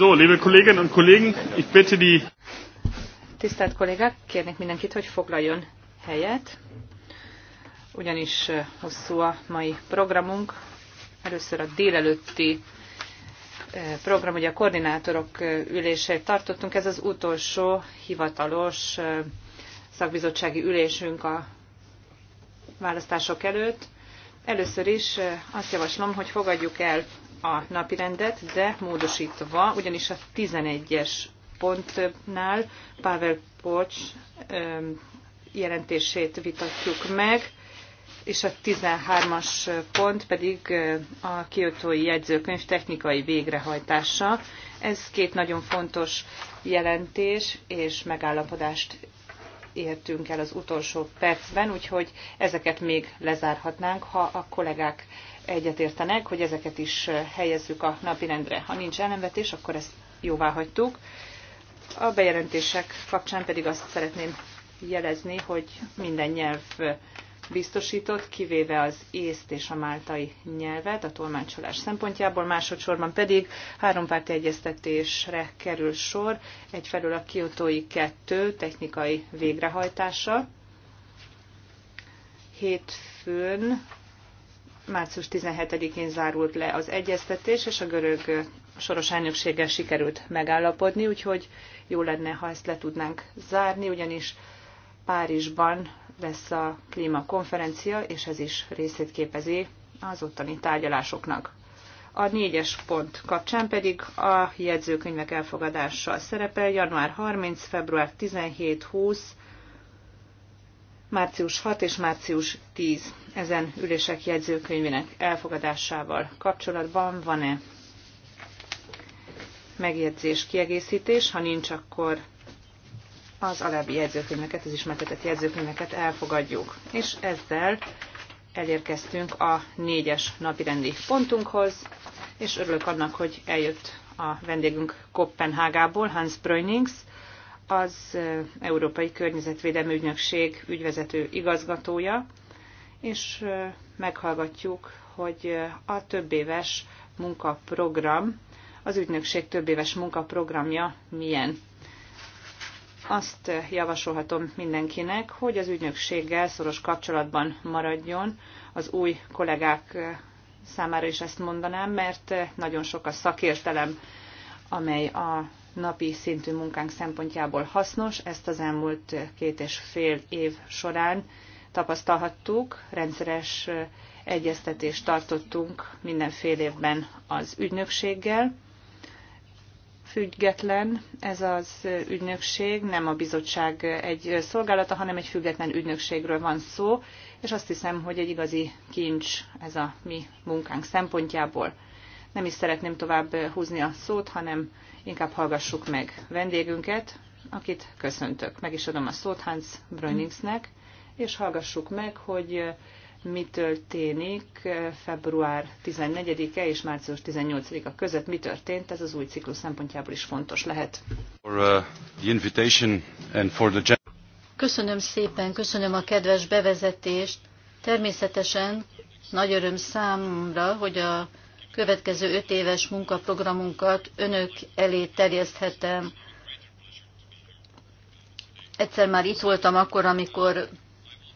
So, liebe Kolleginnen und Kollegen, ich bitte die... Tisztelt kollégák, kérnék mindenkit, hogy foglaljon helyet, ugyanis hosszú a mai programunk. Először a délelőtti program, ugye a koordinátorok ülését tartottunk, ez az utolsó hivatalos szakbizottsági ülésünk a választások előtt. Először is azt javaslom, hogy fogadjuk el a napirendet, de módosítva, ugyanis a 11-es pontnál Pavel Pocs jelentését vitatjuk meg, és a 13-as pont pedig a kiotói jegyzőkönyv technikai végrehajtása. Ez két nagyon fontos jelentés és megállapodást értünk el az utolsó percben, úgyhogy ezeket még lezárhatnánk, ha a kollégák egyetértenek, hogy ezeket is helyezzük a napirendre. Ha nincs ellenvetés, akkor ezt jóvá hagytuk. A bejelentések kapcsán pedig azt szeretném jelezni, hogy minden nyelv biztosított, kivéve az észt és a máltai nyelvet a tolmácsolás szempontjából, másodszorban pedig hárompárti egyeztetésre kerül sor, egyfelől a kiotói kettő technikai végrehajtása, hétfőn március 17-én zárult le az egyeztetés, és a görög soros elnökséggel sikerült megállapodni, úgyhogy jó lenne, ha ezt le tudnánk zárni, ugyanis Párizsban lesz a klímakonferencia, és ez is részét képezi az ottani tárgyalásoknak. A négyes pont kapcsán pedig a jegyzőkönyvek elfogadással szerepel január 30, február 17, 20, március 6 és március 10 ezen ülések jegyzőkönyvének elfogadásával kapcsolatban van-e megjegyzés, kiegészítés, ha nincs, akkor az alábbi jegyzőkönyveket, az ismertetett jegyzőkönyveket elfogadjuk. És ezzel elérkeztünk a négyes napirendi pontunkhoz, és örülök annak, hogy eljött a vendégünk Kopenhágából, Hans Brönings, az Európai Környezetvédelmi Ügynökség ügyvezető igazgatója, és meghallgatjuk, hogy a több éves munkaprogram, az ügynökség több éves munkaprogramja milyen. Azt javasolhatom mindenkinek, hogy az ügynökséggel szoros kapcsolatban maradjon az új kollégák számára is ezt mondanám, mert nagyon sok a szakértelem, amely a napi szintű munkánk szempontjából hasznos. Ezt az elmúlt két és fél év során tapasztalhattuk, rendszeres egyeztetést tartottunk minden fél évben az ügynökséggel. Független ez az ügynökség, nem a bizottság egy szolgálata, hanem egy független ügynökségről van szó, és azt hiszem, hogy egy igazi kincs ez a mi munkánk szempontjából. Nem is szeretném tovább húzni a szót, hanem Inkább hallgassuk meg vendégünket, akit köszöntök. Meg is adom a szót Hans Bröningsnek, és hallgassuk meg, hogy eh, mi történik eh, február 14-e és március 18-a között, mi történt, ez az új ciklus szempontjából is fontos lehet. Eh, köszönöm szépen, köszönöm a kedves bevezetést. Természetesen nagy öröm számomra, hogy a következő öt éves munkaprogramunkat önök elé terjeszthetem. Egyszer már itt voltam akkor, amikor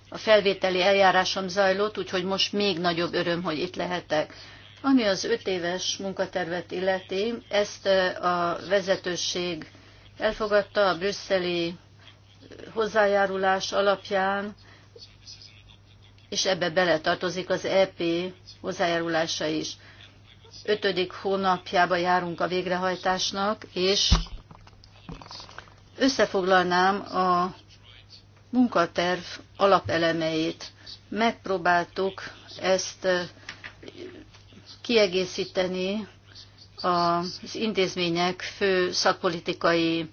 a felvételi eljárásom zajlott, úgyhogy most még nagyobb öröm, hogy itt lehetek. Ami az öt éves munkatervet illeti, ezt eh, a vezetőség elfogadta a brüsszeli hozzájárulás alapján, és ebbe beletartozik az EP hozzájárulása is ötödik hónapjába járunk a végrehajtásnak, és összefoglalnám a munkaterv alapelemeit. Megpróbáltuk ezt kiegészíteni az intézmények fő szakpolitikai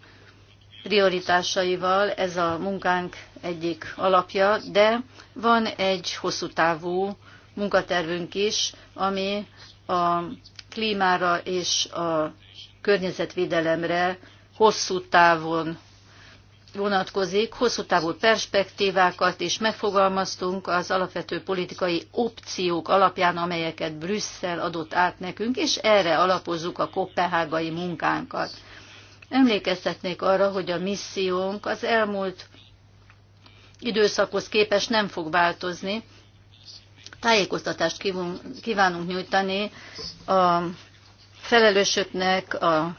prioritásaival, ez a munkánk egyik alapja, de van egy hosszú távú munkatervünk is, ami a klímára és a környezetvédelemre hosszú távon vonatkozik, hosszú távú perspektívákat is megfogalmaztunk az alapvető politikai opciók alapján, amelyeket Brüsszel adott át nekünk, és erre alapozzuk a kopenhágai munkánkat. Emlékeztetnék arra, hogy a missziónk az elmúlt időszakhoz képest nem fog változni, Tájékoztatást kívánunk nyújtani a felelősöknek, a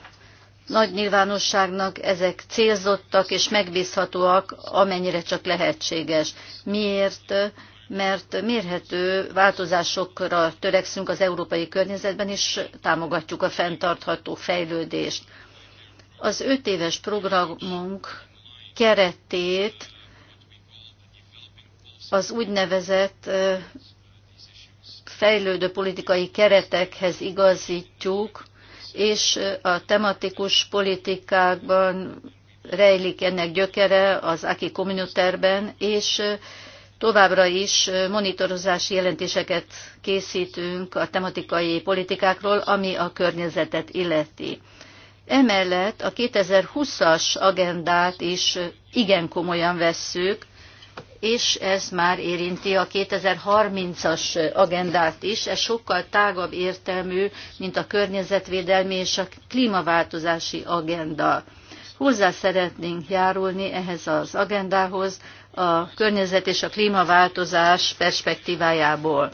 nagy nyilvánosságnak, ezek célzottak és megbízhatóak, amennyire csak lehetséges. Miért? Mert mérhető változásokra törekszünk az európai környezetben, és támogatjuk a fenntartható fejlődést. Az öt éves programunk keretét az úgynevezett fejlődő politikai keretekhez igazítjuk, és a tematikus politikákban rejlik ennek gyökere az Aki Communiterben, és továbbra is monitorozási jelentéseket készítünk a tematikai politikákról, ami a környezetet illeti. Emellett a 2020-as agendát is igen komolyan vesszük, és ez már érinti a 2030-as agendát is. Ez sokkal tágabb értelmű, mint a környezetvédelmi és a klímaváltozási agenda. Hozzá szeretnénk járulni ehhez az agendához a környezet és a klímaváltozás perspektívájából.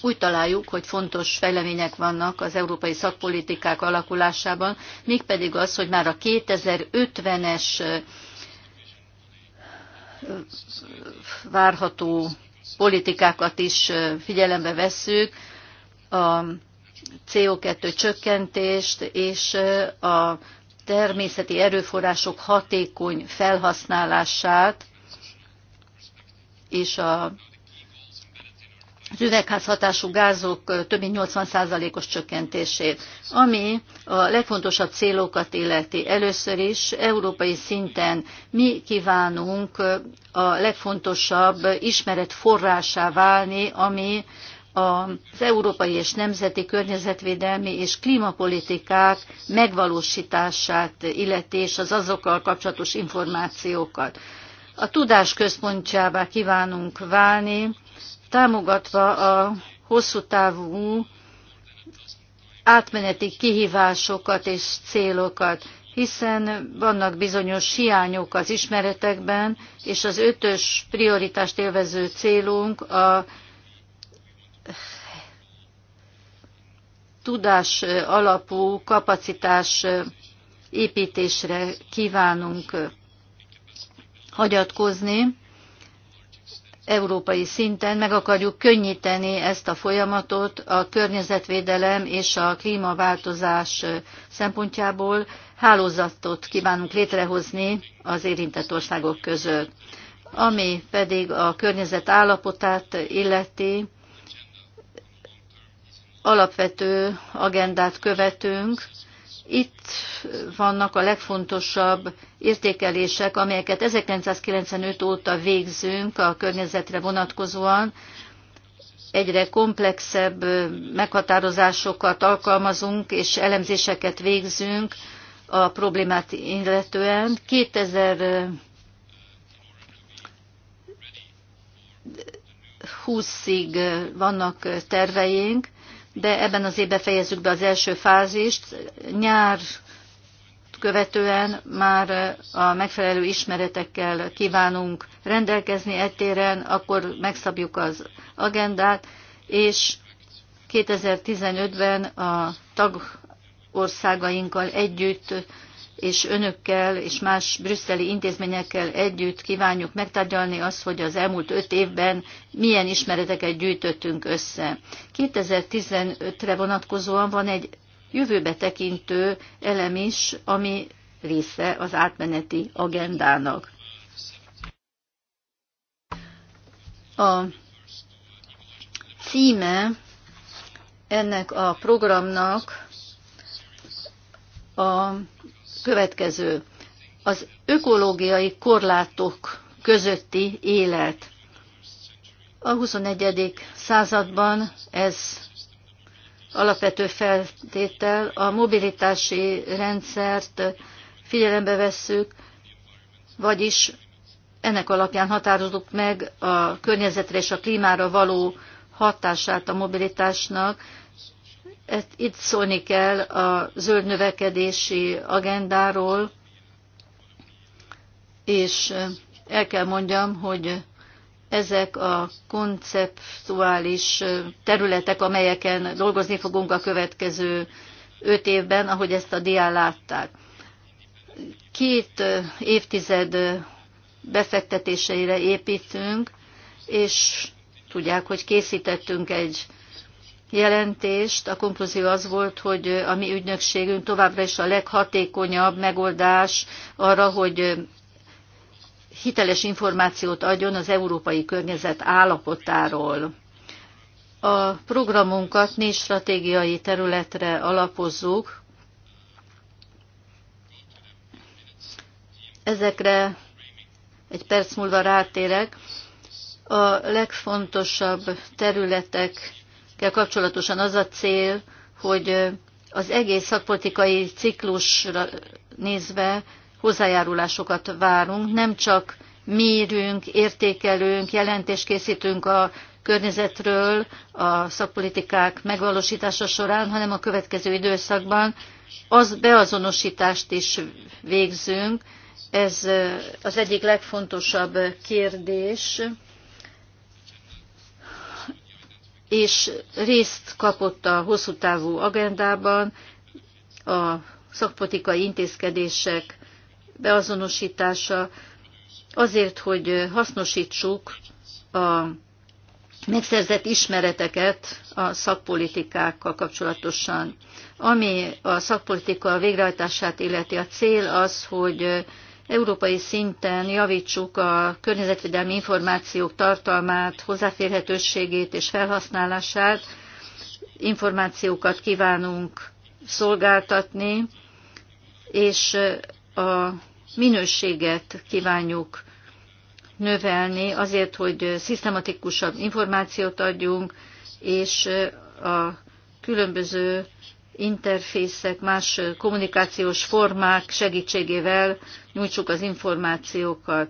Úgy találjuk, hogy fontos fejlemények vannak az európai szakpolitikák alakulásában, mégpedig az, hogy már a 2050-es várható politikákat is figyelembe vesszük, a CO2 csökkentést és a természeti erőforrások hatékony felhasználását és a az üvegházhatású gázok több mint 80%-os csökkentését, ami a legfontosabb célokat illeti. Először is európai szinten mi kívánunk a legfontosabb ismeret forrásá válni, ami az európai és nemzeti környezetvédelmi és klímapolitikák megvalósítását illeti, és az azokkal kapcsolatos információkat. A tudás központjává kívánunk válni, támogatva a hosszú távú átmeneti kihívásokat és célokat, hiszen vannak bizonyos hiányok az ismeretekben, és az ötös prioritást élvező célunk a tudás alapú kapacitás építésre kívánunk hagyatkozni európai szinten meg akarjuk könnyíteni ezt a folyamatot a környezetvédelem és a klímaváltozás szempontjából. Hálózatot kívánunk létrehozni az érintett országok között. Ami pedig a környezet állapotát illeti, alapvető agendát követünk, itt vannak a legfontosabb értékelések, amelyeket 1995 óta végzünk a környezetre vonatkozóan. Egyre komplexebb meghatározásokat alkalmazunk és elemzéseket végzünk a problémát illetően. 2000 20-ig vannak terveink, de ebben az évben fejezzük be az első fázist. Nyár követően már a megfelelő ismeretekkel kívánunk rendelkezni ettéren, akkor megszabjuk az agendát, és 2015-ben a tagországainkkal együtt és önökkel és más brüsszeli intézményekkel együtt kívánjuk megtárgyalni azt, hogy az elmúlt öt évben milyen ismereteket gyűjtöttünk össze. 2015-re vonatkozóan van egy jövőbe tekintő elem is, ami része az átmeneti agendának. A címe ennek a programnak a Következő, az ökológiai korlátok közötti élet. A 21. században ez alapvető feltétel, a mobilitási rendszert figyelembe vesszük, vagyis ennek alapján határozunk meg a környezetre és a klímára való hatását a mobilitásnak, itt szólni kell a zöld növekedési agendáról, és el kell mondjam, hogy ezek a konceptuális területek, amelyeken dolgozni fogunk a következő öt évben, ahogy ezt a dián látták. Két évtized befektetéseire építünk, és tudják, hogy készítettünk egy jelentést. A konklúzió az volt, hogy a mi ügynökségünk továbbra is a leghatékonyabb megoldás arra, hogy hiteles információt adjon az európai környezet állapotáról. A programunkat négy stratégiai területre alapozzuk. Ezekre egy perc múlva rátérek. A legfontosabb területek kapcsolatosan az a cél, hogy az egész szakpolitikai ciklusra nézve hozzájárulásokat várunk, nem csak mérünk, értékelünk, jelentést készítünk a környezetről a szakpolitikák megvalósítása során, hanem a következő időszakban az beazonosítást is végzünk. Ez az egyik legfontosabb kérdés, és részt kapott a hosszú távú agendában, a szakpolitikai intézkedések beazonosítása, azért, hogy hasznosítsuk a megszerzett ismereteket a szakpolitikákkal kapcsolatosan. Ami a szakpolitika végrehajtását illeti, a cél az, hogy európai szinten javítsuk a környezetvédelmi információk tartalmát, hozzáférhetőségét és felhasználását. Információkat kívánunk szolgáltatni, és a minőséget kívánjuk növelni azért, hogy szisztematikusabb információt adjunk, és a különböző interfészek, más kommunikációs formák segítségével nyújtsuk az információkat.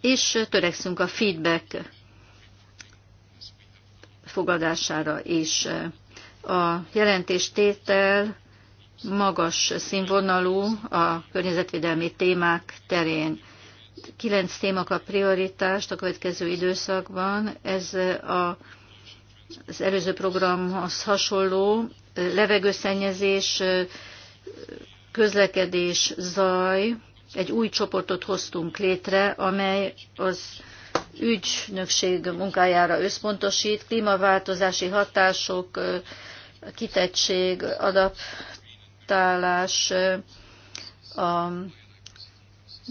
És törekszünk a feedback fogadására is. A jelentéstétel magas színvonalú a környezetvédelmi témák terén. Kilenc téma kap prioritást a következő időszakban. Ez a az előző programhoz hasonló levegőszennyezés, közlekedés, zaj, egy új csoportot hoztunk létre, amely az ügynökség munkájára összpontosít, klímaváltozási hatások, kitettség, adaptálás, a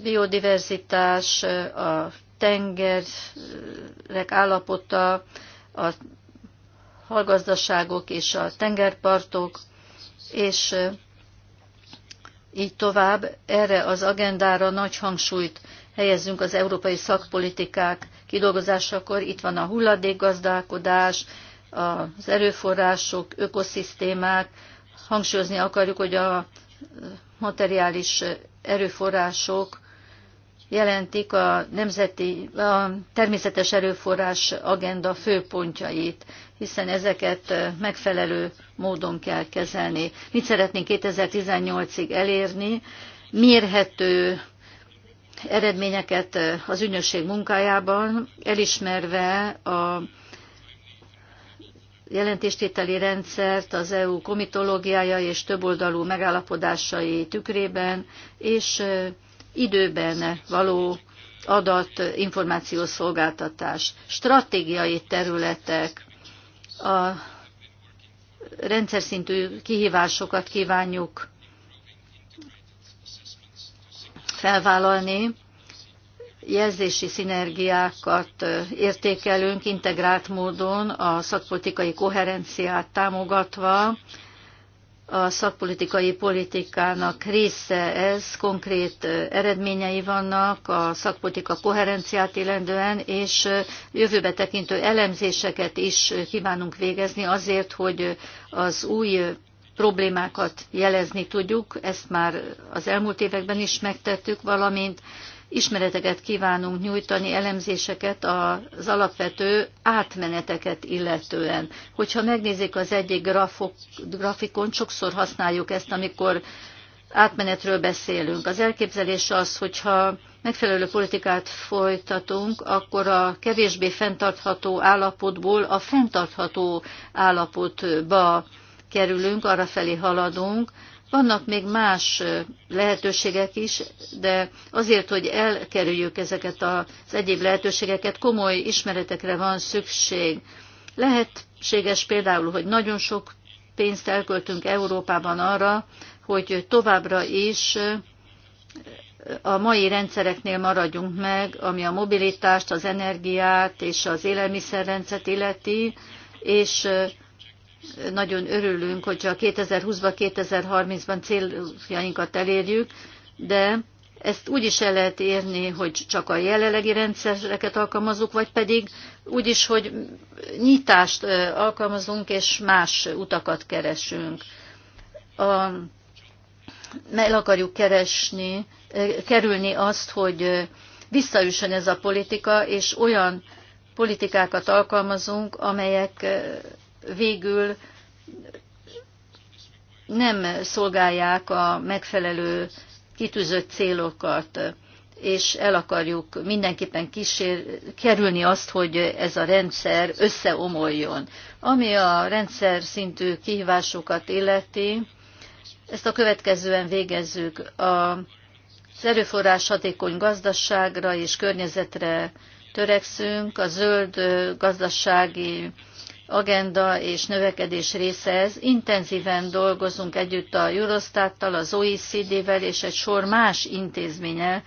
biodiverzitás, a tengerek állapota, a halgazdaságok és a tengerpartok, és így tovább. Erre az agendára nagy hangsúlyt helyezünk az európai szakpolitikák kidolgozásakor. Itt van a hulladékgazdálkodás, az erőforrások, ökoszisztémák. Hangsúlyozni akarjuk, hogy a materiális erőforrások jelentik a, nemzeti, a természetes erőforrás agenda főpontjait hiszen ezeket megfelelő módon kell kezelni. Mit szeretnénk 2018-ig elérni? Mérhető eredményeket az ügynökség munkájában, elismerve a jelentéstételi rendszert az EU komitológiája és többoldalú megállapodásai tükrében, és időben való adat információszolgáltatás, stratégiai területek, a rendszer szintű kihívásokat kívánjuk felvállalni, jelzési szinergiákat értékelünk integrált módon, a szakpolitikai koherenciát támogatva, a szakpolitikai politikának része ez, konkrét eredményei vannak a szakpolitika koherenciát illetően, és jövőbe tekintő elemzéseket is kívánunk végezni azért, hogy az új problémákat jelezni tudjuk, ezt már az elmúlt években is megtettük, valamint ismereteket kívánunk nyújtani, elemzéseket az alapvető átmeneteket illetően. Hogyha megnézik az egyik grafok, grafikon, sokszor használjuk ezt, amikor átmenetről beszélünk. Az elképzelés az, hogyha megfelelő politikát folytatunk, akkor a kevésbé fenntartható állapotból a fenntartható állapotba kerülünk, arra felé haladunk, vannak még más lehetőségek is, de azért, hogy elkerüljük ezeket az egyéb lehetőségeket, komoly ismeretekre van szükség. Lehetséges például, hogy nagyon sok pénzt elköltünk Európában arra, hogy továbbra is a mai rendszereknél maradjunk meg, ami a mobilitást, az energiát és az élelmiszerrendszert illeti, és nagyon örülünk, hogyha 2020-ban, 2030-ban céljainkat elérjük, de ezt úgy is el lehet érni, hogy csak a jelenlegi rendszereket alkalmazunk, vagy pedig úgy is, hogy nyitást alkalmazunk, és más utakat keresünk. A, el akarjuk keresni, kerülni azt, hogy visszaüssön ez a politika, és olyan politikákat alkalmazunk, amelyek végül nem szolgálják a megfelelő kitűzött célokat, és el akarjuk mindenképpen kísér, kerülni azt, hogy ez a rendszer összeomoljon. Ami a rendszer szintű kihívásokat illeti, ezt a következően végezzük. A, az erőforrás hatékony gazdaságra és környezetre törekszünk, a zöld gazdasági agenda és növekedés része ez. Intenzíven dolgozunk együtt a Eurostattal, az OECD-vel és egy sor más intézménnyel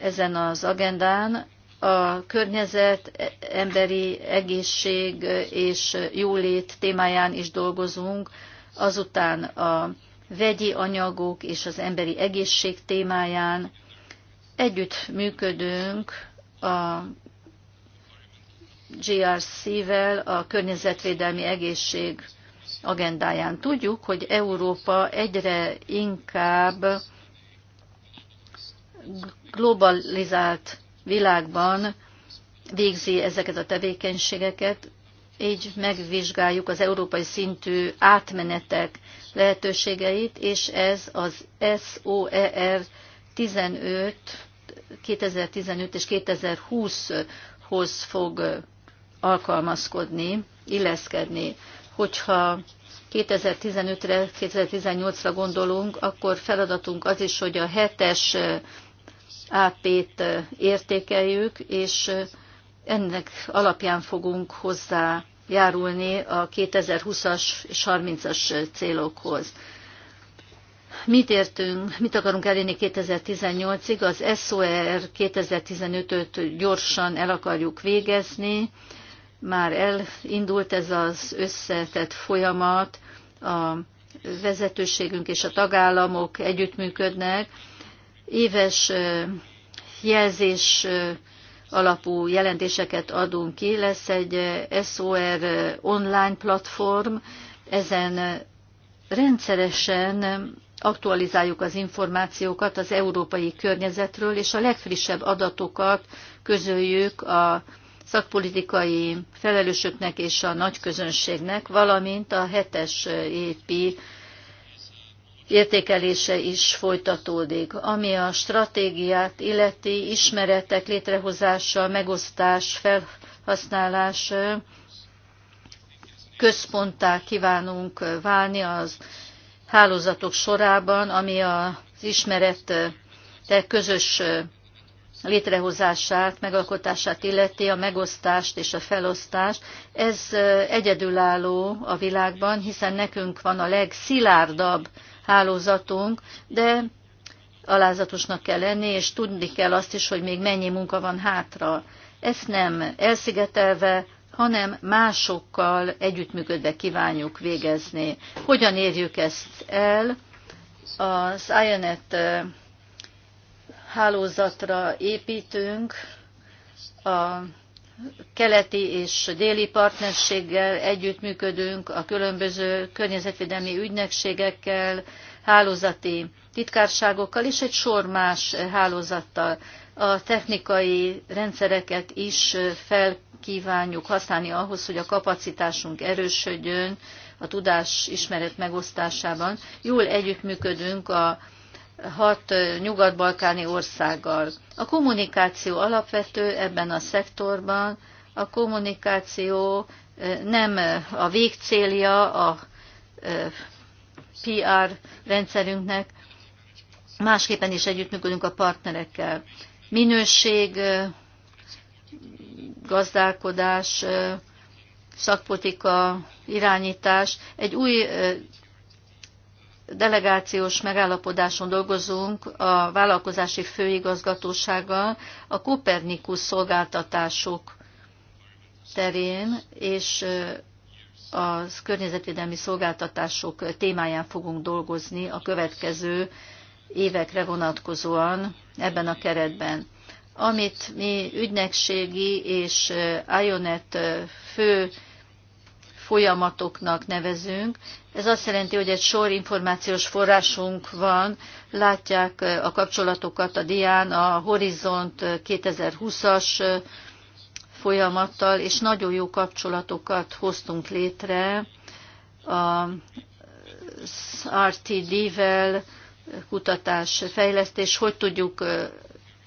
ezen az agendán. A környezet, emberi egészség és jólét témáján is dolgozunk, azután a vegyi anyagok és az emberi egészség témáján. Együtt működünk a GRC-vel, a környezetvédelmi egészség agendáján. Tudjuk, hogy Európa egyre inkább globalizált világban végzi ezeket a tevékenységeket, így megvizsgáljuk az európai szintű átmenetek lehetőségeit, és ez az SOER 15, 2015 és 2020-hoz fog alkalmazkodni, illeszkedni. Hogyha 2015-re, 2018-ra gondolunk, akkor feladatunk az is, hogy a hetes AP-t értékeljük, és ennek alapján fogunk hozzá járulni a 2020-as és 30-as célokhoz. Mit értünk, mit akarunk elérni 2018-ig? Az SOR 2015-öt gyorsan el akarjuk végezni, már elindult ez az összetett folyamat, a vezetőségünk és a tagállamok együttműködnek. Éves jelzés alapú jelentéseket adunk ki, lesz egy SOR online platform, ezen rendszeresen aktualizáljuk az információkat az európai környezetről, és a legfrissebb adatokat közöljük a szakpolitikai felelősöknek és a nagy közönségnek, valamint a hetes épi értékelése is folytatódik. Ami a stratégiát illeti ismeretek létrehozása, megosztás, felhasználás központtá kívánunk válni az hálózatok sorában, ami az ismeret de közös létrehozását, megalkotását illeti, a megosztást és a felosztást. Ez egyedülálló a világban, hiszen nekünk van a legszilárdabb hálózatunk, de alázatosnak kell lenni, és tudni kell azt is, hogy még mennyi munka van hátra. Ezt nem elszigetelve, hanem másokkal együttműködve kívánjuk végezni. Hogyan érjük ezt el? Az IONET hálózatra építünk a keleti és déli partnerséggel együttműködünk, a különböző környezetvédelmi ügynökségekkel, hálózati titkárságokkal és egy sor más hálózattal. A technikai rendszereket is fel kívánjuk használni ahhoz, hogy a kapacitásunk erősödjön a tudás ismeret megosztásában. Jól együttműködünk a hat nyugat-balkáni országgal. A kommunikáció alapvető ebben a szektorban, a kommunikáció nem a végcélja a PR rendszerünknek, másképpen is együttműködünk a partnerekkel. Minőség, gazdálkodás, szakpolitika, irányítás. Egy új delegációs megállapodáson dolgozunk a vállalkozási főigazgatósággal a Kopernikus szolgáltatások terén, és a környezetvédelmi szolgáltatások témáján fogunk dolgozni a következő évekre vonatkozóan ebben a keretben. Amit mi ügynökségi és IONET fő folyamatoknak nevezünk. Ez azt jelenti, hogy egy sor információs forrásunk van, látják eh, a kapcsolatokat a dián, a Horizont 2020-as eh, eh, folyamattal, és nagyon jó kapcsolatokat hoztunk létre a RTD-vel, kutatás, fejlesztés, hogy tudjuk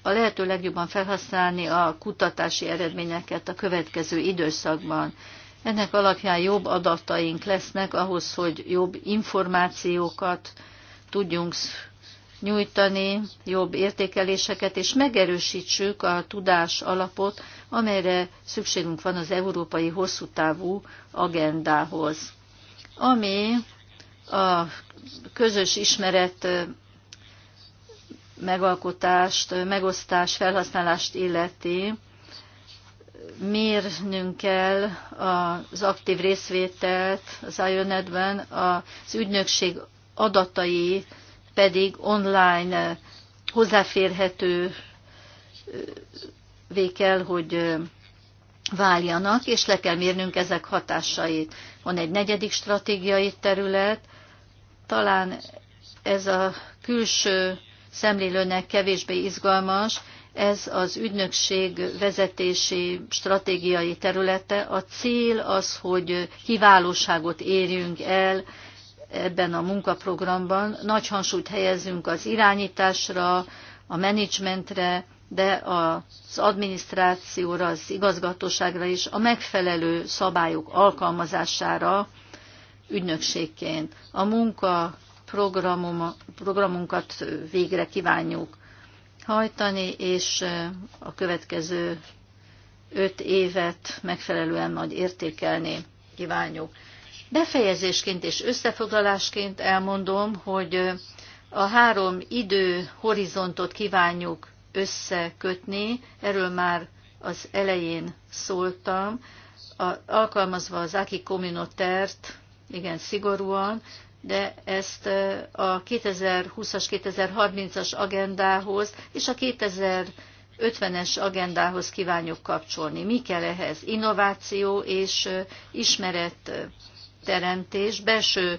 a lehető legjobban felhasználni a kutatási eredményeket a következő időszakban. Ennek alapján jobb adataink lesznek ahhoz, hogy jobb információkat tudjunk nyújtani, jobb értékeléseket, és megerősítsük a tudás alapot, amelyre szükségünk van az európai hosszú távú agendához. Ami a közös ismeret megalkotást, megosztás, felhasználást illeti, mérnünk kell az aktív részvételt az ioned ben az ügynökség adatai pedig online hozzáférhető kell, hogy váljanak, és le kell mérnünk ezek hatásait. Van egy negyedik stratégiai terület, talán ez a külső szemlélőnek kevésbé izgalmas, ez az ügynökség vezetési stratégiai területe. A cél az, hogy kiválóságot érjünk el ebben a munkaprogramban. Nagy hangsúlyt helyezünk az irányításra, a menedzsmentre, de az adminisztrációra, az igazgatóságra is, a megfelelő szabályok alkalmazására ügynökségként. A munka programunkat végre kívánjuk hajtani, és a következő öt évet megfelelően majd értékelni kívánjuk. Befejezésként és összefoglalásként elmondom, hogy a három időhorizontot kívánjuk összekötni, erről már az elején szóltam, a, alkalmazva az Aki Kominotert, igen szigorúan, de ezt a 2020-as, 2030-as agendához és a 2050-es agendához kívánjuk kapcsolni. Mi kell ehhez? Innováció és ismeretteremtés, belső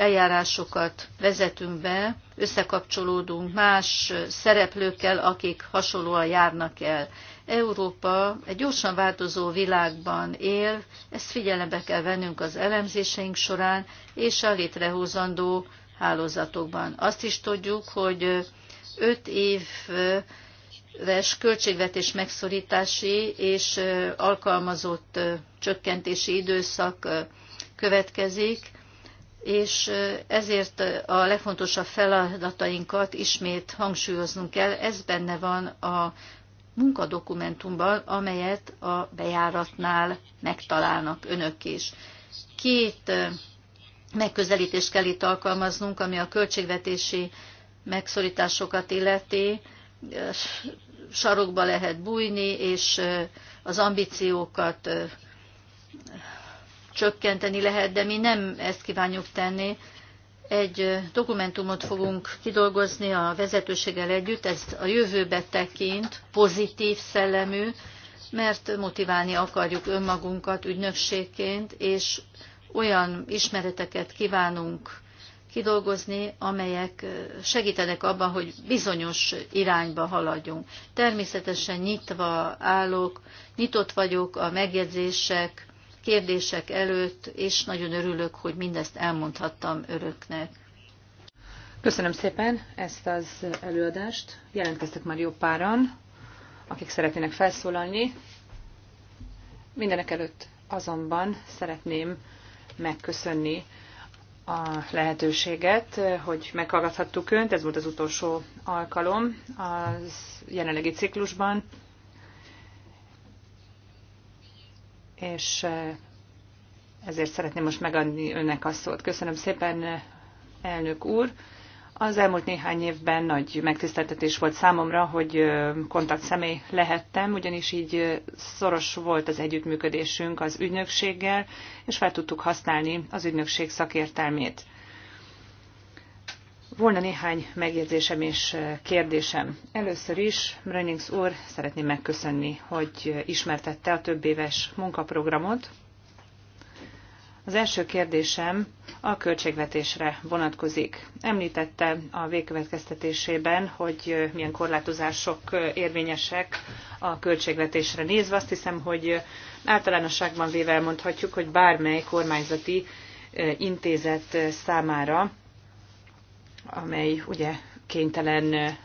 eljárásokat vezetünk be, összekapcsolódunk más szereplőkkel, akik hasonlóan járnak el. Európa egy gyorsan változó világban él, ezt figyelembe kell vennünk az elemzéseink során és a létrehozandó hálózatokban. Azt is tudjuk, hogy öt éves költségvetés megszorítási és alkalmazott csökkentési időszak következik, és ezért a legfontosabb feladatainkat ismét hangsúlyoznunk kell. Ez benne van a munkadokumentumban, amelyet a bejáratnál megtalálnak önök is. Két megközelítést kell itt alkalmaznunk, ami a költségvetési megszorításokat illeti. Sarokba lehet bújni, és az ambíciókat csökkenteni lehet, de mi nem ezt kívánjuk tenni. Egy dokumentumot fogunk kidolgozni a vezetőséggel együtt, ez a jövőbe tekint, pozitív szellemű, mert motiválni akarjuk önmagunkat ügynökségként, és olyan ismereteket kívánunk kidolgozni, amelyek segítenek abban, hogy bizonyos irányba haladjunk. Természetesen nyitva állok, nyitott vagyok a megjegyzések kérdések előtt, és nagyon örülök, hogy mindezt elmondhattam öröknek. Köszönöm szépen ezt az előadást. Jelentkeztek már jó páran, akik szeretnének felszólalni. Mindenek előtt azonban szeretném megköszönni a lehetőséget, hogy meghallgathattuk Önt. Ez volt az utolsó alkalom az jelenlegi ciklusban. és eh, ezért szeretném most megadni önnek a szót. Köszönöm szépen, elnök úr. Az elmúlt néhány évben nagy megtiszteltetés volt számomra, hogy eh, kontakt személy lehettem, ugyanis így eh, szoros volt az együttműködésünk az ügynökséggel, és fel tudtuk használni az ügynökség szakértelmét. Volna néhány megjegyzésem és eh, kérdésem. Először is Brennings úr szeretném megköszönni, hogy ismertette a több éves munkaprogramot. Az első kérdésem a költségvetésre vonatkozik. Említette a végkövetkeztetésében, hogy eh, milyen korlátozások eh, érvényesek a költségvetésre nézve. Azt hiszem, hogy általánosságban véve mondhatjuk, hogy bármely kormányzati intézet számára amely ugye kénytelen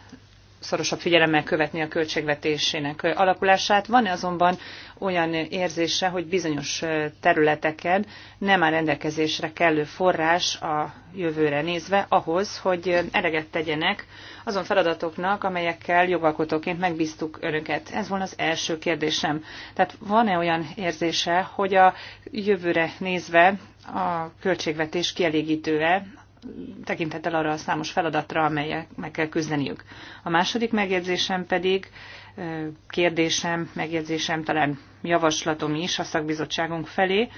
szorosabb figyelemmel követni a költségvetésének alakulását. Van-e azonban olyan érzése, hogy bizonyos területeken nem áll rendelkezésre kellő forrás a jövőre nézve ahhoz, hogy eleget tegyenek azon feladatoknak, amelyekkel jogalkotóként megbíztuk önöket? Ez volna az első kérdésem. Tehát van-e olyan érzése, hogy a jövőre nézve a költségvetés kielégítő-e tekintettel arra a számos feladatra, amelyek meg kell küzdeniük. A második megjegyzésem pedig, kérdésem, megjegyzésem, talán javaslatom is a szakbizottságunk felé,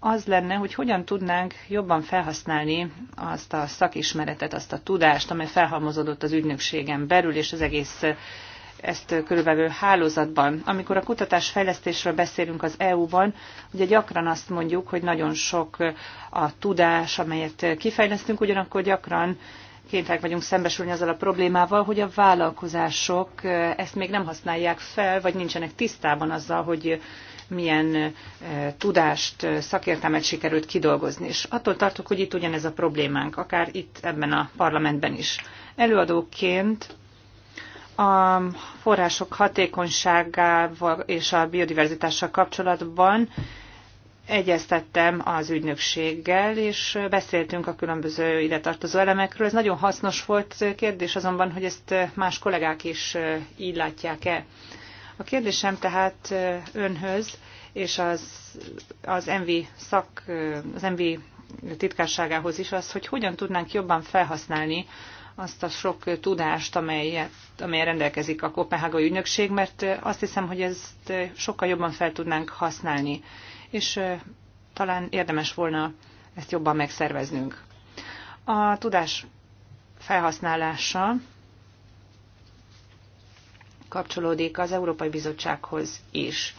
az lenne, hogy hogyan tudnánk jobban felhasználni azt a szakismeretet, azt a tudást, amely felhalmozódott az ügynökségen belül és az egész ezt körülbelül hálózatban. Amikor a kutatásfejlesztésről beszélünk az EU-ban, ugye gyakran azt mondjuk, hogy nagyon sok a tudás, amelyet kifejlesztünk, ugyanakkor gyakran kénytelenek vagyunk szembesülni azzal a problémával, hogy a vállalkozások ezt még nem használják fel, vagy nincsenek tisztában azzal, hogy milyen tudást, szakértelmet sikerült kidolgozni. És attól tartok, hogy itt ugyanez a problémánk, akár itt ebben a parlamentben is. Előadóként a források hatékonyságával és a biodiverzitással kapcsolatban egyeztettem az ügynökséggel, és beszéltünk a különböző ide tartozó elemekről. Ez nagyon hasznos volt kérdés, azonban, hogy ezt más kollégák is így látják-e. A kérdésem tehát önhöz és az, az MV szak, az MV titkárságához is az, hogy hogyan tudnánk jobban felhasználni azt a sok tudást, amelyet, amelyet rendelkezik a Kopenhágai ügynökség, mert azt hiszem, hogy ezt sokkal jobban fel tudnánk használni, és talán érdemes volna ezt jobban megszerveznünk. A tudás felhasználása kapcsolódik az Európai Bizottsághoz is.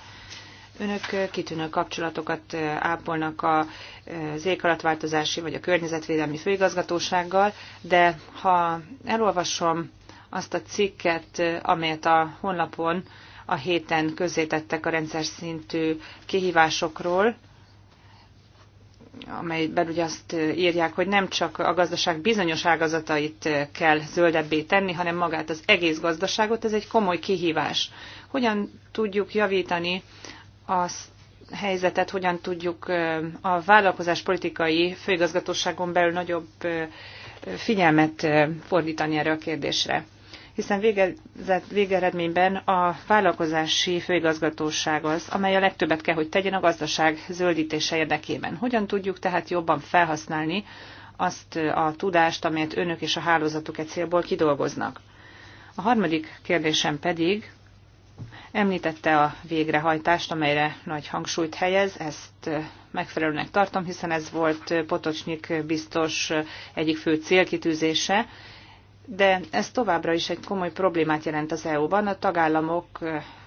Önök kitűnő kapcsolatokat ápolnak az éghalatváltozási vagy a környezetvédelmi főigazgatósággal, de ha elolvasom azt a cikket, amelyet a honlapon a héten közzétettek a rendszer szintű kihívásokról, amelyben ugye azt írják, hogy nem csak a gazdaság bizonyos ágazatait kell zöldebbé tenni, hanem magát az egész gazdaságot, ez egy komoly kihívás. Hogyan tudjuk javítani a helyzetet hogyan tudjuk a vállalkozás politikai főigazgatóságon belül nagyobb figyelmet fordítani erre a kérdésre hiszen végezett, végeredményben a vállalkozási főigazgatóság az, amely a legtöbbet kell, hogy tegyen a gazdaság zöldítése érdekében. Hogyan tudjuk tehát jobban felhasználni azt a tudást, amelyet önök és a hálózatuk egy célból kidolgoznak? A harmadik kérdésem pedig Említette a végrehajtást, amelyre nagy hangsúlyt helyez, ezt megfelelőnek tartom, hiszen ez volt Potocsnyik biztos egyik fő célkitűzése, de ez továbbra is egy komoly problémát jelent az EU-ban. A tagállamok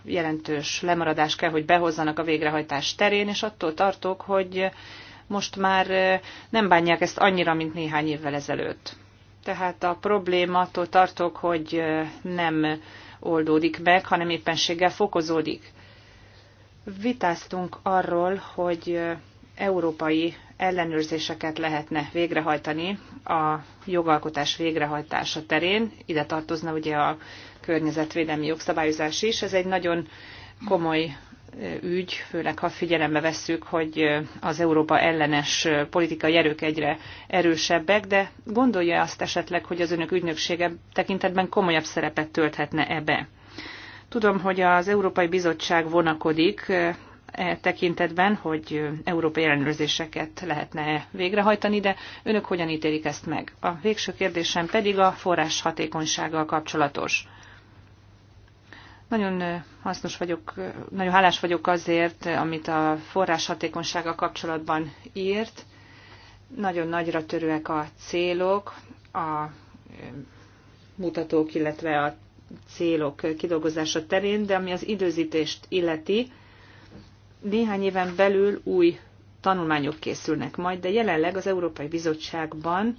jelentős lemaradás kell, hogy behozzanak a végrehajtás terén, és attól tartok, hogy most már nem bánják ezt annyira, mint néhány évvel ezelőtt. Tehát a problémától tartok, hogy nem oldódik meg, hanem éppenséggel fokozódik. Vitáztunk arról, hogy európai ellenőrzéseket lehetne végrehajtani a jogalkotás végrehajtása terén. Ide tartozna ugye a környezetvédelmi jogszabályozás is. Ez egy nagyon komoly ügy, főleg ha figyelembe vesszük, hogy az Európa ellenes politikai erők egyre erősebbek, de gondolja azt esetleg, hogy az önök ügynöksége tekintetben komolyabb szerepet tölthetne ebbe? Tudom, hogy az Európai Bizottság vonakodik e, e tekintetben, hogy európai ellenőrzéseket lehetne végrehajtani, de önök hogyan ítélik ezt meg? A végső kérdésem pedig a forrás hatékonysággal kapcsolatos. Nagyon hasznos vagyok, nagyon hálás vagyok azért, amit a forrás hatékonysága kapcsolatban írt. Nagyon nagyra törőek a célok, a mutatók, illetve a célok kidolgozása terén, de ami az időzítést illeti, néhány éven belül új tanulmányok készülnek majd, de jelenleg az Európai Bizottságban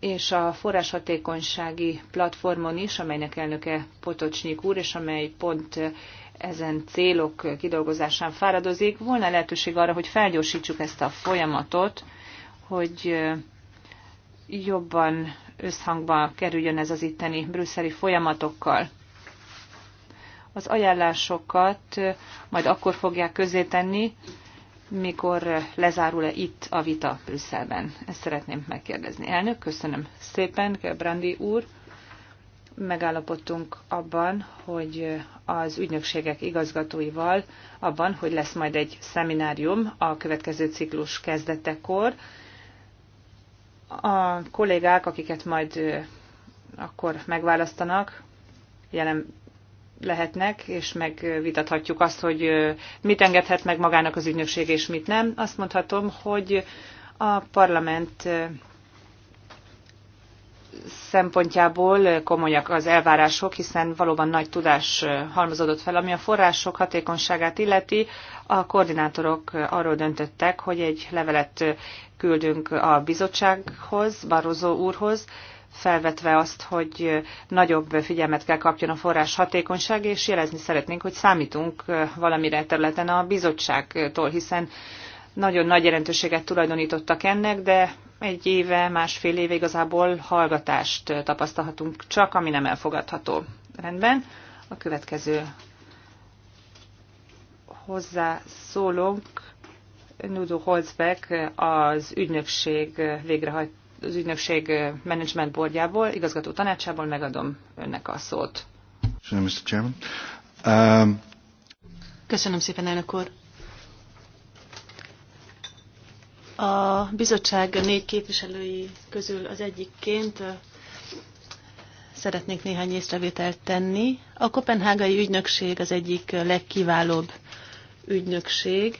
és a forráshatékonysági platformon is, amelynek elnöke Potocsnyik úr, és amely pont ezen célok kidolgozásán fáradozik, volna lehetőség arra, hogy felgyorsítsuk ezt a folyamatot, hogy jobban összhangba kerüljön ez az itteni brüsszeli folyamatokkal. Az ajánlásokat majd akkor fogják közzétenni, mikor lezárul-e itt a vita Brüsszelben? Ezt szeretném megkérdezni. Elnök, köszönöm szépen, Brandi úr. Megállapodtunk abban, hogy az ügynökségek igazgatóival abban, hogy lesz majd egy szeminárium a következő ciklus kezdetekor. A kollégák, akiket majd akkor megválasztanak, jelen lehetnek, és megvitathatjuk azt, hogy mit engedhet meg magának az ügynökség, és mit nem. Azt mondhatom, hogy a parlament szempontjából komolyak az elvárások, hiszen valóban nagy tudás halmozódott fel, ami a források hatékonyságát illeti. A koordinátorok arról döntöttek, hogy egy levelet küldünk a bizottsághoz, Barroso úrhoz, felvetve azt, hogy nagyobb figyelmet kell kapjon a forrás hatékonyság, és jelezni szeretnénk, hogy számítunk valamire területen a bizottságtól, hiszen nagyon nagy jelentőséget tulajdonítottak ennek, de egy éve, másfél éve igazából hallgatást tapasztalhatunk csak, ami nem elfogadható. Rendben, a következő hozzászólónk Nudo Holzbeck az ügynökség végrehajt az ügynökség management boardjából, igazgató tanácsából megadom önnek a szót. Köszönöm, Mr. Chairman. Um... Köszönöm szépen, elnök úr. A bizottság négy képviselői közül az egyikként szeretnék néhány észrevételt tenni. A kopenhágai ügynökség az egyik legkiválóbb ügynökség,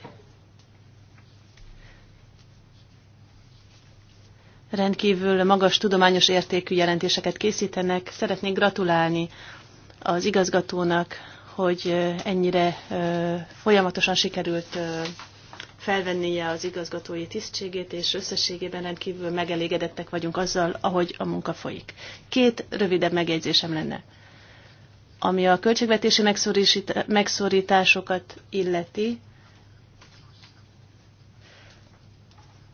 rendkívül magas tudományos értékű jelentéseket készítenek. Szeretnék gratulálni az igazgatónak, hogy ennyire folyamatosan sikerült felvennie az igazgatói tisztségét, és összességében rendkívül megelégedettek vagyunk azzal, ahogy a munka folyik. Két rövidebb megjegyzésem lenne. Ami a költségvetési megszorításokat illeti,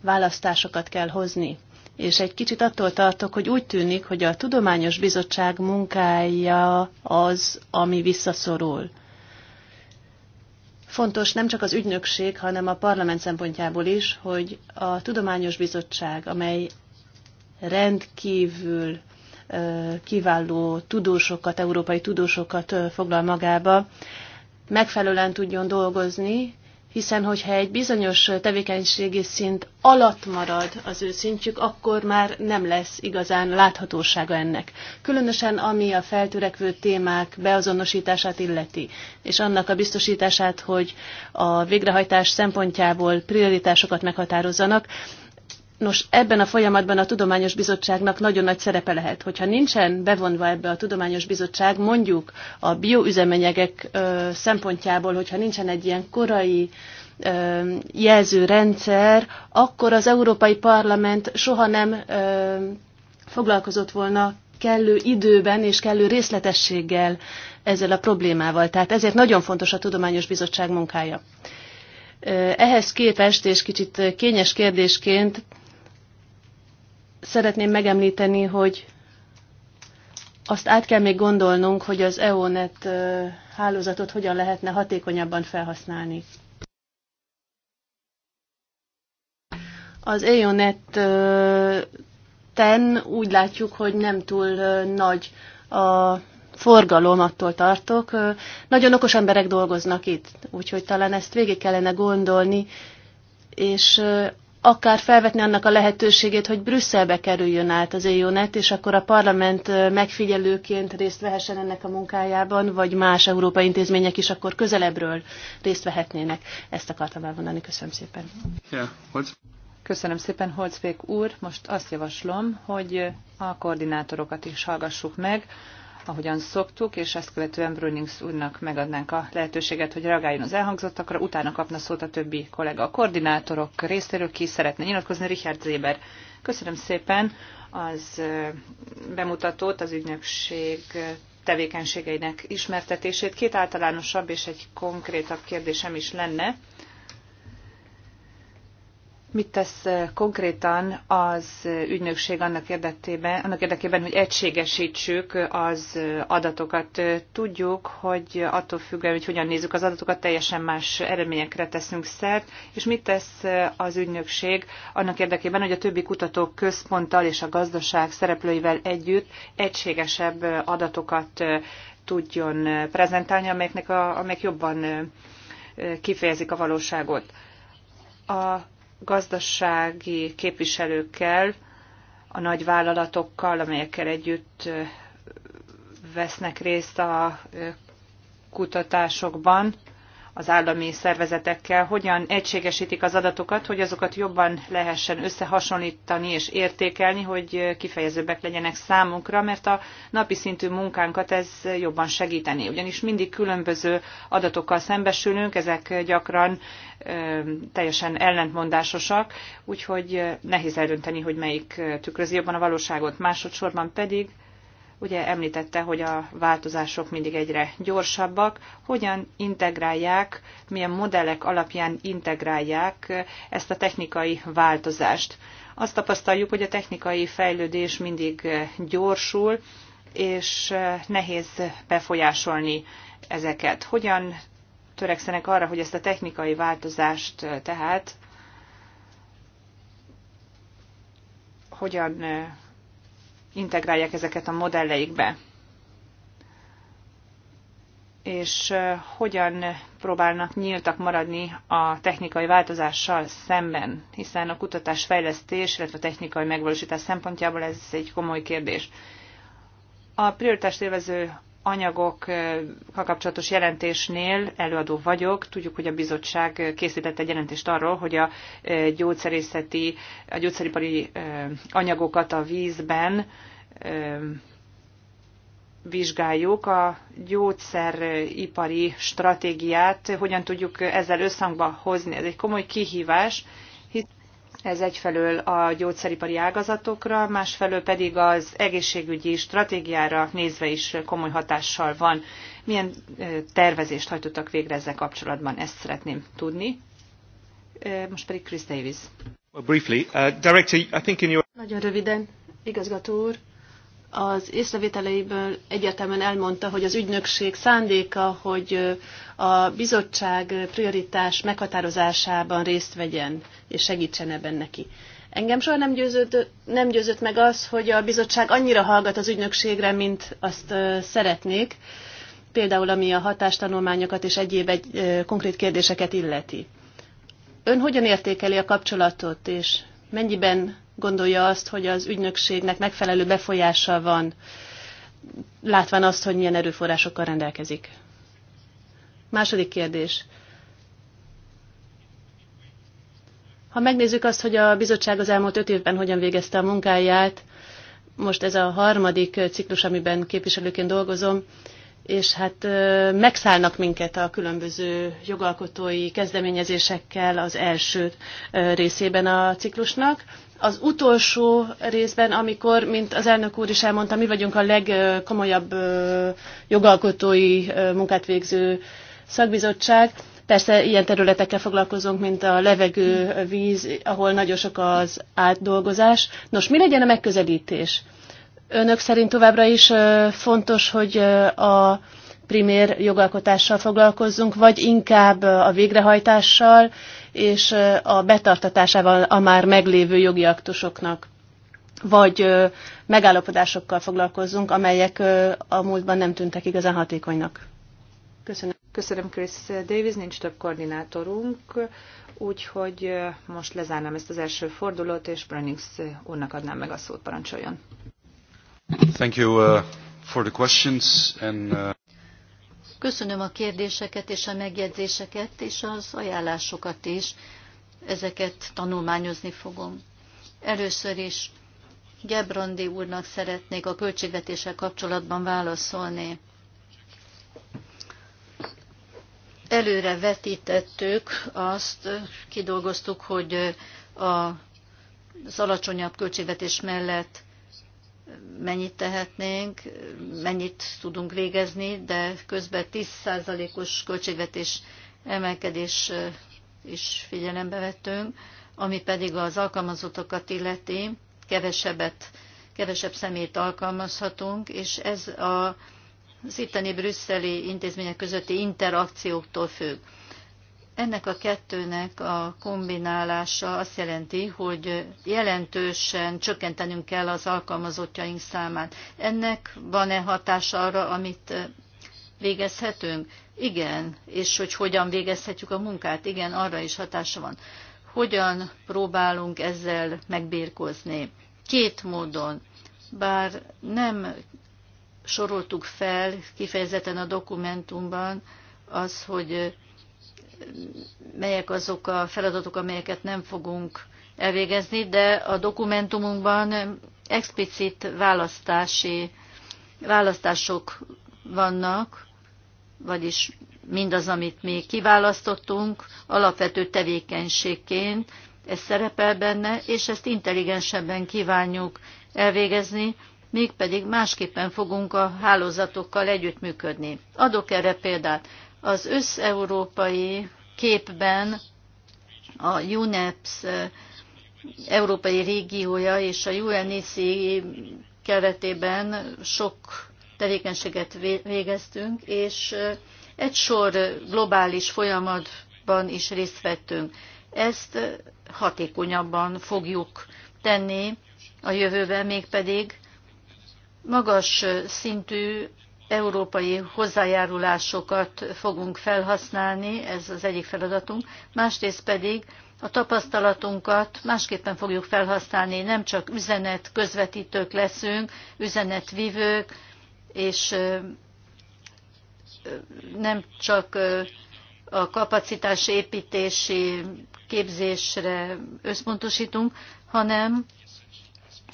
választásokat kell hozni és egy kicsit attól tartok, hogy úgy tűnik, hogy a Tudományos Bizottság munkája az, ami visszaszorul. Fontos nem csak az ügynökség, hanem a parlament szempontjából is, hogy a Tudományos Bizottság, amely rendkívül kiváló tudósokat, európai tudósokat foglal magába, megfelelően tudjon dolgozni, hiszen hogyha egy bizonyos tevékenységi szint alatt marad az ő szintjük, akkor már nem lesz igazán láthatósága ennek. Különösen ami a feltörekvő témák beazonosítását illeti, és annak a biztosítását, hogy a végrehajtás szempontjából prioritásokat meghatározzanak, Nos, ebben a folyamatban a Tudományos Bizottságnak nagyon nagy szerepe lehet. Hogyha nincsen bevonva ebbe a Tudományos Bizottság, mondjuk a bioüzemanyagok szempontjából, hogyha nincsen egy ilyen korai ö, jelzőrendszer, akkor az Európai Parlament soha nem foglalkozott volna kellő időben és kellő részletességgel ezzel a problémával. Tehát ezért nagyon fontos a Tudományos Bizottság munkája. Ehhez képest, és kicsit kényes kérdésként, szeretném megemlíteni, hogy azt át kell még gondolnunk, hogy az EONET hálózatot hogyan lehetne hatékonyabban felhasználni. Az EONET ten úgy látjuk, hogy nem túl nagy a forgalom, attól tartok. Nagyon okos emberek dolgoznak itt, úgyhogy talán ezt végig kellene gondolni, és akár felvetni annak a lehetőségét, hogy Brüsszelbe kerüljön át az EU-net, és akkor a parlament megfigyelőként részt vehessen ennek a munkájában, vagy más európai intézmények is akkor közelebbről részt vehetnének. Ezt akartam elmondani. Köszönöm szépen. Yeah, Köszönöm szépen, Holcfék úr. Most azt javaslom, hogy a koordinátorokat is hallgassuk meg ahogyan szoktuk, és ezt követően Brunings úrnak megadnánk a lehetőséget, hogy reagáljon az elhangzottakra, utána kapna szót a többi kollega. A koordinátorok részéről ki szeretne nyilatkozni, Richard Zéber. Köszönöm szépen az bemutatót, az ügynökség tevékenységeinek ismertetését. Két általánosabb és egy konkrétabb kérdésem is lenne. Mit tesz eh, konkrétan az eh, ügynökség annak érdekében, annak érdekében, hogy egységesítsük eh, az adatokat? Tudjuk, hogy attól függően, hogy hogyan nézzük az adatokat, teljesen más eredményekre teszünk szert, és mit tesz az ügynökség annak érdekében, hogy a többi kutató központtal és a gazdaság szereplőivel együtt egységesebb adatokat tudjon prezentálni, amelyeknek a, amelyek jobban kifejezik a valóságot. A gazdasági képviselőkkel, a nagy vállalatokkal, amelyekkel együtt vesznek részt a kutatásokban, az állami szervezetekkel, hogyan egységesítik az adatokat, hogy azokat jobban lehessen összehasonlítani és értékelni, hogy kifejezőbbek legyenek számunkra, mert a napi szintű munkánkat ez jobban segíteni. Ugyanis mindig különböző adatokkal szembesülünk, ezek gyakran teljesen ellentmondásosak, úgyhogy nehéz eldönteni, hogy melyik tükrözi jobban a valóságot. Másodszorban pedig, ugye említette, hogy a változások mindig egyre gyorsabbak, hogyan integrálják, milyen modellek alapján integrálják ezt a technikai változást. Azt tapasztaljuk, hogy a technikai fejlődés mindig gyorsul, és nehéz befolyásolni ezeket. Hogyan törekszenek arra, hogy ezt a technikai változást tehát hogyan integrálják ezeket a modelleikbe, és hogyan próbálnak nyíltak maradni a technikai változással szemben, hiszen a fejlesztés, illetve a technikai megvalósítás szempontjából ez egy komoly kérdés. A prioritást élvező anyagokkal kapcsolatos jelentésnél előadó vagyok. Tudjuk, hogy a bizottság készített egy jelentést arról, hogy a gyógyszerészeti, a gyógyszeripari anyagokat a vízben vizsgáljuk a gyógyszeripari stratégiát, hogyan tudjuk ezzel összhangba hozni. Ez egy komoly kihívás, ez egyfelől a gyógyszeripari ágazatokra, másfelől pedig az egészségügyi stratégiára nézve is komoly hatással van. Milyen tervezést hajtottak végre ezzel kapcsolatban? Ezt szeretném tudni. Most pedig Chris Davis. Briefly, uh, director, I think in your... Nagyon röviden, igazgató úr az észrevételeiből egyértelműen elmondta, hogy az ügynökség szándéka, hogy a bizottság prioritás meghatározásában részt vegyen és segítsen ebben neki. Engem soha nem győzött, nem győzött meg az, hogy a bizottság annyira hallgat az ügynökségre, mint azt szeretnék, például ami a hatástanulmányokat és egyéb egy, konkrét kérdéseket illeti. Ön hogyan értékeli a kapcsolatot, és mennyiben gondolja azt, hogy az ügynökségnek megfelelő befolyása van, látván azt, hogy milyen erőforrásokkal rendelkezik. Második kérdés. Ha megnézzük azt, hogy a bizottság az elmúlt öt évben hogyan végezte a munkáját, most ez a harmadik ciklus, amiben képviselőként dolgozom, és hát megszállnak minket a különböző jogalkotói kezdeményezésekkel az első részében a ciklusnak az utolsó részben, amikor, mint az elnök úr is elmondta, mi vagyunk a legkomolyabb jogalkotói munkát végző szakbizottság. Persze ilyen területekkel foglalkozunk, mint a levegő, víz, ahol nagyon sok az átdolgozás. Nos, mi legyen a megközelítés? Önök szerint továbbra is fontos, hogy a primér jogalkotással foglalkozzunk, vagy inkább a végrehajtással, és a betartatásával a már meglévő jogi aktusoknak vagy megállapodásokkal foglalkozzunk, amelyek a múltban nem tűntek igazán hatékonynak. Köszönöm. Köszönöm, Chris Davis, nincs több koordinátorunk, úgyhogy most lezárnám ezt az első fordulót, és Brennings úrnak adnám meg a szót, parancsoljon. Thank you, uh, for the questions and, uh... Köszönöm a kérdéseket és a megjegyzéseket, és az ajánlásokat is. Ezeket tanulmányozni fogom. Először is Gebrandi úrnak szeretnék a költségvetéssel kapcsolatban válaszolni. Előre vetítettük azt, kidolgoztuk, hogy az alacsonyabb költségvetés mellett mennyit tehetnénk, mennyit tudunk végezni, de közben 10%-os költségvetés emelkedés is figyelembe vettünk, ami pedig az alkalmazottakat illeti, kevesebbet, kevesebb szemét alkalmazhatunk, és ez a, az itteni brüsszeli intézmények közötti interakcióktól függ. Ennek a kettőnek a kombinálása azt jelenti, hogy jelentősen csökkentenünk kell az alkalmazottjaink számát. Ennek van-e hatása arra, amit eh, végezhetünk? Igen. És hogy hogyan végezhetjük a munkát? Igen, arra is hatása van. Hogyan próbálunk ezzel megbírkozni? Két módon. Bár nem soroltuk fel kifejezetten a dokumentumban az, hogy melyek azok a feladatok, amelyeket nem fogunk elvégezni, de a dokumentumunkban explicit választási választások vannak, vagyis mindaz, amit mi kiválasztottunk alapvető tevékenységként, ez szerepel benne, és ezt intelligensebben kívánjuk elvégezni, mégpedig másképpen fogunk a hálózatokkal együttműködni. Adok erre példát. Az összeurópai képben a UNEPS európai régiója és a UNEC keretében sok tevékenységet végeztünk, és egy sor globális folyamatban is részt vettünk. Ezt hatékonyabban fogjuk tenni a jövőben, mégpedig magas szintű európai hozzájárulásokat fogunk felhasználni, ez az egyik feladatunk, másrészt pedig a tapasztalatunkat másképpen fogjuk felhasználni, nem csak üzenet közvetítők leszünk, üzenetvívők, és nem csak a kapacitás építési képzésre összpontosítunk, hanem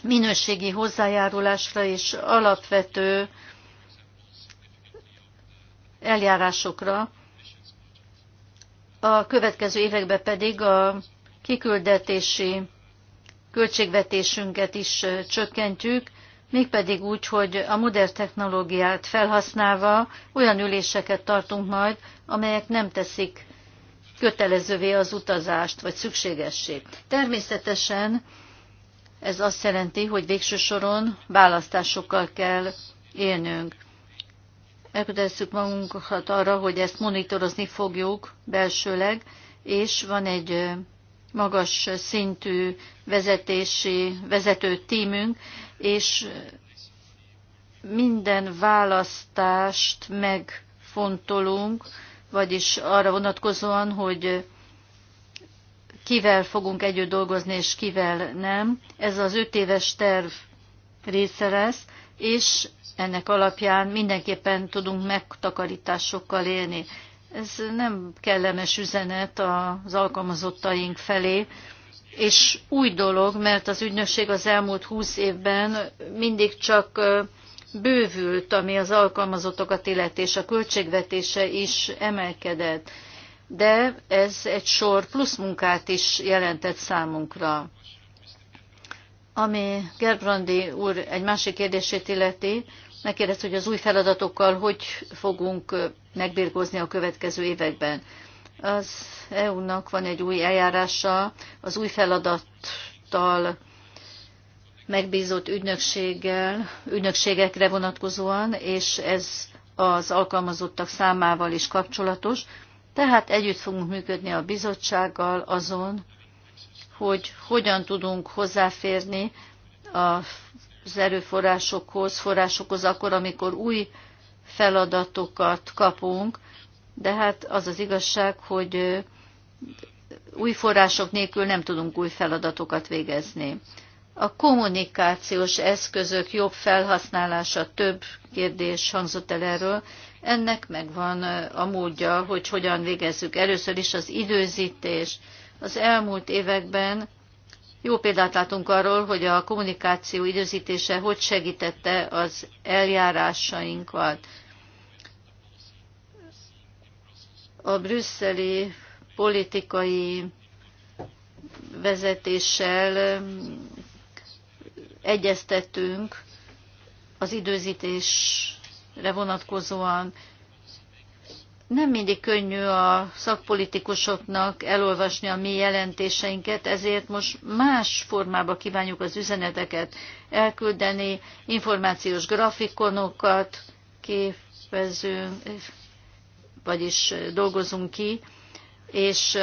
minőségi hozzájárulásra és alapvető eljárásokra, a következő években pedig a kiküldetési költségvetésünket is csökkentjük, mégpedig úgy, hogy a modern technológiát felhasználva olyan üléseket tartunk majd, amelyek nem teszik kötelezővé az utazást, vagy szükségessé. Természetesen ez azt jelenti, hogy végső soron választásokkal kell élnünk elkötelezzük magunkat arra, hogy ezt monitorozni fogjuk belsőleg, és van egy magas szintű vezetési, vezető tímünk, és minden választást megfontolunk, vagyis arra vonatkozóan, hogy kivel fogunk együtt dolgozni, és kivel nem. Ez az öt éves terv része lesz, és ennek alapján mindenképpen tudunk megtakarításokkal élni. Ez nem kellemes üzenet az alkalmazottaink felé, és új dolog, mert az ügynökség az elmúlt húsz évben mindig csak bővült, ami az alkalmazottokat illeti, és a költségvetése is emelkedett. De ez egy sor plusz munkát is jelentett számunkra. Ami Gerbrandi úr egy másik kérdését illeti, megkérdez, hogy az új feladatokkal hogy fogunk megbirkózni a következő években. Az EU-nak van egy új eljárása, az új feladattal megbízott ügynökséggel, ügynökségekre vonatkozóan, és ez az alkalmazottak számával is kapcsolatos. Tehát együtt fogunk működni a bizottsággal azon, hogy hogyan tudunk hozzáférni az erőforrásokhoz, forrásokhoz akkor, amikor új feladatokat kapunk, de hát az az igazság, hogy új források nélkül nem tudunk új feladatokat végezni. A kommunikációs eszközök jobb felhasználása több kérdés hangzott el erről. Ennek megvan a módja, hogy hogyan végezzük. Először is az időzítés, az elmúlt években jó példát látunk arról, hogy a kommunikáció időzítése hogy segítette az eljárásainkat. A brüsszeli politikai vezetéssel um, egyeztettünk az időzítésre vonatkozóan nem mindig könnyű a szakpolitikusoknak elolvasni a mi jelentéseinket, ezért most más formába kívánjuk az üzeneteket elküldeni, információs grafikonokat képezünk, vagyis dolgozunk ki, és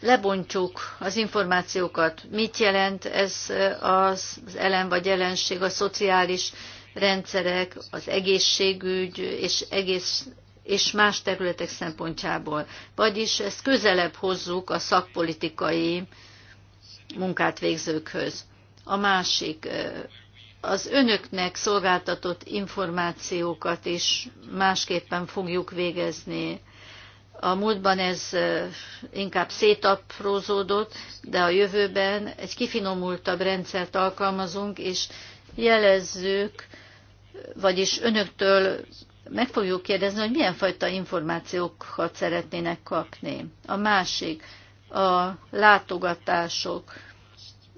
lebontjuk az információkat, mit jelent ez az elem vagy jelenség a szociális rendszerek, az egészségügy és egész és más területek szempontjából. Vagyis ezt közelebb hozzuk a szakpolitikai munkát végzőkhöz. A másik, az önöknek szolgáltatott információkat is másképpen fogjuk végezni. A múltban ez inkább szétaprózódott, de a jövőben egy kifinomultabb rendszert alkalmazunk, és jelezzük, vagyis önöktől meg fogjuk kérdezni, hogy milyen fajta információkat szeretnének kapni. A másik, a látogatások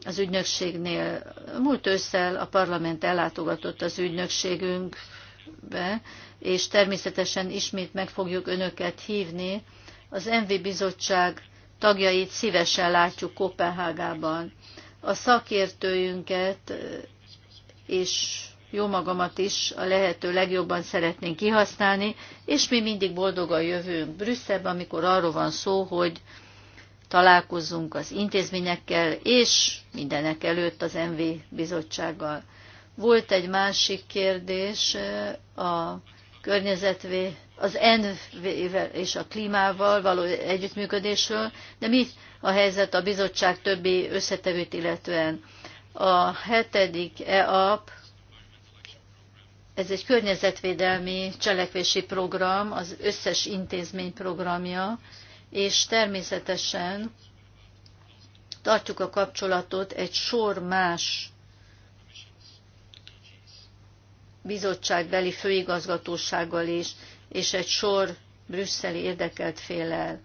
az ügynökségnél. Múlt ősszel a parlament ellátogatott az ügynökségünkbe, és természetesen ismét meg fogjuk önöket hívni. Az MV bizottság tagjait szívesen látjuk Kopenhágában. A szakértőjünket és jó magamat is a lehető legjobban szeretnénk kihasználni, és mi mindig boldogan jövünk Brüsszelbe, amikor arról van szó, hogy találkozzunk az intézményekkel, és mindenek előtt az MV bizottsággal. Volt egy másik kérdés eh, a környezetvé, az NV és a klímával való együttműködésről, de mi a helyzet a bizottság többi összetevőt illetően? A hetedik EAP, ez egy környezetvédelmi cselekvési program, az összes intézmény programja, és természetesen tartjuk a kapcsolatot egy sor más bizottságbeli főigazgatósággal is, és egy sor brüsszeli érdekelt félel.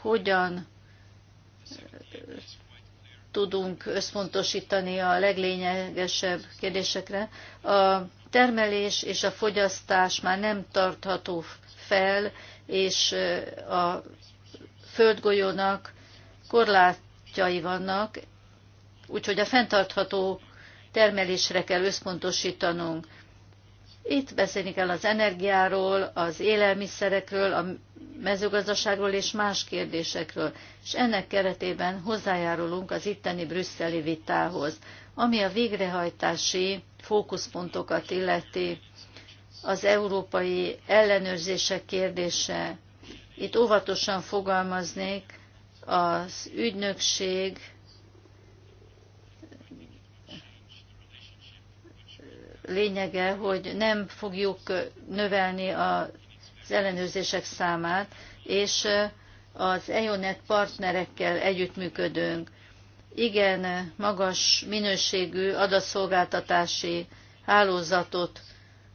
Hogyan tudunk összpontosítani a leglényegesebb kérdésekre. A termelés és a fogyasztás már nem tartható fel, és a földgolyónak korlátjai vannak, úgyhogy a fenntartható termelésre kell összpontosítanunk. Itt beszélni kell az energiáról, az élelmiszerekről, a mezőgazdaságról és más kérdésekről, és ennek keretében hozzájárulunk az itteni brüsszeli vitához, ami a végrehajtási fókuszpontokat illeti, az európai ellenőrzések kérdése. Itt óvatosan fogalmaznék, az ügynökség lényege, hogy nem fogjuk növelni az ellenőrzések számát, és az EONET partnerekkel együttműködünk. Igen, magas minőségű adatszolgáltatási hálózatot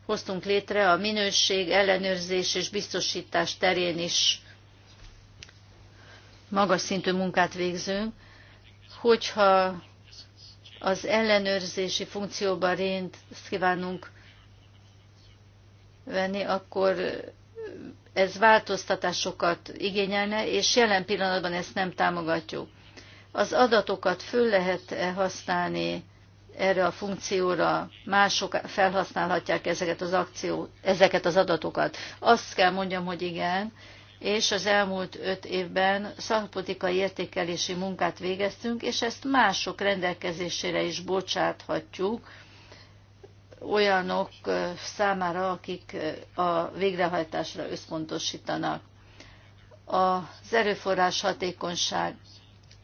hoztunk létre a minőség, ellenőrzés és biztosítás terén is magas szintű munkát végzünk. Hogyha az ellenőrzési funkcióban rént kívánunk venni, akkor ez változtatásokat igényelne, és jelen pillanatban ezt nem támogatjuk. Az adatokat föl lehet -e használni erre a funkcióra, mások felhasználhatják ezeket az, akció, ezeket az adatokat. Azt kell mondjam, hogy igen, és az elmúlt öt évben szakpolitikai értékelési munkát végeztünk, és ezt mások rendelkezésére is bocsáthatjuk, olyanok számára, akik a végrehajtásra összpontosítanak. Az erőforrás hatékonyság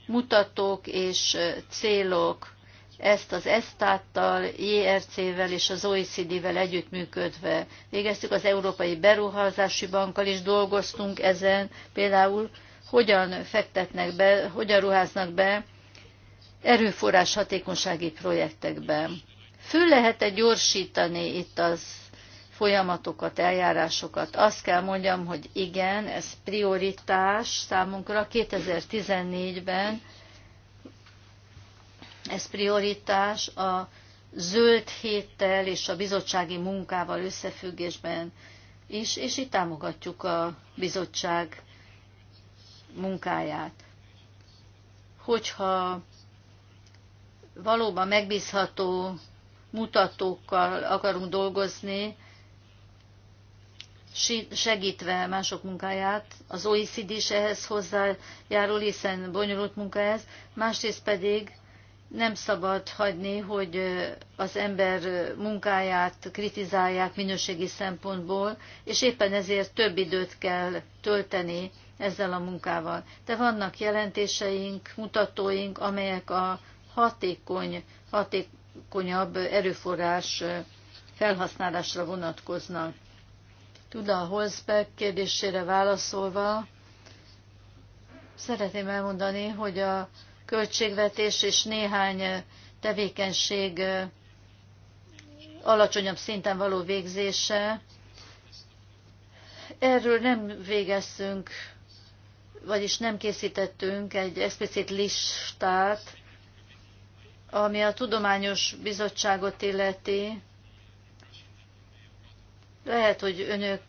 mutatók és célok ezt az ESTÁT-tal, JRC-vel e és az OECD-vel együttműködve. Végeztük az Európai Beruházási Bankkal is, dolgoztunk ezen például, hogyan fektetnek be, hogyan ruháznak be erőforrás hatékonysági projektekben. Föl lehet-e gyorsítani itt az folyamatokat, eljárásokat? Azt kell mondjam, hogy igen, ez prioritás számunkra 2014-ben ez prioritás a zöld héttel és a bizottsági munkával összefüggésben is, és itt támogatjuk a bizottság munkáját. Hogyha valóban megbízható mutatókkal akarunk dolgozni, segítve mások munkáját, az OECD is ehhez hozzájárul, hiszen bonyolult munka ez, másrészt pedig nem szabad hagyni, hogy az ember munkáját kritizálják minőségi szempontból, és éppen ezért több időt kell tölteni ezzel a munkával. De vannak jelentéseink, mutatóink, amelyek a hatékony, hatékonyabb erőforrás felhasználásra vonatkoznak. Tuda Holzbeck kérdésére válaszolva szeretném elmondani, hogy a költségvetés és néhány tevékenység alacsonyabb szinten való végzése. Erről nem végeztünk, vagyis nem készítettünk egy explicit listát, ami a Tudományos Bizottságot illeti. Lehet, hogy önök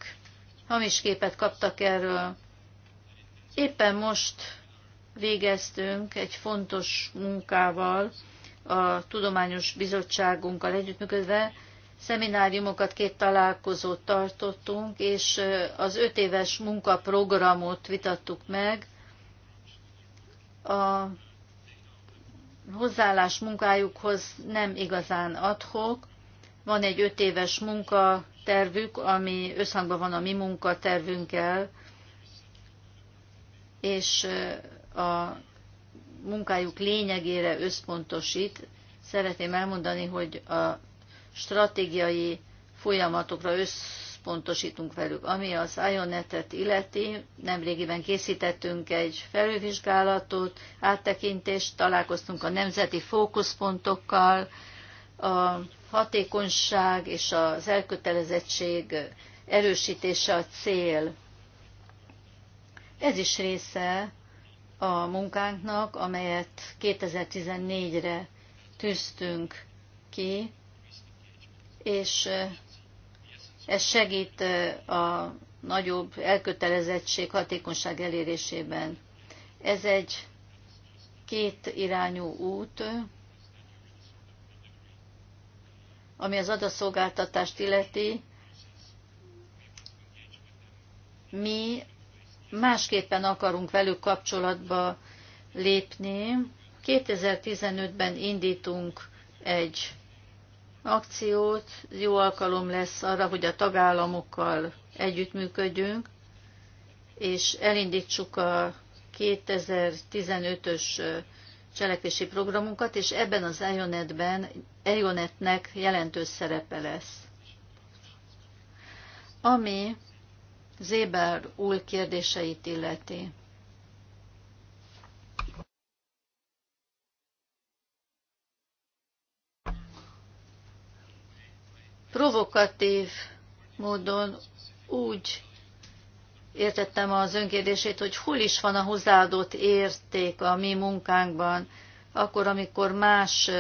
hamis képet kaptak erről. Éppen most végeztünk egy fontos munkával a Tudományos Bizottságunkkal együttműködve. Szemináriumokat, két találkozót tartottunk, és az öt éves munkaprogramot vitattuk meg. A hozzáállás munkájukhoz nem igazán adhok. Van egy öt éves munkatervük, ami összhangban van a mi munkatervünkkel, és a munkájuk lényegére összpontosít. Szeretném elmondani, hogy a stratégiai folyamatokra összpontosítunk velük. Ami az Ionetet illeti, nemrégiben készítettünk egy felővizsgálatot, áttekintést, találkoztunk a nemzeti fókuszpontokkal, a hatékonyság és az elkötelezettség erősítése a cél. Ez is része a munkánknak, amelyet 2014-re tűztünk ki, és eh, ez segít eh, a nagyobb elkötelezettség hatékonyság elérésében. Ez egy két irányú út, ami az adaszolgáltatást illeti, mi másképpen akarunk velük kapcsolatba lépni. 2015-ben indítunk egy akciót, jó alkalom lesz arra, hogy a tagállamokkal együttműködjünk, és elindítsuk a 2015-ös cselekvési programunkat, és ebben az Elionetben Elionetnek jelentős szerepe lesz. Ami Zéber úr kérdéseit illeti. Provokatív módon úgy értettem az önkérdését, hogy hol is van a hozzáadott érték a mi munkánkban, akkor, amikor más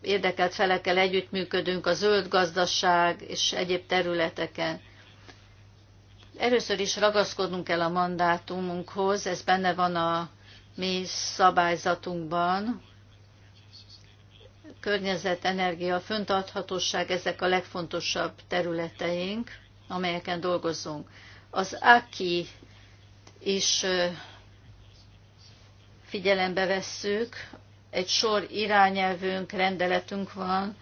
érdekelt felekkel együttműködünk a zöld gazdaság és egyéb területeken. Először is ragaszkodnunk kell a mandátumunkhoz, ez benne van a mi szabályzatunkban. Környezet, energia, föntarthatóság, ezek a legfontosabb területeink, amelyeken dolgozunk. Az AKI is figyelembe vesszük, egy sor irányelvünk, rendeletünk van,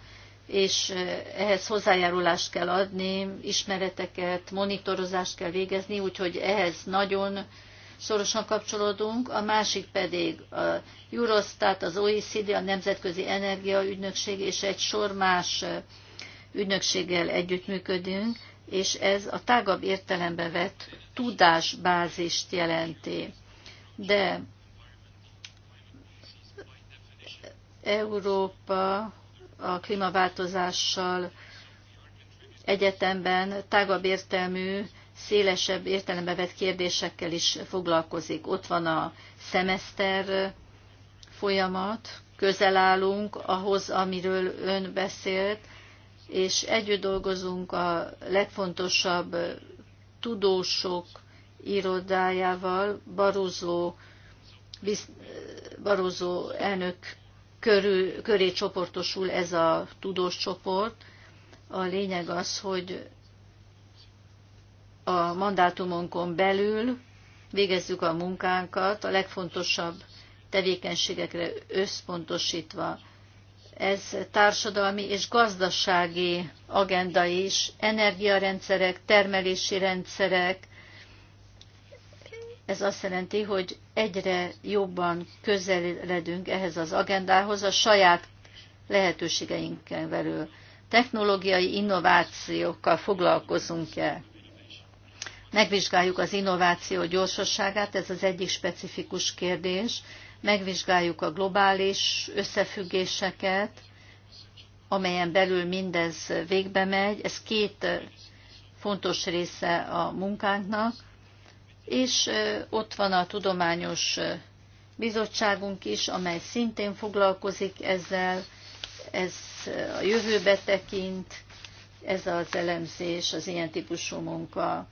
és ehhez hozzájárulást kell adni, ismereteket, monitorozást kell végezni, úgyhogy ehhez nagyon szorosan kapcsolódunk. A másik pedig a Eurostat, az OECD, a Nemzetközi Energiaügynökség és egy sor más ügynökséggel együttműködünk, és ez a tágabb értelembe vett tudásbázist jelenti. De Európa a klímaváltozással egyetemben tágabb értelmű, szélesebb értelembe vett kérdésekkel is foglalkozik. Ott van a szemeszter folyamat, közel állunk ahhoz, amiről ön beszélt, és együtt dolgozunk a legfontosabb tudósok irodájával, barózó Barozó elnök körül, köré csoportosul ez a tudós csoport. A lényeg az, hogy a mandátumunkon belül végezzük a munkánkat, a legfontosabb tevékenységekre összpontosítva. Ez társadalmi és gazdasági agenda is, energiarendszerek, termelési rendszerek, ez azt jelenti, hogy egyre jobban közeledünk ehhez az agendához a saját lehetőségeinken belül. Technológiai innovációkkal foglalkozunk-e? Megvizsgáljuk az innováció gyorsaságát, ez az egyik specifikus kérdés. Megvizsgáljuk a globális összefüggéseket, amelyen belül mindez végbe megy. Ez két fontos része a munkánknak és ott van a tudományos bizottságunk is, amely szintén foglalkozik ezzel, ez a jövőbe tekint, ez az elemzés, az ilyen típusú munka.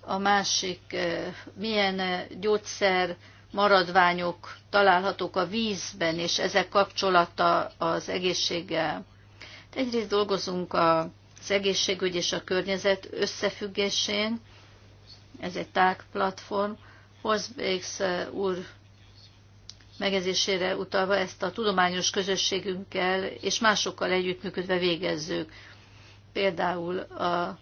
A másik, milyen gyógyszer maradványok találhatók a vízben, és ezek kapcsolata az egészséggel. Egyrészt dolgozunk az egészségügy és a környezet összefüggésén, ez egy tág platform. Hozbéksz eh, úr megezésére utalva ezt a tudományos közösségünkkel és másokkal együttműködve végezzük. Például a,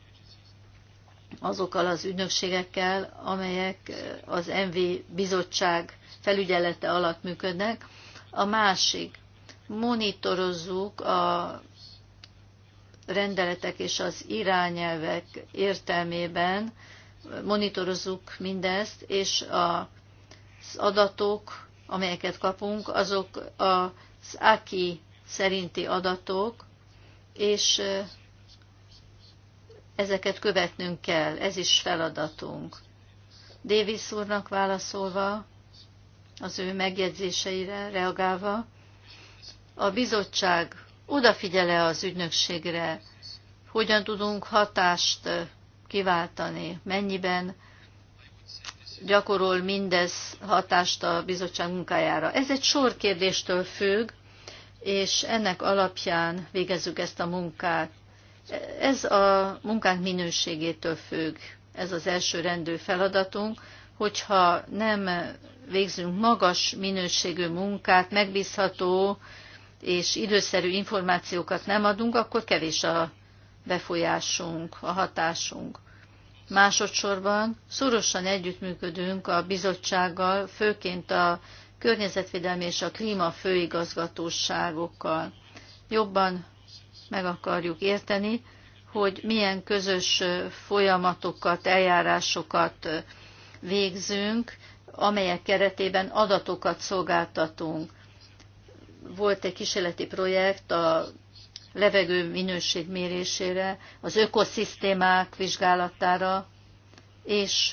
azokkal az ügynökségekkel, amelyek eh, az MV bizottság felügyelete alatt működnek. A másik, monitorozzuk a rendeletek és az irányelvek értelmében monitorozzuk mindezt, és az adatok, amelyeket kapunk, azok az AKI szerinti adatok, és ezeket követnünk kell, ez is feladatunk. Davis úrnak válaszolva, az ő megjegyzéseire reagálva, a bizottság odafigyele az ügynökségre, hogyan tudunk hatást kiváltani, mennyiben gyakorol mindez hatást a bizottság munkájára. Ez egy sor kérdéstől függ, és ennek alapján végezzük ezt a munkát. Ez a munkánk minőségétől függ. Ez az első rendő feladatunk, hogyha nem végzünk magas minőségű munkát, megbízható és időszerű információkat nem adunk, akkor kevés a befolyásunk, a hatásunk. Másodszorban szorosan együttműködünk a bizottsággal, főként a környezetvédelmi és a klíma főigazgatóságokkal. Jobban meg akarjuk érteni, hogy milyen közös folyamatokat, eljárásokat végzünk, amelyek keretében adatokat szolgáltatunk. Volt egy kísérleti projekt a levegő minőség mérésére, az ökoszisztémák vizsgálatára, és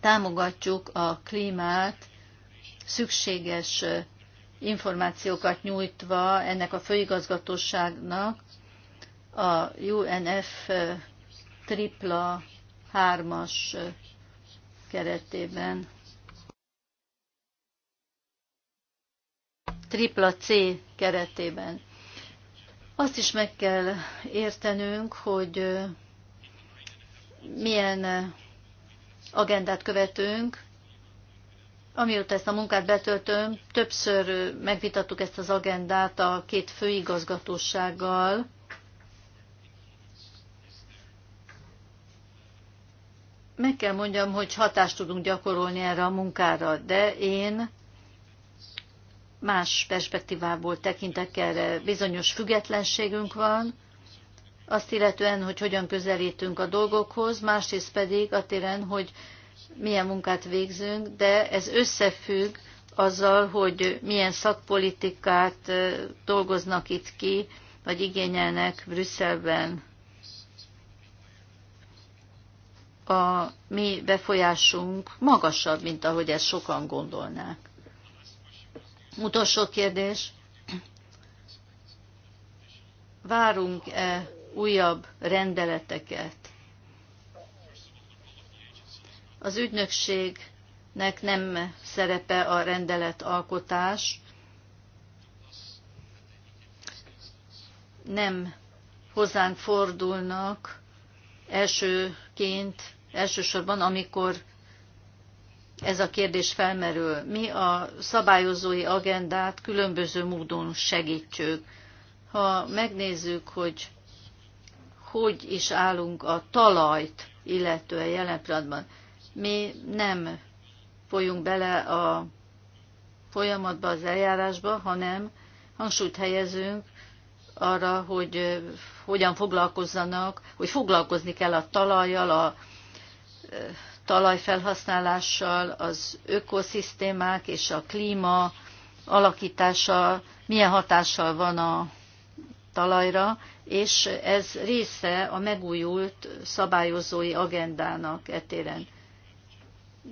támogatjuk a klímát szükséges információkat nyújtva ennek a főigazgatóságnak a UNF tripla hármas keretében. Tripla C keretében. Azt is meg kell értenünk, hogy milyen agendát követünk. Amióta ezt a munkát betöltöm, többször megvitattuk ezt az agendát a két főigazgatósággal, meg kell mondjam, hogy hatást tudunk gyakorolni erre a munkára, de én más perspektívából tekintek erre. Bizonyos függetlenségünk van, azt illetően, hogy hogyan közelítünk a dolgokhoz, másrészt pedig a téren, hogy milyen munkát végzünk, de ez összefügg azzal, hogy milyen szakpolitikát dolgoznak itt ki, vagy igényelnek Brüsszelben. A mi befolyásunk magasabb, mint ahogy ezt sokan gondolnák. Utolsó kérdés. Várunk-e újabb rendeleteket? Az ügynökségnek nem szerepe a rendeletalkotás, nem hozzánk fordulnak elsőként, elsősorban, amikor ez a kérdés felmerül. Mi a szabályozói agendát különböző módon segítsük. Ha megnézzük, hogy hogy is állunk a talajt, illetően jelen pillanatban, mi nem folyunk bele a folyamatba, az eljárásba, hanem hangsúlyt helyezünk arra, hogy hogyan foglalkozzanak, hogy foglalkozni kell a talajjal, a talajfelhasználással, az ökoszisztémák és a klíma alakítása milyen hatással van a talajra, és ez része a megújult szabályozói agendának etéren.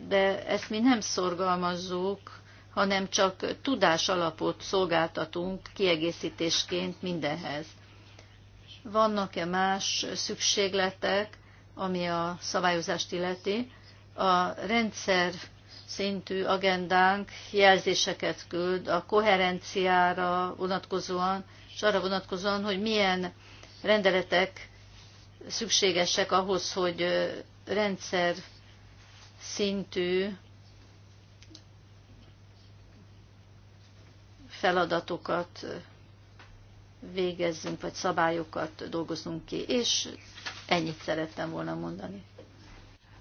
De ezt mi nem szorgalmazzuk, hanem csak tudás alapot szolgáltatunk kiegészítésként mindenhez. Vannak-e más szükségletek, ami a szabályozást illeti? a rendszer szintű agendánk jelzéseket küld a koherenciára vonatkozóan, és arra vonatkozóan, hogy milyen rendeletek szükségesek ahhoz, hogy rendszer szintű feladatokat végezzünk, vagy szabályokat dolgozunk ki, és ennyit szerettem volna mondani.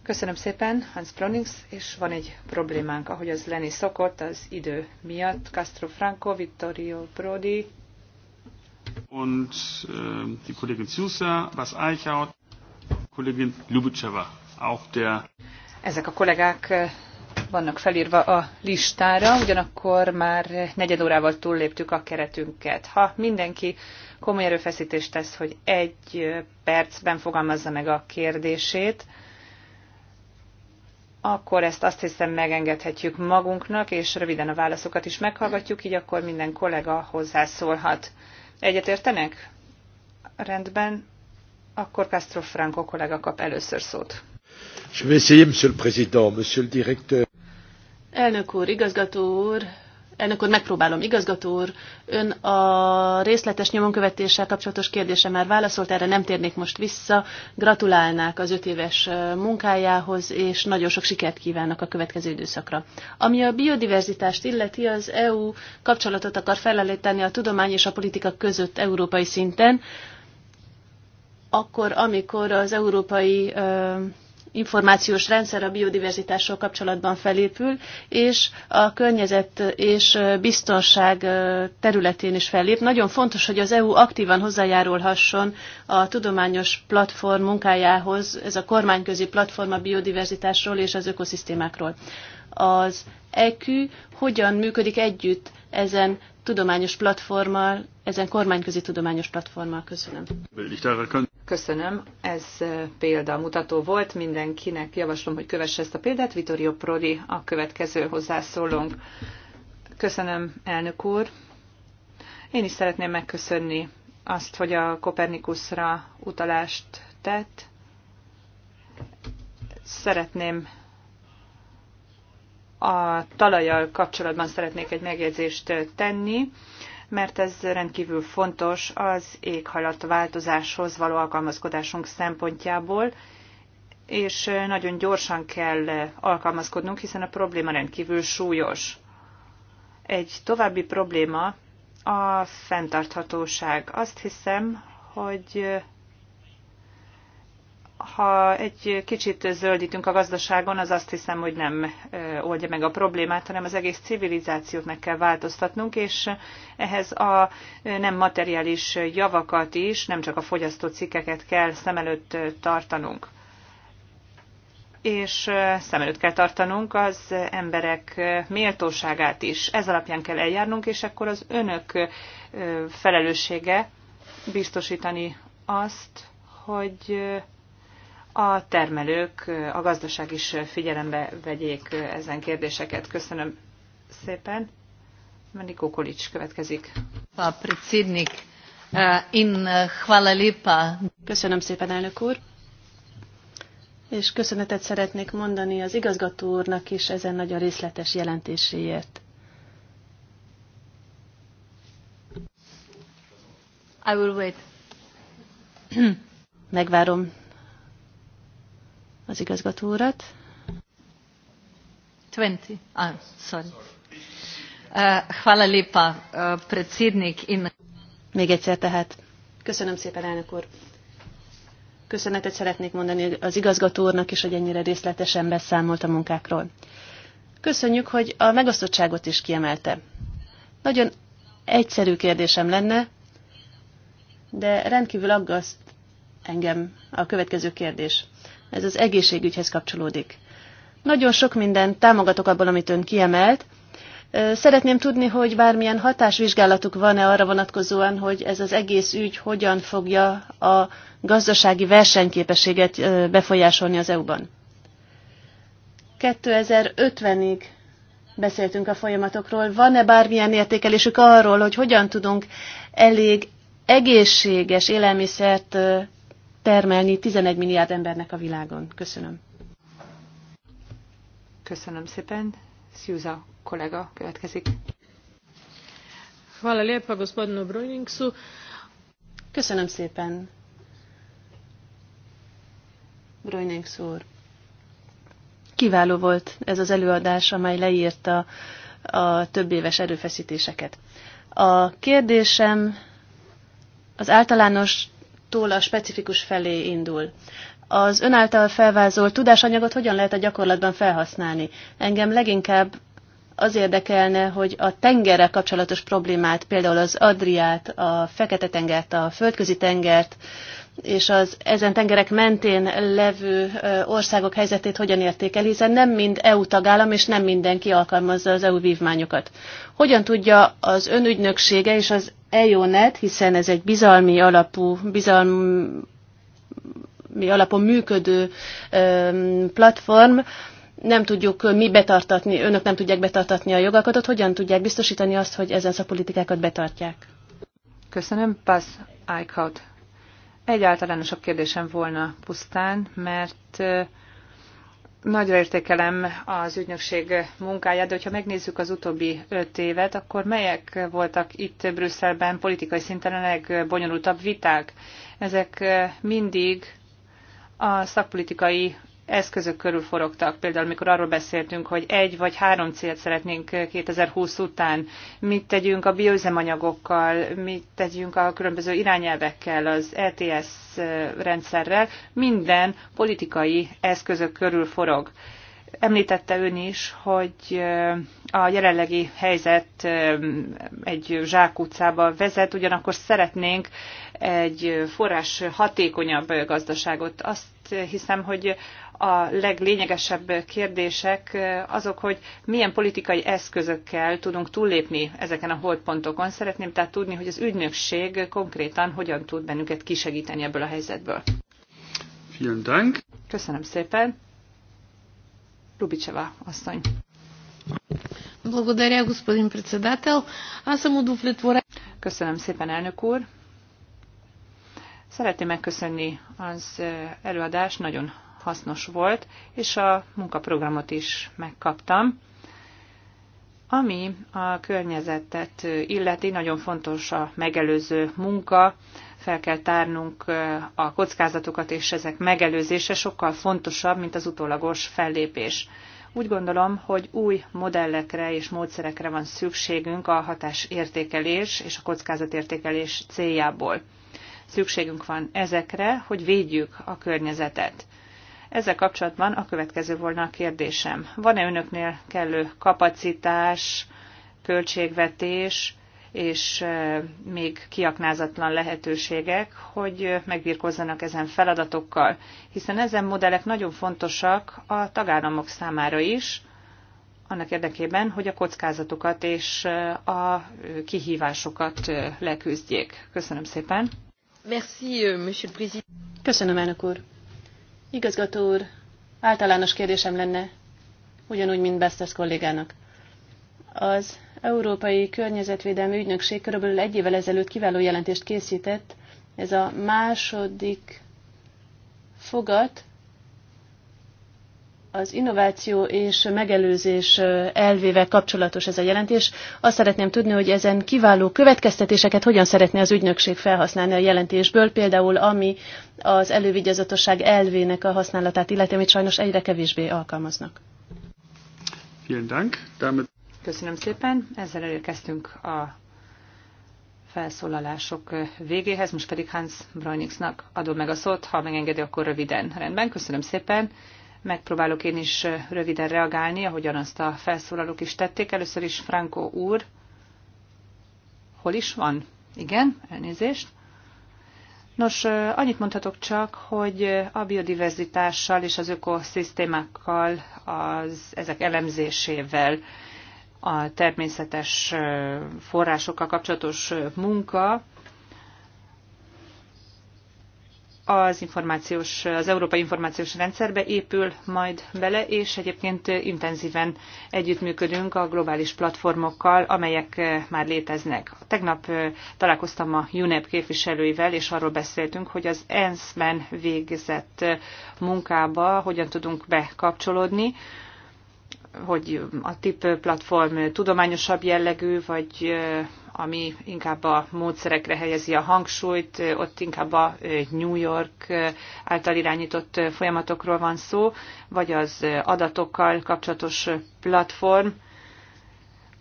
Köszönöm szépen, Hans Pronings, és van egy problémánk, ahogy az lenni szokott, az idő miatt. Castro Franco, Vittorio Prodi. Und äh, die Kollegin Sousa, was Eichhaut, Kollegin Lubitscheva, auch der... Ezek a kollégák vannak felírva a listára, ugyanakkor már negyed órával túlléptük a keretünket. Ha mindenki komoly erőfeszítést tesz, hogy egy percben fogalmazza meg a kérdését, akkor ezt azt hiszem megengedhetjük magunknak, és röviden a válaszokat is meghallgatjuk, így akkor minden kollega hozzászólhat. Egyetértenek? Rendben. Akkor Castro Franco kollega kap először szót. Je vais essayer, monsieur le président, monsieur le directeur. Elnök úr, igazgató úr, Elnök úr, megpróbálom. Igazgató úr, ön a részletes nyomonkövetéssel kapcsolatos kérdése már válaszolt, erre nem térnék most vissza. Gratulálnák az öt éves munkájához, és nagyon sok sikert kívánnak a következő időszakra. Ami a biodiverzitást illeti, az EU kapcsolatot akar felállítani a tudomány és a politika között európai szinten, akkor, amikor az európai információs rendszer a biodiverzitással kapcsolatban felépül, és a környezet és biztonság területén is fellép. Nagyon fontos, hogy az EU aktívan hozzájárulhasson a tudományos platform munkájához, ez a kormányközi platform a biodiverzitásról és az ökoszisztémákról az EQ hogyan működik együtt ezen tudományos platformmal, ezen kormányközi tudományos platformmal. Köszönöm. Köszönöm. Ez eh, példa mutató volt. Mindenkinek javaslom, hogy kövesse ezt a példát. Vittorio Prodi a következő hozzászólónk. Köszönöm, elnök úr. Én is szeretném megköszönni azt, hogy a Kopernikusra utalást tett. Szeretném a talajjal kapcsolatban szeretnék egy megjegyzést tenni, mert ez rendkívül fontos az éghajlatváltozáshoz való alkalmazkodásunk szempontjából, és nagyon gyorsan kell alkalmazkodnunk, hiszen a probléma rendkívül súlyos. Egy további probléma a fenntarthatóság. Azt hiszem, hogy ha egy kicsit zöldítünk a gazdaságon, az azt hiszem, hogy nem oldja meg a problémát, hanem az egész civilizációt meg kell változtatnunk, és ehhez a nem materiális javakat is, nem csak a fogyasztó cikkeket kell szem előtt tartanunk. És szem előtt kell tartanunk az emberek méltóságát is. Ez alapján kell eljárnunk, és akkor az önök felelőssége biztosítani azt, hogy a termelők, a gazdaság is figyelembe vegyék ezen kérdéseket. Köszönöm szépen. Menikó Kolics következik. A e, In e, Köszönöm szépen, elnök úr. És köszönetet szeretnék mondani az igazgató úrnak is ezen nagyon részletes jelentéséért. I will wait. Megvárom az igazgató urat. 20. Ah, sorry. Eh, hvala lepa, eh, predsednik. In... Még egyszer tehát. Köszönöm szépen, elnök úr. Köszönetet szeretnék mondani az igazgató úrnak is, hogy ennyire részletesen beszámolt a munkákról. Köszönjük, hogy a megosztottságot is kiemelte. Nagyon egyszerű kérdésem lenne, de rendkívül aggaszt engem a következő kérdés ez az egészségügyhez kapcsolódik. Nagyon sok mindent támogatok abból, amit ön kiemelt. Szeretném tudni, hogy bármilyen hatásvizsgálatuk van-e arra vonatkozóan, hogy ez az egész ügy hogyan fogja a gazdasági versenyképességet befolyásolni az EU-ban. 2050-ig beszéltünk a folyamatokról. Van-e bármilyen értékelésük arról, hogy hogyan tudunk elég egészséges élelmiszert termelni 11 milliárd embernek a világon. Köszönöm. Köszönöm szépen. Szűza kollega következik. Hvala lijepa gospodinu Brojningsu. Köszönöm szépen. Brojnings úr. Kiváló volt ez az előadás, amely leírta a több éves erőfeszítéseket. A kérdésem az általános tól a specifikus felé indul. Az ön által felvázolt tudásanyagot hogyan lehet a gyakorlatban felhasználni? Engem leginkább az érdekelne, hogy a tengerrel kapcsolatos problémát, például az Adriát, a Fekete-tengert, a Földközi tengert, és az ezen tengerek mentén levő országok helyzetét hogyan értékel, hiszen nem mind EU tagállam, és nem mindenki alkalmazza az EU vívmányokat. Hogyan tudja az önügynöksége és az EONet, hiszen ez egy bizalmi alapú, bizalmi alapon működő platform, nem tudjuk mi betartatni, önök nem tudják betartatni a jogalkotót, hogyan tudják biztosítani azt, hogy ezen szakpolitikákat betartják? Köszönöm, Paz Eichhout. Egy általánosabb kérdésem volna pusztán, mert Nagyra értékelem az ügynökség munkáját, de hogyha megnézzük az utóbbi öt évet, akkor melyek voltak itt Brüsszelben politikai szinten a legbonyolultabb viták? Ezek mindig a szakpolitikai eszközök körül forogtak. Például, mikor arról beszéltünk, hogy egy vagy három célt szeretnénk 2020 eh, után, mit tegyünk a bioüzemanyagokkal, mit tegyünk a különböző irányelvekkel, az ETS eh, rendszerrel, minden politikai eszközök körül forog. Említette ön is, hogy eh, a jelenlegi helyzet egy zsákutcába vezet, ugyanakkor szeretnénk egy forrás hatékonyabb gazdaságot. Azt hiszem, hogy a leglényegesebb kérdések azok, hogy milyen politikai eszközökkel tudunk túllépni ezeken a holdpontokon. Szeretném tehát tudni, hogy az ügynökség konkrétan hogyan tud bennünket kisegíteni ebből a helyzetből. Vielen Dank. Köszönöm szépen. Rubicseva asszony. Благодаря, господин председател. Аз съм удовлетворен. Köszönöm szépen, elnök úr. Szeretném megköszönni az előadást, nagyon hasznos volt, és a munkaprogramot is megkaptam. Ami a környezetet illeti, nagyon fontos a megelőző munka, fel kell tárnunk a kockázatokat, és ezek megelőzése sokkal fontosabb, mint az utólagos fellépés. Úgy gondolom, hogy új modellekre és módszerekre van szükségünk a hatásértékelés és a kockázatértékelés céljából. Szükségünk van ezekre, hogy védjük a környezetet. Ezzel kapcsolatban a következő volna a kérdésem. Van-e önöknél kellő kapacitás, költségvetés és e, még kiaknázatlan lehetőségek, hogy megbírkozzanak ezen feladatokkal, hiszen ezen modellek nagyon fontosak a tagállamok számára is, annak érdekében, hogy a kockázatokat és e, a kihívásokat e, leküzdjék. Köszönöm szépen. Merci, monsieur le président. Köszönöm, elnök úr. Igazgató úr, általános kérdésem lenne, ugyanúgy, mint Bestes kollégának. Az Európai Környezetvédelmi Ügynökség körülbelül egy évvel ezelőtt kiváló jelentést készített. Ez a második fogat, az innováció és megelőzés elvével kapcsolatos ez a jelentés. Azt szeretném tudni, hogy ezen kiváló következtetéseket hogyan szeretné az ügynökség felhasználni a jelentésből, például ami az elővigyázatosság elvének a használatát illeti, amit sajnos egyre kevésbé alkalmaznak. Köszönöm szépen. Ezzel elérkeztünk a felszólalások végéhez, most pedig Hans Brojnixnak adom meg a szót, ha megengedi, akkor röviden. Rendben, köszönöm szépen. Megpróbálok én is röviden reagálni, ahogyan azt a felszólalók is tették. Először is Franco úr, hol is van? Igen, elnézést. Nos, annyit mondhatok csak, hogy a biodiverzitással és az ökoszisztémákkal, az, ezek elemzésével, a természetes forrásokkal kapcsolatos munka az információs, az Európai Információs Rendszerbe épül majd bele, és egyébként intenzíven együttműködünk a globális platformokkal, amelyek eh, már léteznek. Tegnap eh, találkoztam a UNEP képviselőivel, és arról beszéltünk, hogy az ENSZ-ben végzett eh, munkába hogyan tudunk bekapcsolódni, hogy a TIP platform tudományosabb jellegű, vagy ami inkább a módszerekre helyezi a hangsúlyt, ott inkább a New York által irányított folyamatokról van szó, vagy az adatokkal kapcsolatos platform,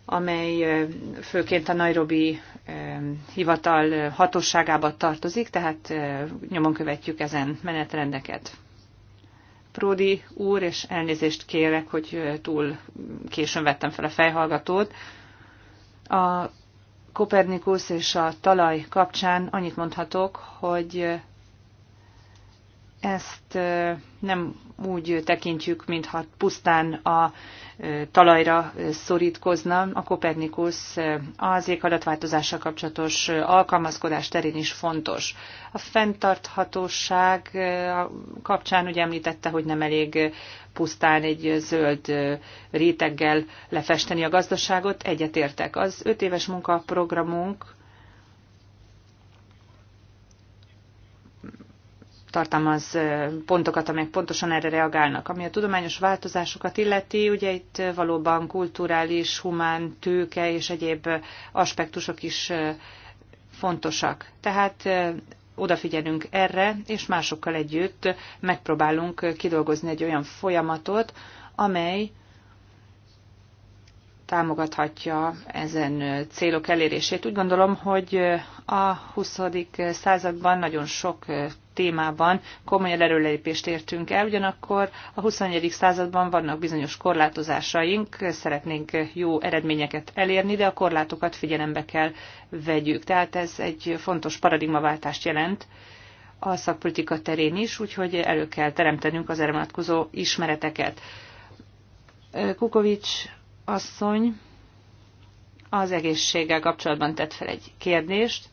amely főként a Nairobi hivatal hatóságába tartozik, tehát nyomon követjük ezen menetrendeket. Pródi úr, és elnézést kérek, hogy túl későn vettem fel a fejhallgatót. A Kopernikus és a talaj kapcsán annyit mondhatok, hogy ezt nem úgy tekintjük, mintha pusztán a talajra szorítkozna. A Kopernikus az éghajlatváltozással kapcsolatos alkalmazkodás terén is fontos. A fenntarthatóság kapcsán ugye említette, hogy nem elég pusztán egy zöld réteggel lefesteni a gazdaságot. Egyetértek. Az öt éves munkaprogramunk tartalmaz pontokat, amelyek pontosan erre reagálnak. Ami a tudományos változásokat illeti, ugye itt valóban kulturális, humán, tőke és egyéb aspektusok is fontosak. Tehát odafigyelünk erre, és másokkal együtt megpróbálunk kidolgozni egy olyan folyamatot, amely támogathatja ezen célok elérését. Úgy gondolom, hogy a 20. században nagyon sok témában komoly előrelépést értünk el, ugyanakkor a 21. században vannak bizonyos korlátozásaink, szeretnénk jó eredményeket elérni, de a korlátokat figyelembe kell vegyük. Tehát ez egy fontos paradigmaváltást jelent a szakpolitika terén is, úgyhogy elő kell teremtenünk az erre vonatkozó ismereteket. Kukovics asszony az egészséggel kapcsolatban tett fel egy kérdést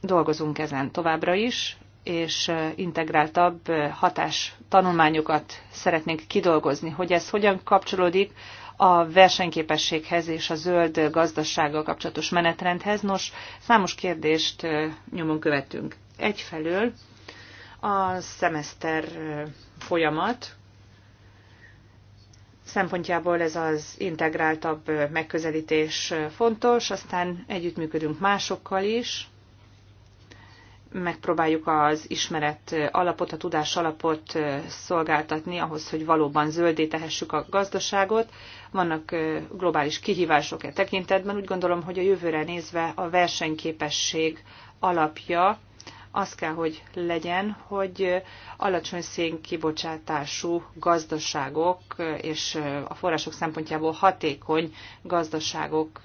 dolgozunk ezen továbbra is, és integráltabb hatás tanulmányokat szeretnénk kidolgozni, hogy ez hogyan kapcsolódik a versenyképességhez és a zöld gazdasággal kapcsolatos menetrendhez. Nos, számos kérdést nyomon követünk. Egyfelől a szemeszter folyamat szempontjából ez az integráltabb megközelítés fontos, aztán együttműködünk másokkal is, megpróbáljuk az ismeret alapot, a tudás alapot szolgáltatni ahhoz, hogy valóban zöldé tehessük a gazdaságot. Vannak globális kihívások e tekintetben. Úgy gondolom, hogy a jövőre nézve a versenyképesség alapja az kell, hogy legyen, hogy alacsony szénkibocsátású gazdaságok és a források szempontjából hatékony gazdaságok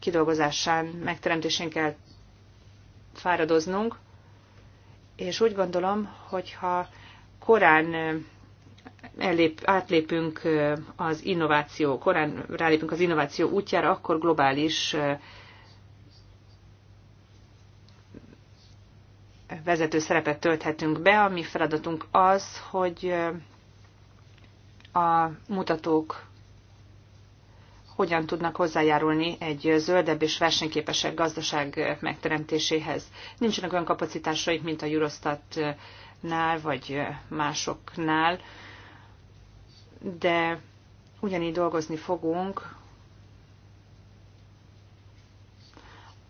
kidolgozásán, megteremtésén kell fáradoznunk, és úgy gondolom, hogyha korán elép, átlépünk az innováció, korán rálépünk az innováció útjára, akkor globális vezető szerepet tölthetünk be. A mi feladatunk az, hogy a mutatók hogyan tudnak hozzájárulni egy zöldebb és versenyképesebb gazdaság megteremtéséhez. Nincsenek olyan kapacitásaik, mint a Eurostatnál vagy másoknál, de ugyanígy dolgozni fogunk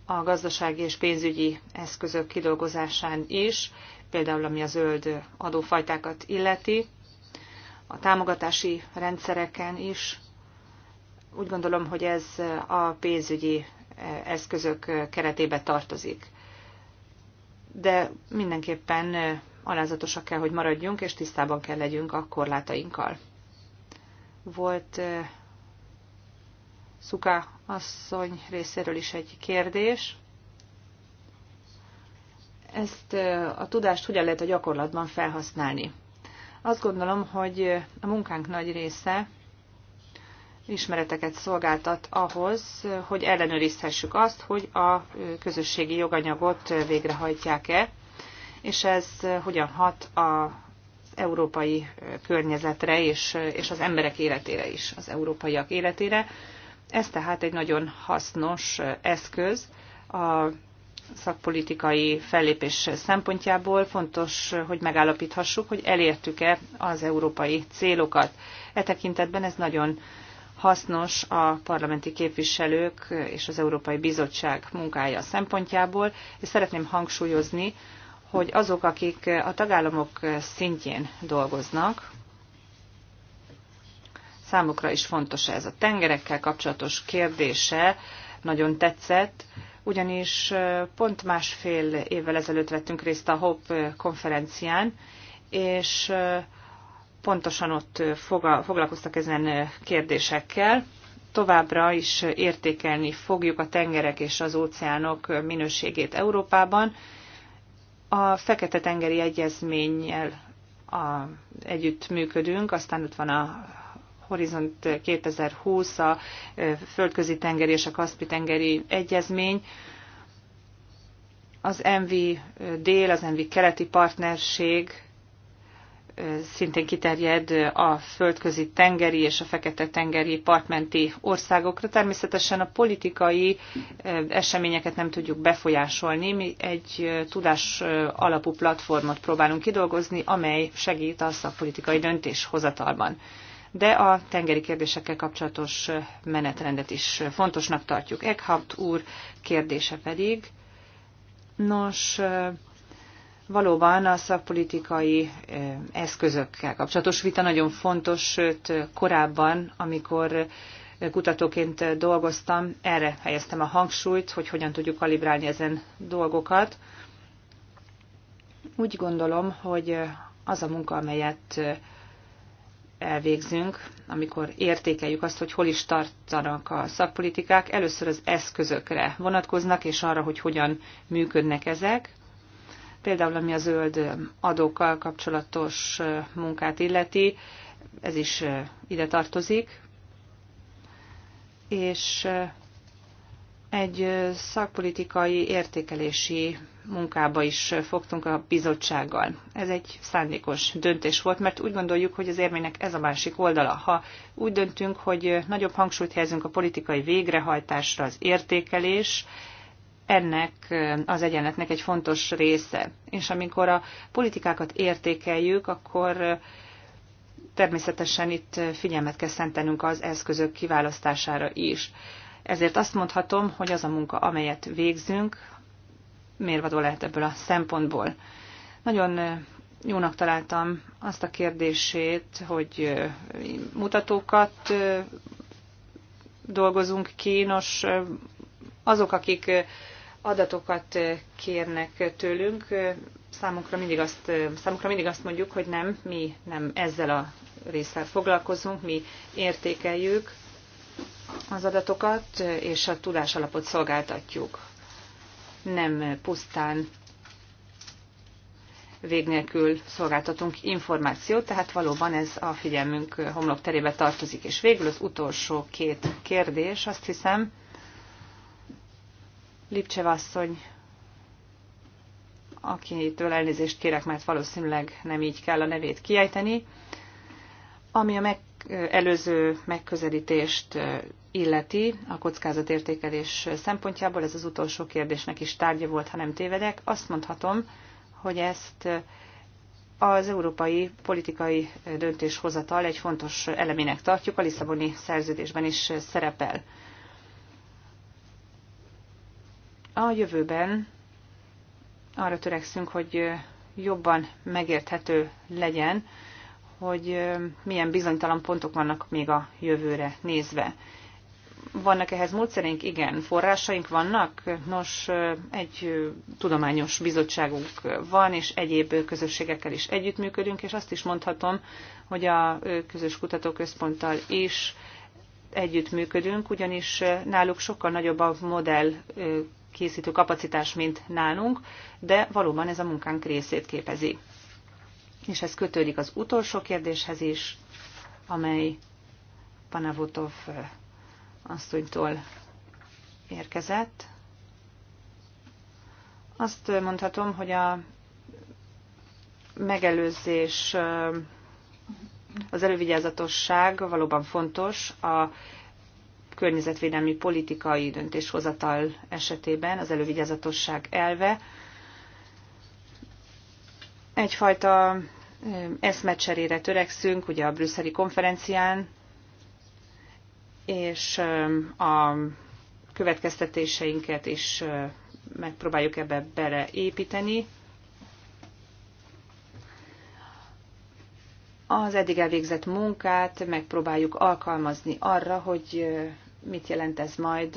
a gazdasági és pénzügyi eszközök kidolgozásán is, például ami a zöld adófajtákat illeti, a támogatási rendszereken is úgy gondolom, hogy ez a pénzügyi e, eszközök keretébe tartozik. De mindenképpen e, alázatosak kell, hogy maradjunk, és tisztában kell legyünk a korlátainkkal. Volt e, Szuka asszony részéről is egy kérdés. Ezt a tudást hogyan lehet a gyakorlatban felhasználni? Azt gondolom, hogy a munkánk nagy része ismereteket szolgáltat ahhoz, hogy ellenőrizhessük azt, hogy a közösségi joganyagot végrehajtják-e, és ez hogyan hat az európai környezetre és, és az emberek életére is, az európaiak életére. Ez tehát egy nagyon hasznos eszköz a szakpolitikai fellépés szempontjából fontos, hogy megállapíthassuk, hogy elértük-e az európai célokat. E tekintetben ez nagyon hasznos a parlamenti képviselők és az Európai Bizottság munkája szempontjából, és szeretném hangsúlyozni, hogy azok, akik a tagállamok szintjén dolgoznak, számukra is fontos ez. A tengerekkel kapcsolatos kérdése nagyon tetszett, ugyanis pont másfél évvel ezelőtt vettünk részt a HOP konferencián, és pontosan ott foglalkoztak ezen kérdésekkel. Továbbra is értékelni fogjuk a tengerek és az óceánok minőségét Európában. A Fekete-tengeri Egyezménnyel a, együtt működünk, aztán ott van a Horizont 2020, a Földközi tengeri és a Kaszpi tengeri egyezmény, az MV dél, az MV keleti partnerség, szintén kiterjed a földközi tengeri és a fekete tengeri partmenti országokra. Természetesen a politikai e, eseményeket nem tudjuk befolyásolni. Mi egy e, tudás e, alapú platformot próbálunk kidolgozni, amely segít a szakpolitikai döntéshozatalban. De a tengeri kérdésekkel kapcsolatos menetrendet is fontosnak tartjuk. Eckhart úr kérdése pedig. Nos, Valóban a szakpolitikai eszközökkel kapcsolatos vita nagyon fontos, sőt korábban, amikor kutatóként dolgoztam, erre helyeztem a hangsúlyt, hogy hogyan tudjuk kalibrálni ezen dolgokat. Úgy gondolom, hogy az a munka, amelyet elvégzünk, amikor értékeljük azt, hogy hol is tartanak a szakpolitikák, először az eszközökre vonatkoznak, és arra, hogy hogyan működnek ezek, Például ami a zöld adókkal kapcsolatos munkát illeti, ez is ide tartozik. És egy szakpolitikai értékelési munkába is fogtunk a bizottsággal. Ez egy szándékos döntés volt, mert úgy gondoljuk, hogy az érmének ez a másik oldala. Ha úgy döntünk, hogy nagyobb hangsúlyt helyezünk a politikai végrehajtásra, az értékelés ennek eh, az egyenletnek egy fontos része. És amikor a politikákat értékeljük, akkor eh, természetesen itt figyelmet kell szentenünk az eszközök kiválasztására is. Ezért azt mondhatom, hogy az a munka, amelyet végzünk, mérvadó lehet ebből a szempontból. Nagyon eh, jónak találtam azt a kérdését, hogy mutatókat dolgozunk ki, nos, azok, akik adatokat kérnek tőlünk, számunkra mindig azt, számunkra mindig azt mondjuk, hogy nem, mi nem ezzel a részsel foglalkozunk, mi értékeljük az adatokat, és a tudásalapot szolgáltatjuk. Nem pusztán vég nélkül szolgáltatunk információt, tehát valóban ez a figyelmünk homlokterébe tartozik. És végül az utolsó két kérdés, azt hiszem, Lipcsev asszony, akitől elnézést kérek, mert valószínűleg nem így kell a nevét kiejteni, ami a meg, előző megközelítést illeti a kockázatértékelés szempontjából, ez az utolsó kérdésnek is tárgya volt, ha nem tévedek, azt mondhatom, hogy ezt az európai politikai döntéshozatal egy fontos elemének tartjuk, a Lisszaboni szerződésben is szerepel. A jövőben arra törekszünk, hogy jobban megérthető legyen, hogy milyen bizonytalan pontok vannak még a jövőre nézve. Vannak ehhez módszerénk? Igen. Forrásaink vannak? Nos, egy tudományos bizottságunk van, és egyéb közösségekkel is együttműködünk, és azt is mondhatom, hogy a közös kutatóközponttal is együttműködünk, ugyanis náluk sokkal nagyobb a modell készítő kapacitás, mint nálunk, de valóban ez a munkánk részét képezi. És ez kötődik az utolsó kérdéshez is, amely Panavotov asszonytól érkezett. Azt mondhatom, hogy a megelőzés, az elővigyázatosság valóban fontos a környezetvédelmi politikai döntéshozatal esetében az elővigyázatosság elve egyfajta eszmecserére törekszünk, ugye a brüsszeli konferencián, és a következtetéseinket is megpróbáljuk ebbe beleépíteni. Az eddig elvégzett munkát megpróbáljuk alkalmazni arra, hogy mit jelent ez majd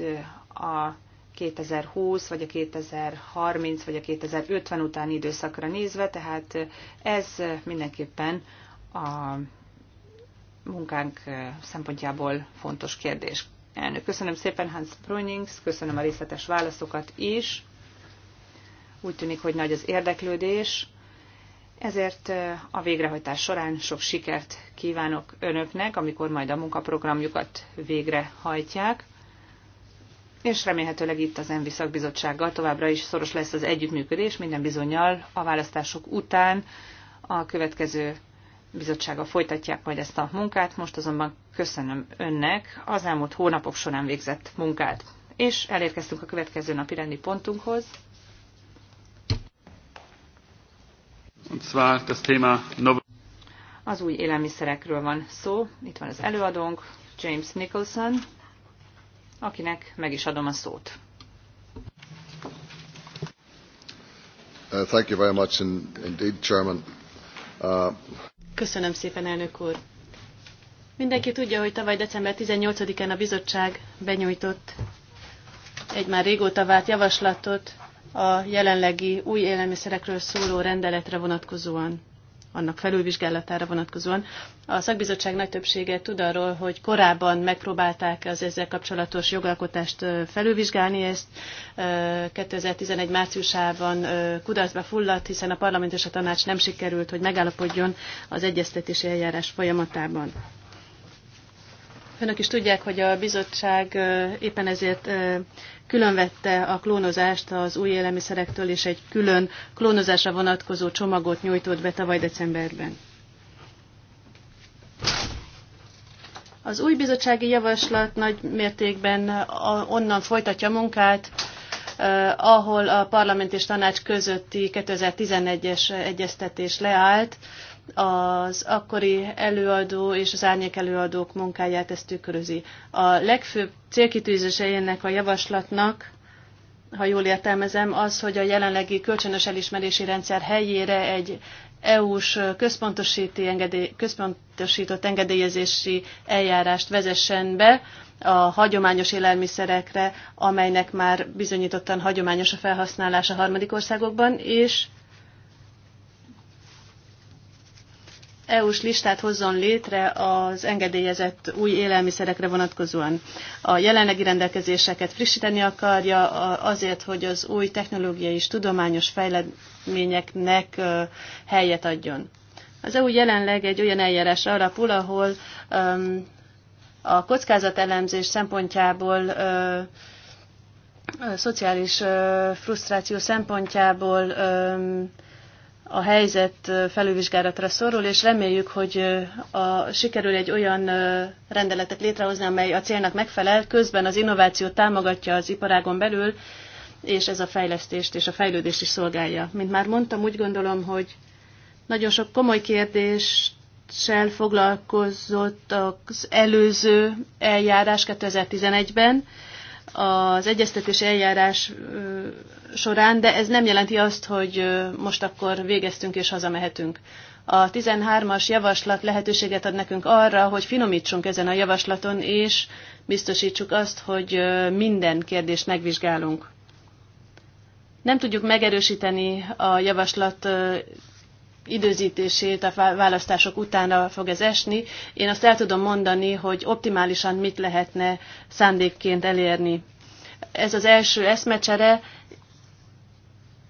a 2020, vagy a 2030, vagy a 2050 utáni időszakra nézve, tehát ez mindenképpen a munkánk szempontjából fontos kérdés. Elnök, köszönöm szépen Hans Brunings, köszönöm a részletes válaszokat is. Úgy tűnik, hogy nagy az érdeklődés ezért a végrehajtás során sok sikert kívánok önöknek, amikor majd a munkaprogramjukat végrehajtják, és remélhetőleg itt az ENVI szakbizottsággal továbbra is szoros lesz az együttműködés, minden bizonyal a választások után a következő bizottsága folytatják majd ezt a munkát, most azonban köszönöm önnek az elmúlt hónapok során végzett munkát. És elérkeztünk a következő napi rendi pontunkhoz. Und zwar das Thema az új élelmiszerekről van szó. Itt van az előadónk, James Nicholson, akinek meg is adom a szót. Uh, thank you very much in, indeed, Chairman. Uh... Köszönöm szépen, elnök úr. Mindenki tudja, hogy tavaly december 18-án a bizottság benyújtott egy már régóta vált javaslatot a jelenlegi új élelmiszerekről szóló rendeletre vonatkozóan, annak felülvizsgálatára vonatkozóan. A szakbizottság nagy többsége tud arról, hogy korábban megpróbálták az ezzel kapcsolatos jogalkotást felülvizsgálni, ezt 2011 márciusában kudarcba fulladt, hiszen a parlament és a tanács nem sikerült, hogy megállapodjon az egyeztetési eljárás folyamatában. Önök is tudják, hogy a bizottság éppen ezért különvette a klónozást az új élelmiszerektől, és egy külön klónozásra vonatkozó csomagot nyújtott be tavaly decemberben. Az új bizottsági javaslat nagy mértékben onnan folytatja munkát, ahol a parlament és tanács közötti 2011-es egyeztetés leállt, az akkori előadó és az árnyék előadók munkáját ezt tükrözi. A legfőbb célkitűzése ennek a javaslatnak, ha jól értelmezem, az, hogy a jelenlegi kölcsönös elismerési rendszer helyére egy EU-s engedély, központosított engedélyezési eljárást vezessen be a hagyományos élelmiszerekre, amelynek már bizonyítottan hagyományos a felhasználása harmadik országokban, és EU-s listát hozzon létre az engedélyezett új élelmiszerekre vonatkozóan. A jelenlegi rendelkezéseket frissíteni akarja azért, hogy az új technológiai és tudományos fejleményeknek helyet adjon. Az EU jelenleg egy olyan eljárás alapul, ahol a kockázatelemzés szempontjából szociális frusztráció szempontjából a helyzet felülvizsgálatra szorul, és reméljük, hogy a, sikerül egy olyan rendeletet létrehozni, amely a célnak megfelel, közben az innovációt támogatja az iparágon belül, és ez a fejlesztést és a fejlődést is szolgálja. Mint már mondtam, úgy gondolom, hogy nagyon sok komoly kérdéssel foglalkozott az előző eljárás 2011-ben, az egyeztetési eljárás során, de ez nem jelenti azt, hogy most akkor végeztünk és hazamehetünk. A 13-as javaslat lehetőséget ad nekünk arra, hogy finomítsunk ezen a javaslaton, és biztosítsuk azt, hogy minden kérdést megvizsgálunk. Nem tudjuk megerősíteni a javaslat időzítését a választások utána fog ez esni. Én azt el tudom mondani, hogy optimálisan mit lehetne szándékként elérni. Ez az első eszmecsere,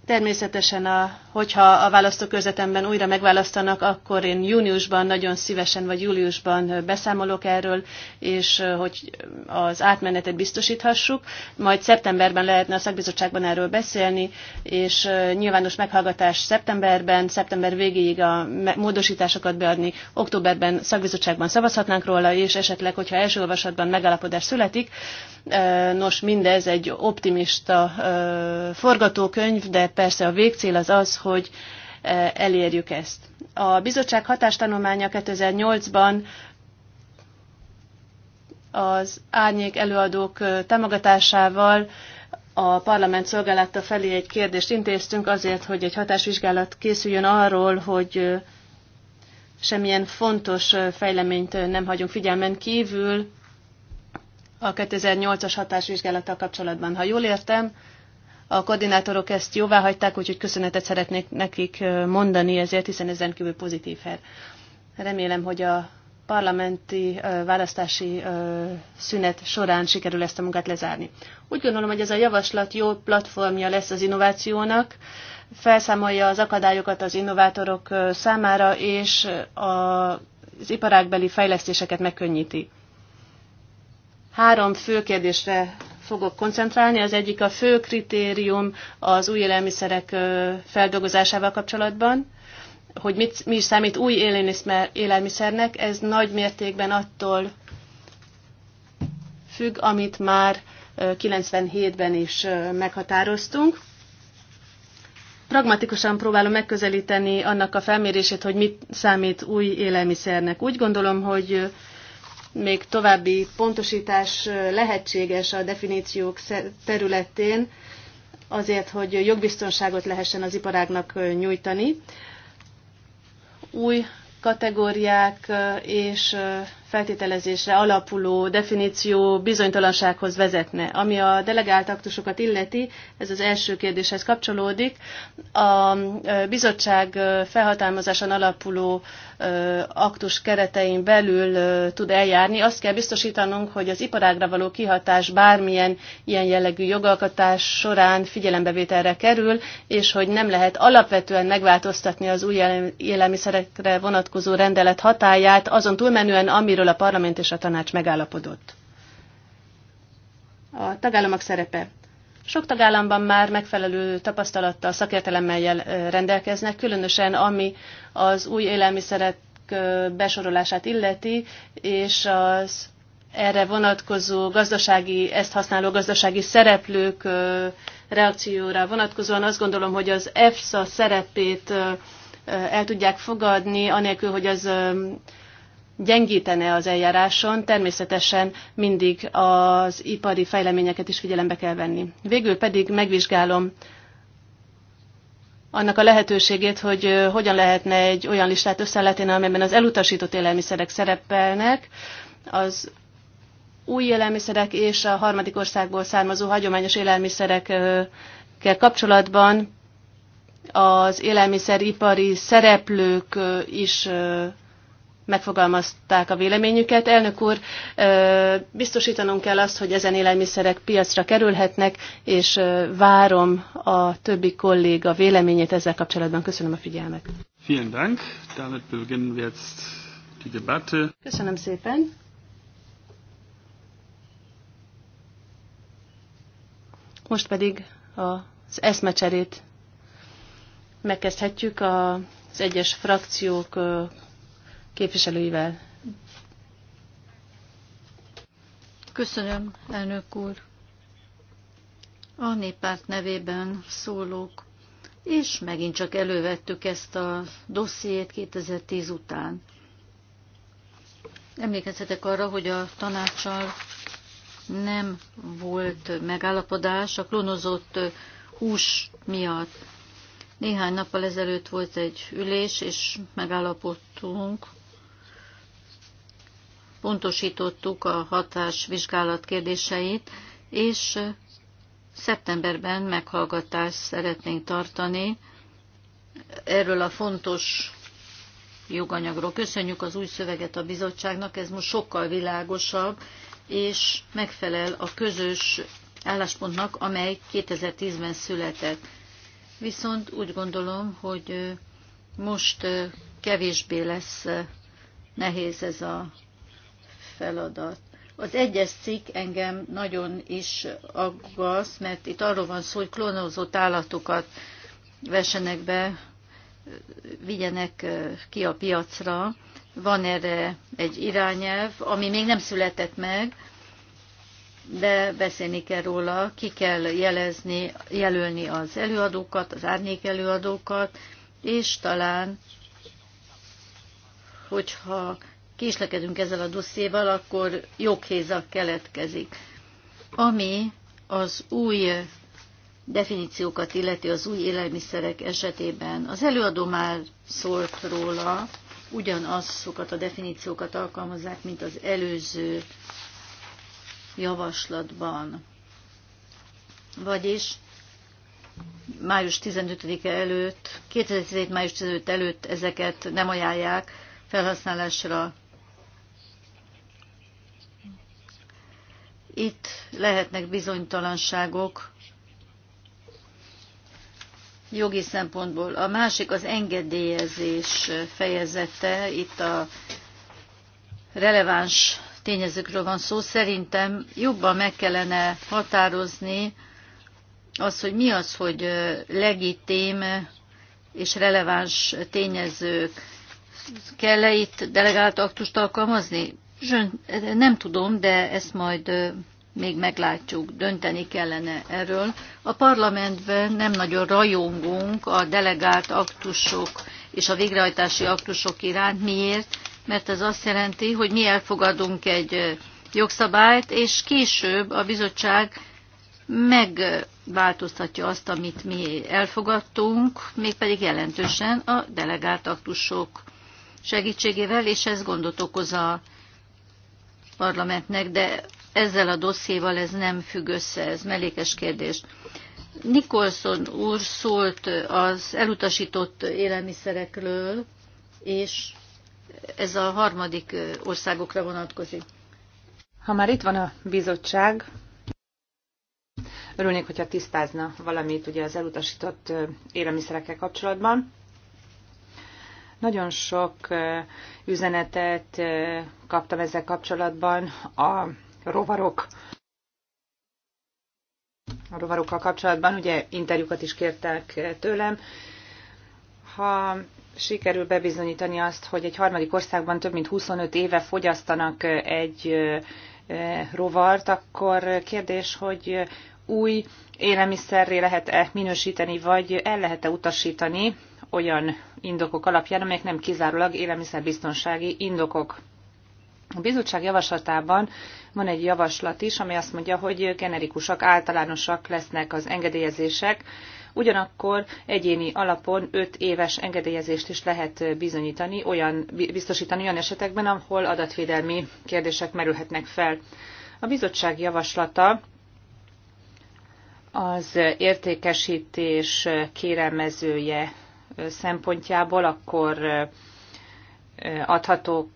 Természetesen, a, hogyha a választókörzetemben újra megválasztanak, akkor én júniusban nagyon szívesen vagy júliusban beszámolok erről, és hogy az átmenetet biztosíthassuk. Majd szeptemberben lehetne a szakbizottságban erről beszélni, és nyilvános meghallgatás szeptemberben, szeptember végéig a módosításokat beadni, októberben szakbizottságban szavazhatnánk róla, és esetleg, hogyha első olvasatban megállapodás születik, Nos, mindez egy optimista forgatókönyv, de persze a végcél az az, hogy elérjük ezt. A bizottság hatástanulmánya 2008-ban az árnyék előadók támogatásával a parlament szolgálata felé egy kérdést intéztünk azért, hogy egy hatásvizsgálat készüljön arról, hogy semmilyen fontos fejleményt nem hagyunk figyelmen kívül a 2008-as hatásvizsgálattal kapcsolatban. Ha jól értem, a koordinátorok ezt jóvá hagyták, úgyhogy köszönetet szeretnék nekik mondani ezért, hiszen ez rendkívül pozitív her. Remélem, hogy a parlamenti választási szünet során sikerül ezt a munkát lezárni. Úgy gondolom, hogy ez a javaslat jó platformja lesz az innovációnak, felszámolja az akadályokat az innovátorok számára, és az iparágbeli fejlesztéseket megkönnyíti. Három fő kérdésre fogok koncentrálni. Az egyik a fő kritérium az új élelmiszerek feldolgozásával kapcsolatban, hogy mit, mi is számít új élelmiszernek, ez nagy mértékben attól függ, amit már 97-ben is meghatároztunk. Pragmatikusan próbálom megközelíteni annak a felmérését, hogy mit számít új élelmiszernek. Úgy gondolom, hogy még további pontosítás lehetséges a definíciók területén, azért, hogy jogbiztonságot lehessen az iparágnak nyújtani. Új kategóriák és feltételezésre alapuló definíció bizonytalansághoz vezetne. Ami a delegált aktusokat illeti, ez az első kérdéshez kapcsolódik, a bizottság felhatalmazásán alapuló aktus keretein belül tud eljárni. Azt kell biztosítanunk, hogy az iparágra való kihatás bármilyen ilyen jellegű jogalkotás során figyelembevételre kerül, és hogy nem lehet alapvetően megváltoztatni az új élelmiszerekre vonatkozó rendelet hatáját, azon túlmenően, amiről a parlament és a tanács megállapodott. A tagállamok szerepe. Sok tagállamban már megfelelő tapasztalattal, szakértelemmel rendelkeznek, különösen ami az új élelmiszerek besorolását illeti, és az erre vonatkozó gazdasági, ezt használó gazdasági szereplők reakcióra vonatkozóan azt gondolom, hogy az EFSA szerepét el tudják fogadni, anélkül, hogy az gyengítene az eljáráson, természetesen mindig az ipari fejleményeket is figyelembe kell venni. Végül pedig megvizsgálom annak a lehetőségét, hogy hogyan lehetne egy olyan listát összeletén, amelyben az elutasított élelmiszerek szerepelnek, az új élelmiszerek és a harmadik országból származó hagyományos élelmiszerekkel kapcsolatban az élelmiszeripari szereplők is megfogalmazták a véleményüket. Elnök úr, biztosítanunk kell azt, hogy ezen élelmiszerek piacra kerülhetnek, és várom a többi kolléga véleményét ezzel kapcsolatban. Köszönöm a figyelmet. Vielen Dank. Damit jetzt die Debatte. Köszönöm szépen. Most pedig az eszmecserét megkezdhetjük az egyes frakciók képviselőivel. Köszönöm, elnök úr. A néppárt nevében szólok, és megint csak elővettük ezt a dossziét 2010 után. Emlékezhetek arra, hogy a tanácssal nem volt megállapodás a klónozott hús miatt. Néhány nappal ezelőtt volt egy ülés, és megállapodtunk pontosítottuk a hatás vizsgálat kérdéseit, és szeptemberben meghallgatást szeretnénk tartani erről a fontos joganyagról. Köszönjük az új szöveget a bizottságnak, ez most sokkal világosabb, és megfelel a közös álláspontnak, amely 2010-ben született. Viszont úgy gondolom, hogy most kevésbé lesz nehéz ez a feladat. Az egyes cikk engem nagyon is aggaszt, mert itt arról van szó, hogy klónozott állatokat vessenek be, vigyenek ki a piacra. Van erre egy irányelv, ami még nem született meg, de beszélni kell róla, ki kell jelezni, jelölni az előadókat, az árnyék előadókat, és talán, hogyha késlekedünk ezzel a dosszéval, akkor joghéza keletkezik. Ami az új definíciókat illeti az új élelmiszerek esetében. Az előadó már szólt róla, ugyanazokat a definíciókat alkalmazzák, mint az előző javaslatban. Vagyis május 15-e előtt, 2017. május 15 előtt ezeket nem ajánlják felhasználásra itt lehetnek bizonytalanságok jogi szempontból. A másik az engedélyezés fejezete, itt a releváns tényezőkről van szó. Szerintem jobban meg kellene határozni az, hogy mi az, hogy legitim és releváns tényezők. Kell-e itt delegált aktust alkalmazni? Nem tudom, de ezt majd még meglátjuk, dönteni kellene erről. A parlamentben nem nagyon rajongunk a delegált aktusok és a végrehajtási aktusok iránt. Miért? Mert ez azt jelenti, hogy mi elfogadunk egy jogszabályt, és később a bizottság megváltoztatja azt, amit mi elfogadtunk, mégpedig jelentősen a delegált aktusok segítségével, és ez gondot okoz a parlamentnek, de ezzel a dosszéval ez nem függ össze, ez mellékes kérdés. Nikolson úr szólt az elutasított élelmiszerekről, és ez a harmadik országokra vonatkozik. Ha már itt van a bizottság, örülnék, hogyha tisztázna valamit ugye az elutasított élelmiszerekkel kapcsolatban. Nagyon sok üzenetet kaptam ezzel kapcsolatban a rovarok a rovarokkal kapcsolatban, ugye interjúkat is kértek tőlem. Ha sikerül bebizonyítani azt, hogy egy harmadik országban több mint 25 éve fogyasztanak egy rovart, akkor kérdés, hogy új élelmiszerré lehet-e minősíteni, vagy el lehet-e utasítani olyan indokok alapján, amelyek nem kizárólag élelmiszerbiztonsági indokok. A bizottság javaslatában van egy javaslat is, ami azt mondja, hogy generikusak, általánosak lesznek az engedélyezések, ugyanakkor egyéni alapon 5 éves engedélyezést is lehet bizonyítani, olyan, biztosítani olyan esetekben, ahol adatvédelmi kérdések merülhetnek fel. A bizottság javaslata az értékesítés kérelmezője szempontjából, akkor adható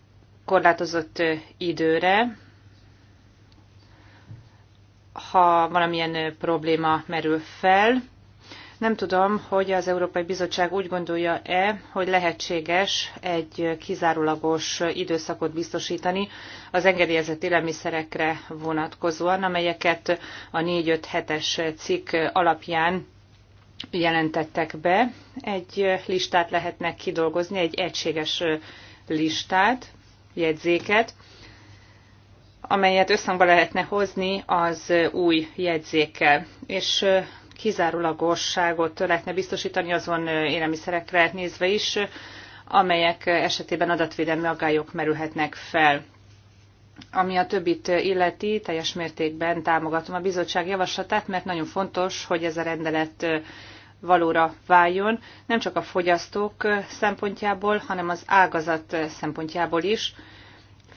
korlátozott időre, ha valamilyen probléma merül fel. Nem tudom, hogy az Európai Bizottság úgy gondolja-e, hogy lehetséges egy kizárólagos időszakot biztosítani az engedélyezett élelmiszerekre vonatkozóan, amelyeket a 4 5 hetes cikk alapján jelentettek be. Egy listát lehetnek kidolgozni, egy egységes listát, jegyzéket, amelyet összhangba lehetne hozni az új jegyzékkel. És kizárólagosságot lehetne biztosítani azon élelmiszerekre nézve is, amelyek esetében adatvédelmi aggályok merülhetnek fel. Ami a többit illeti, teljes mértékben támogatom a bizottság javaslatát, mert nagyon fontos, hogy ez a rendelet valóra váljon, nem csak a fogyasztók szempontjából, hanem az ágazat szempontjából is,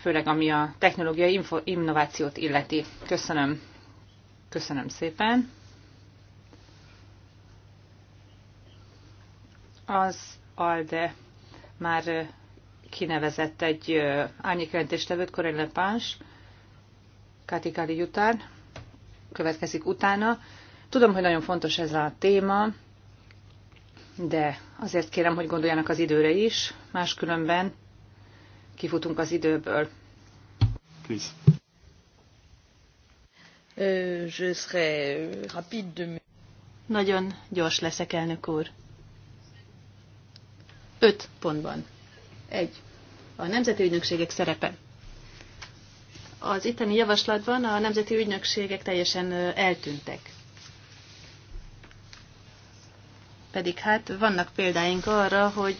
főleg ami a technológiai innovációt illeti. Köszönöm. Köszönöm szépen. Az ALDE már kinevezett egy árnyékjelentéstevőt, Corinne Lepáns, Kati Kali után, következik utána. Tudom, hogy nagyon fontos ez a téma, de azért kérem, hogy gondoljanak az időre is, máskülönben kifutunk az időből. Please. Je serai rapide Nagyon gyors leszek, elnök úr. Öt pontban. Egy. A nemzeti ügynökségek szerepe. Az itteni javaslatban a nemzeti ügynökségek teljesen eltűntek. pedig hát vannak példáink arra, hogy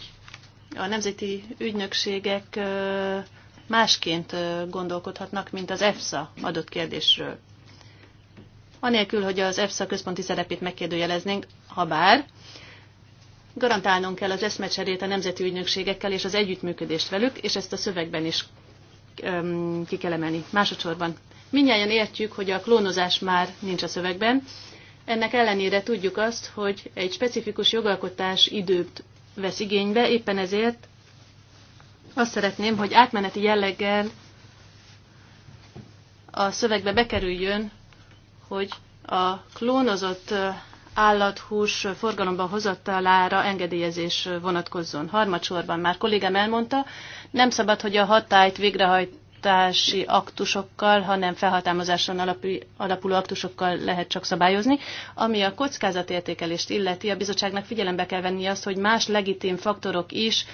a nemzeti ügynökségek másként gondolkodhatnak, mint az EFSA adott kérdésről. Anélkül, hogy az EFSA központi szerepét megkérdőjeleznénk, ha bár garantálnunk kell az eszmecserét a nemzeti ügynökségekkel és az együttműködést velük, és ezt a szövegben is öm, ki kell emelni. Másodszorban mindjárt értjük, hogy a klónozás már nincs a szövegben, ennek ellenére tudjuk azt, hogy egy specifikus jogalkotás időt vesz igénybe, éppen ezért azt szeretném, hogy átmeneti jelleggel a szövegbe bekerüljön, hogy a klónozott állathús forgalomba hozatalára engedélyezés vonatkozzon. Harmadsorban már kollégám elmondta, nem szabad, hogy a hatályt végrehajt felhatalmazási aktusokkal, hanem felhatalmazáson alapú, alapuló aktusokkal lehet csak szabályozni. Ami a kockázatértékelést illeti, a bizottságnak figyelembe kell venni azt, hogy más legitim faktorok is,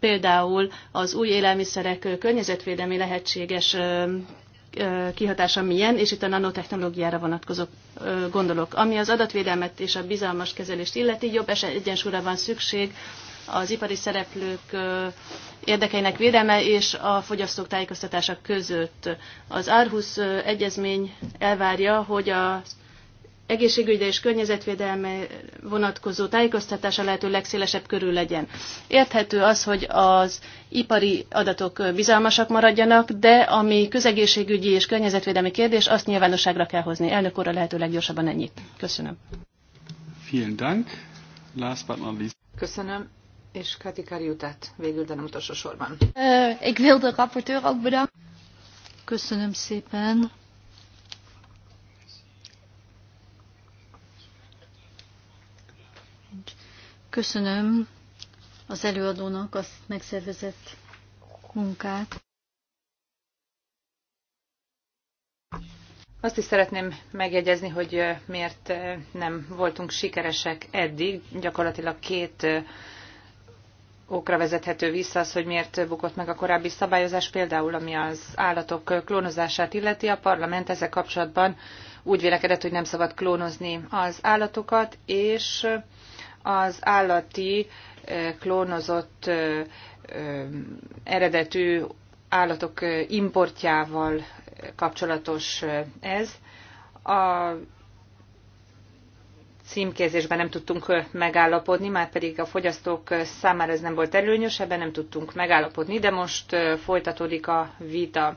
például az új élelmiszerek környezetvédelmi lehetséges kihatása milyen, és itt a nanotechnológiára vonatkozó gondolok. Ami az adatvédelmet és a bizalmas kezelést illeti, jobb egyensúlyra van szükség az ipari szereplők érdekeinek védelme és a fogyasztók tájékoztatása között. Az Árhusz egyezmény elvárja, hogy az egészségügyre és környezetvédelme vonatkozó tájékoztatása lehető legszélesebb körül legyen. Érthető az, hogy az ipari adatok bizalmasak maradjanak, de ami közegészségügyi és környezetvédelmi kérdés, azt nyilvánosságra kell hozni. Elnök úr, a lehető leggyorsabban ennyit. Köszönöm. Vielen Dank. Köszönöm és Kati Kariutát végül, de nem utolsó sorban. Eh, ik wil de rapporteur ook bedanken. Köszönöm szépen. Köszönöm az előadónak a megszervezett munkát. Azt is szeretném megjegyezni, hogy eh, miért eh, nem voltunk sikeresek eddig. Gyakorlatilag két okra vezethető vissza az, hogy miért bukott meg a korábbi szabályozás, például ami az állatok klónozását illeti, a parlament ezzel kapcsolatban úgy vélekedett, hogy nem szabad klónozni az állatokat, és az állati eh, klónozott eh, eh, eredetű állatok importjával kapcsolatos ez. A címkézésben nem tudtunk megállapodni, már pedig a fogyasztók számára ez nem volt előnyös, ebben nem tudtunk megállapodni, de most folytatódik a vita.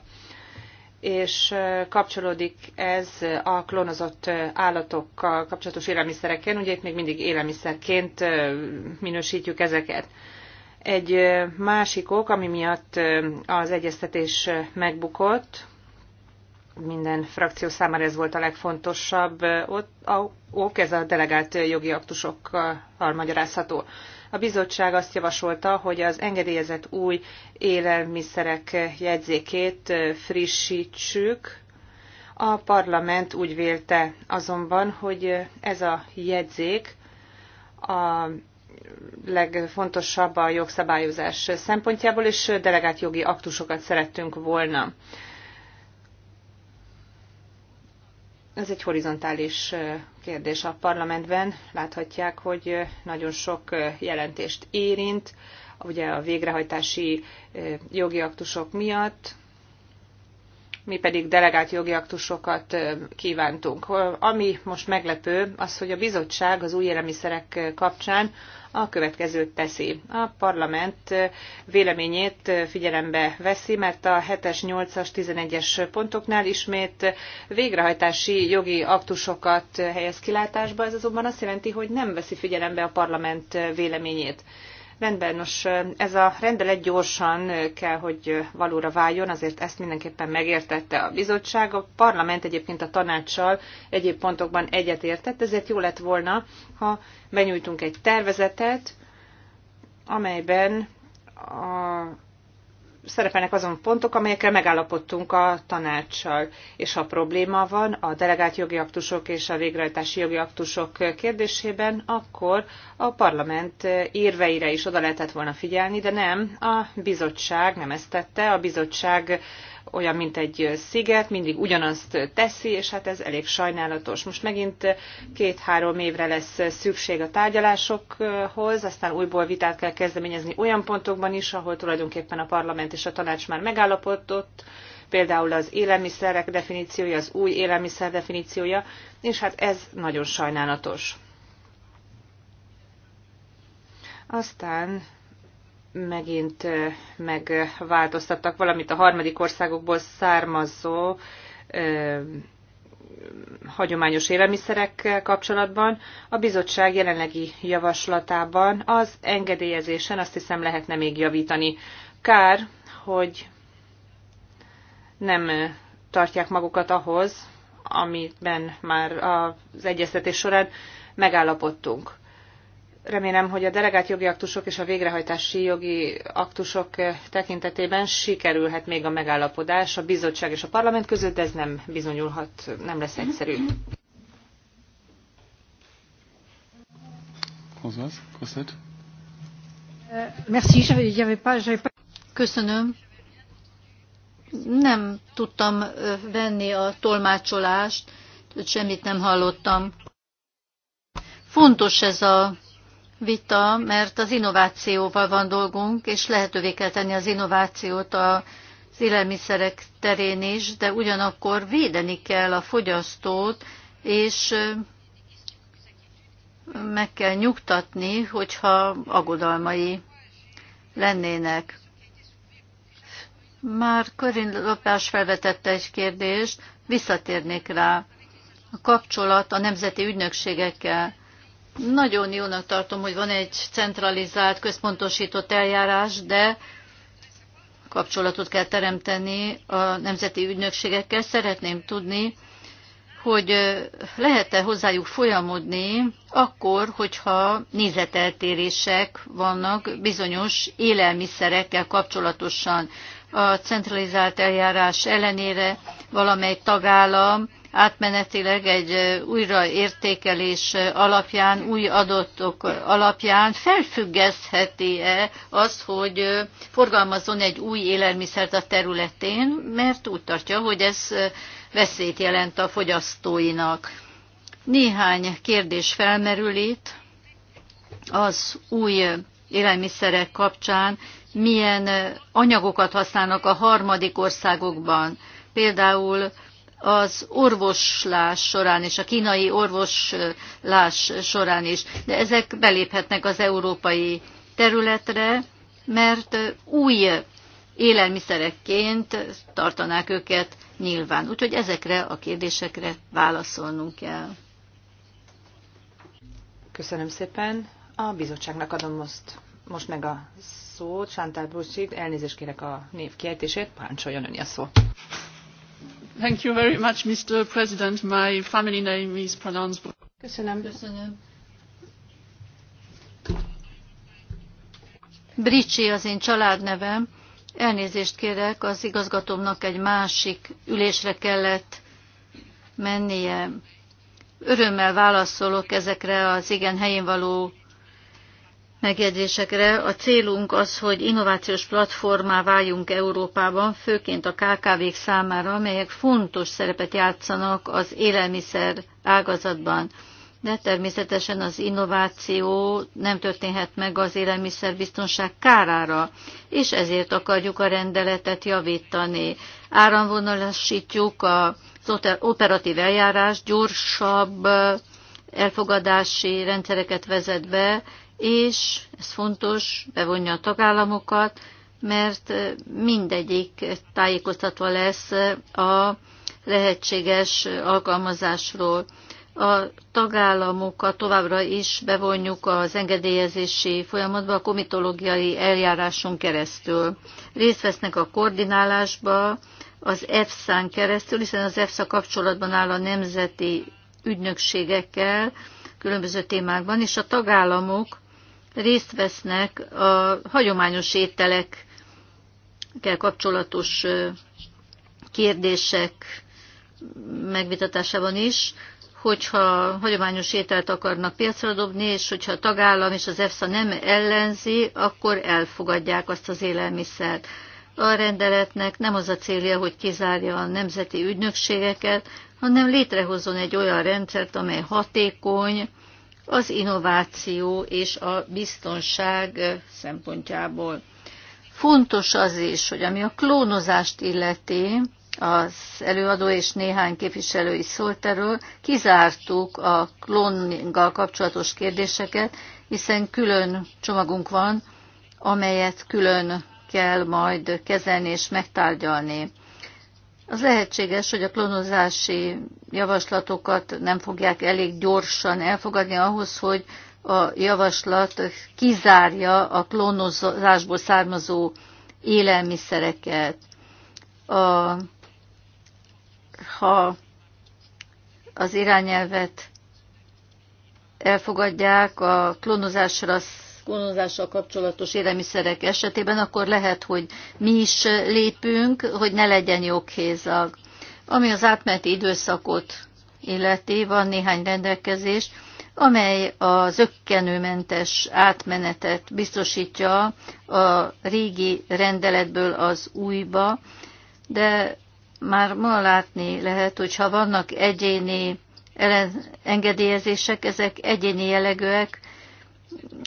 És kapcsolódik ez a klónozott állatokkal kapcsolatos élelmiszereken, ugye itt még mindig élelmiszerként minősítjük ezeket. Egy másik ok, ami miatt az egyeztetés megbukott, minden frakció számára ez volt a legfontosabb ott, a, ok, ez a delegált jogi aktusokkal magyarázható. A bizottság azt javasolta, hogy az engedélyezett új élelmiszerek jegyzékét frissítsük. A parlament úgy vélte azonban, hogy ez a jegyzék a legfontosabb a jogszabályozás szempontjából, és delegált jogi aktusokat szerettünk volna. ez egy horizontális kérdés a parlamentben. Láthatják, hogy nagyon sok jelentést érint, ugye a végrehajtási jogi aktusok miatt, mi pedig delegált jogi aktusokat kívántunk. Ami most meglepő, az, hogy a bizottság az új élelmiszerek kapcsán a következőt teszi. A parlament véleményét figyelembe veszi, mert a 7-es, 8-as, 11-es pontoknál ismét végrehajtási jogi aktusokat helyez kilátásba. Ez azonban azt jelenti, hogy nem veszi figyelembe a parlament véleményét. Rendben, nos, ez a rendelet gyorsan kell, hogy valóra váljon, azért ezt mindenképpen megértette a bizottság. A parlament egyébként a tanácssal egyéb pontokban egyetértett, ezért jó lett volna, ha benyújtunk egy tervezetet, amelyben a szerepelnek azon pontok, amelyekre megállapodtunk a tanácssal, és ha probléma van a delegált jogi aktusok és a végrehajtási jogi aktusok kérdésében, akkor a parlament érveire is oda lehetett volna figyelni, de nem, a bizottság nem ezt tette, a bizottság olyan, mint egy sziget, mindig ugyanazt teszi, és hát ez elég sajnálatos. Most megint két-három évre lesz szükség a tárgyalásokhoz, aztán újból vitát kell kezdeményezni olyan pontokban is, ahol tulajdonképpen a parlament és a tanács már megállapodott, például az élelmiszerek definíciója, az új élelmiszer definíciója, és hát ez nagyon sajnálatos. Aztán megint megváltoztattak valamit a harmadik országokból származó hagyományos élelmiszerek kapcsolatban. A bizottság jelenlegi javaslatában az engedélyezésen azt hiszem lehetne még javítani. Kár, hogy nem tartják magukat ahhoz, amiben már az egyeztetés során megállapodtunk. Remélem, hogy a delegált jogi aktusok és a végrehajtási jogi aktusok tekintetében sikerülhet még a megállapodás a bizottság és a parlament között, de ez nem bizonyulhat, nem lesz egyszerű. Köszönöm. Nem tudtam venni a tolmácsolást, semmit nem hallottam. Fontos ez a vita, mert az innovációval van dolgunk, és lehetővé kell tenni az innovációt az élelmiszerek terén is, de ugyanakkor védeni kell a fogyasztót, és meg kell nyugtatni, hogyha aggodalmai lennének. Már Körin Lopás felvetette egy kérdést, visszatérnék rá. A kapcsolat a nemzeti ügynökségekkel. Nagyon jónak tartom, hogy van egy centralizált, központosított eljárás, de kapcsolatot kell teremteni a nemzeti ügynökségekkel. Szeretném tudni, hogy lehet-e hozzájuk folyamodni akkor, hogyha nézeteltérések vannak bizonyos élelmiszerekkel kapcsolatosan. A centralizált eljárás ellenére valamely tagállam átmenetileg egy újraértékelés alapján, új adatok alapján felfüggesztheti-e az, hogy forgalmazzon egy új élelmiszert a területén, mert úgy tartja, hogy ez veszélyt jelent a fogyasztóinak. Néhány kérdés felmerül itt az új élelmiszerek kapcsán, milyen anyagokat használnak a harmadik országokban. Például az orvoslás során és a kínai orvoslás során is. De ezek beléphetnek az európai területre, mert új élelmiszerekként tartanák őket nyilván. Úgyhogy ezekre a kérdésekre válaszolnunk kell. Köszönöm szépen. A bizottságnak adom most, most meg a szót. Sántár Bursit, elnézést kérek a név kiejtését, Páncsoljon ön a szó. Bricsi az én családnevem. Elnézést kérek, az igazgatómnak egy másik ülésre kellett mennie. Örömmel válaszolok ezekre az igen helyén való megjegyzésekre. A célunk az, hogy innovációs platformá váljunk Európában, főként a KKV-k számára, amelyek fontos szerepet játszanak az élelmiszer ágazatban. De természetesen az innováció nem történhet meg az élelmiszerbiztonság kárára, és ezért akarjuk a rendeletet javítani. Áramvonalasítjuk az operatív eljárás, gyorsabb eh, elfogadási rendszereket vezet be, és ez fontos, bevonja a tagállamokat, mert mindegyik tájékoztatva lesz a lehetséges alkalmazásról. A tagállamokat továbbra is bevonjuk az engedélyezési folyamatba a komitológiai eljáráson keresztül. Részt vesznek a koordinálásba az EFSA-n keresztül, hiszen az EFSA kapcsolatban áll a nemzeti ügynökségekkel különböző témákban, és a tagállamok részt vesznek a hagyományos ételekkel kapcsolatos kérdések megvitatásában is, hogyha hagyományos ételt akarnak piacra dobni, és hogyha a tagállam és az EFSA nem ellenzi, akkor elfogadják azt az élelmiszert. A rendeletnek nem az a célja, hogy kizárja a nemzeti ügynökségeket, hanem létrehozzon egy olyan rendszert, amely hatékony, az innováció és a biztonság szempontjából. Fontos az is, hogy ami a klónozást illeti, az előadó és néhány képviselő is szólt erről, kizártuk a klóninggal kapcsolatos kérdéseket, hiszen külön csomagunk van, amelyet külön kell majd kezelni és megtárgyalni. Az lehetséges, hogy a klónozási javaslatokat nem fogják elég gyorsan elfogadni ahhoz, hogy a javaslat kizárja a klónozásból származó élelmiszereket. A, ha az irányelvet elfogadják, a klónozásra klónozással kapcsolatos élelmiszerek esetében, akkor lehet, hogy mi is lépünk, hogy ne legyen joghézag. Ami az átmeneti időszakot illeti, van néhány rendelkezés, amely az ökkenőmentes átmenetet biztosítja a régi rendeletből az újba, de már ma látni lehet, hogy ha vannak egyéni engedélyezések, ezek egyéni jellegűek,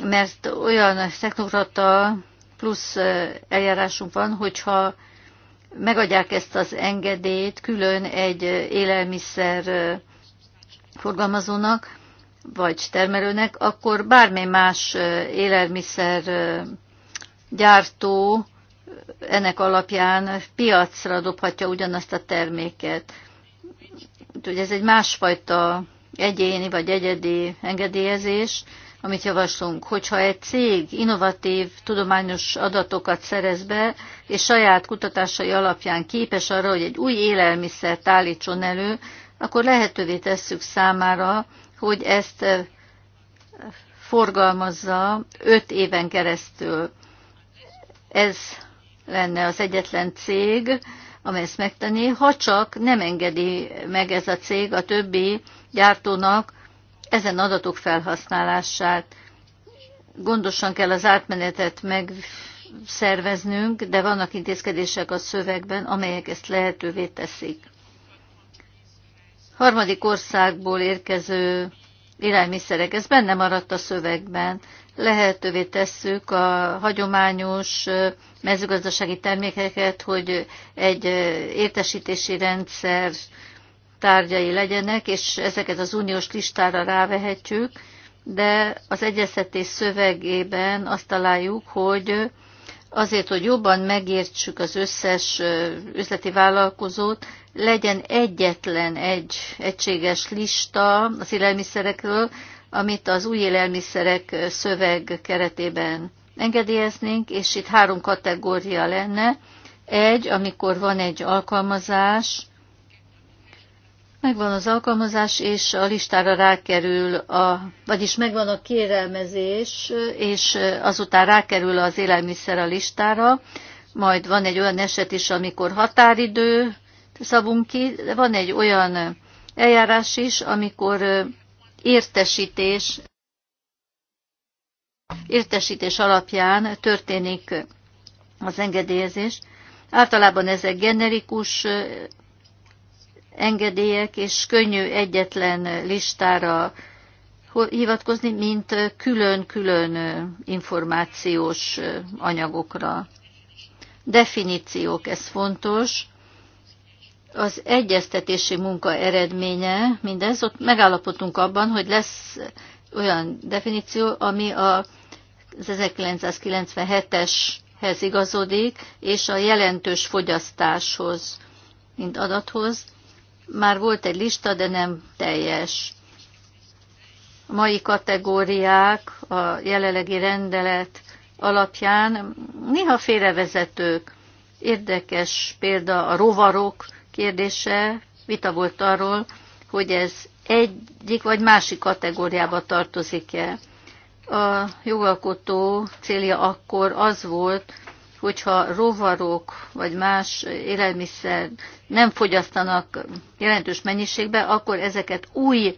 mert olyan technokrata plusz eljárásunk van, hogyha megadják ezt az engedélyt külön egy élelmiszer forgalmazónak, vagy termelőnek, akkor bármely más élelmiszer gyártó ennek alapján piacra dobhatja ugyanazt a terméket. Úgyhogy ez egy másfajta egyéni vagy egyedi engedélyezés, amit javaslunk. Hogyha egy cég innovatív tudományos adatokat szerez be, és saját kutatásai alapján képes arra, hogy egy új élelmiszert állítson elő, akkor lehetővé tesszük számára, hogy ezt eh, forgalmazza öt éven keresztül. Ez lenne az egyetlen cég, amely ezt megtenné, ha csak nem engedi meg ez a cég a többi gyártónak, ezen adatok felhasználását. Gondosan kell az átmenetet megszerveznünk, de vannak intézkedések a szövegben, amelyek ezt lehetővé teszik. Harmadik országból érkező élelmiszerek, ez benne maradt a szövegben, lehetővé tesszük a hagyományos mezőgazdasági termékeket, hogy egy értesítési rendszer tárgyai legyenek, és ezeket az uniós listára rávehetjük, de az egyeztetés szövegében azt találjuk, hogy azért, hogy jobban megértsük az összes üzleti vállalkozót, legyen egyetlen egy egységes lista az élelmiszerekről, amit az új élelmiszerek szöveg keretében engedélyeznénk, és itt három kategória lenne. Egy, amikor van egy alkalmazás, megvan az alkalmazás, és a listára rákerül, a, vagyis megvan a kérelmezés, és azután rákerül az élelmiszer a listára, majd van egy olyan eset is, amikor határidő szabunk ki, de van egy olyan eljárás is, amikor értesítés, értesítés alapján történik az engedélyezés. Általában ezek generikus engedélyek, és könnyű egyetlen listára hivatkozni, mint külön-külön információs anyagokra. Definíciók, ez fontos. Az egyeztetési munka eredménye, mindez, ott megállapodtunk abban, hogy lesz olyan definíció, ami a 1997-eshez igazodik, és a jelentős fogyasztáshoz, mint adathoz, már volt egy lista, de nem teljes. A mai kategóriák a jelenlegi rendelet alapján néha félrevezetők. Érdekes példa a rovarok kérdése, vita volt arról, hogy ez egyik vagy másik kategóriába tartozik-e. A jogalkotó célja akkor az volt, hogyha rovarok vagy más élelmiszer nem fogyasztanak jelentős mennyiségbe, akkor ezeket új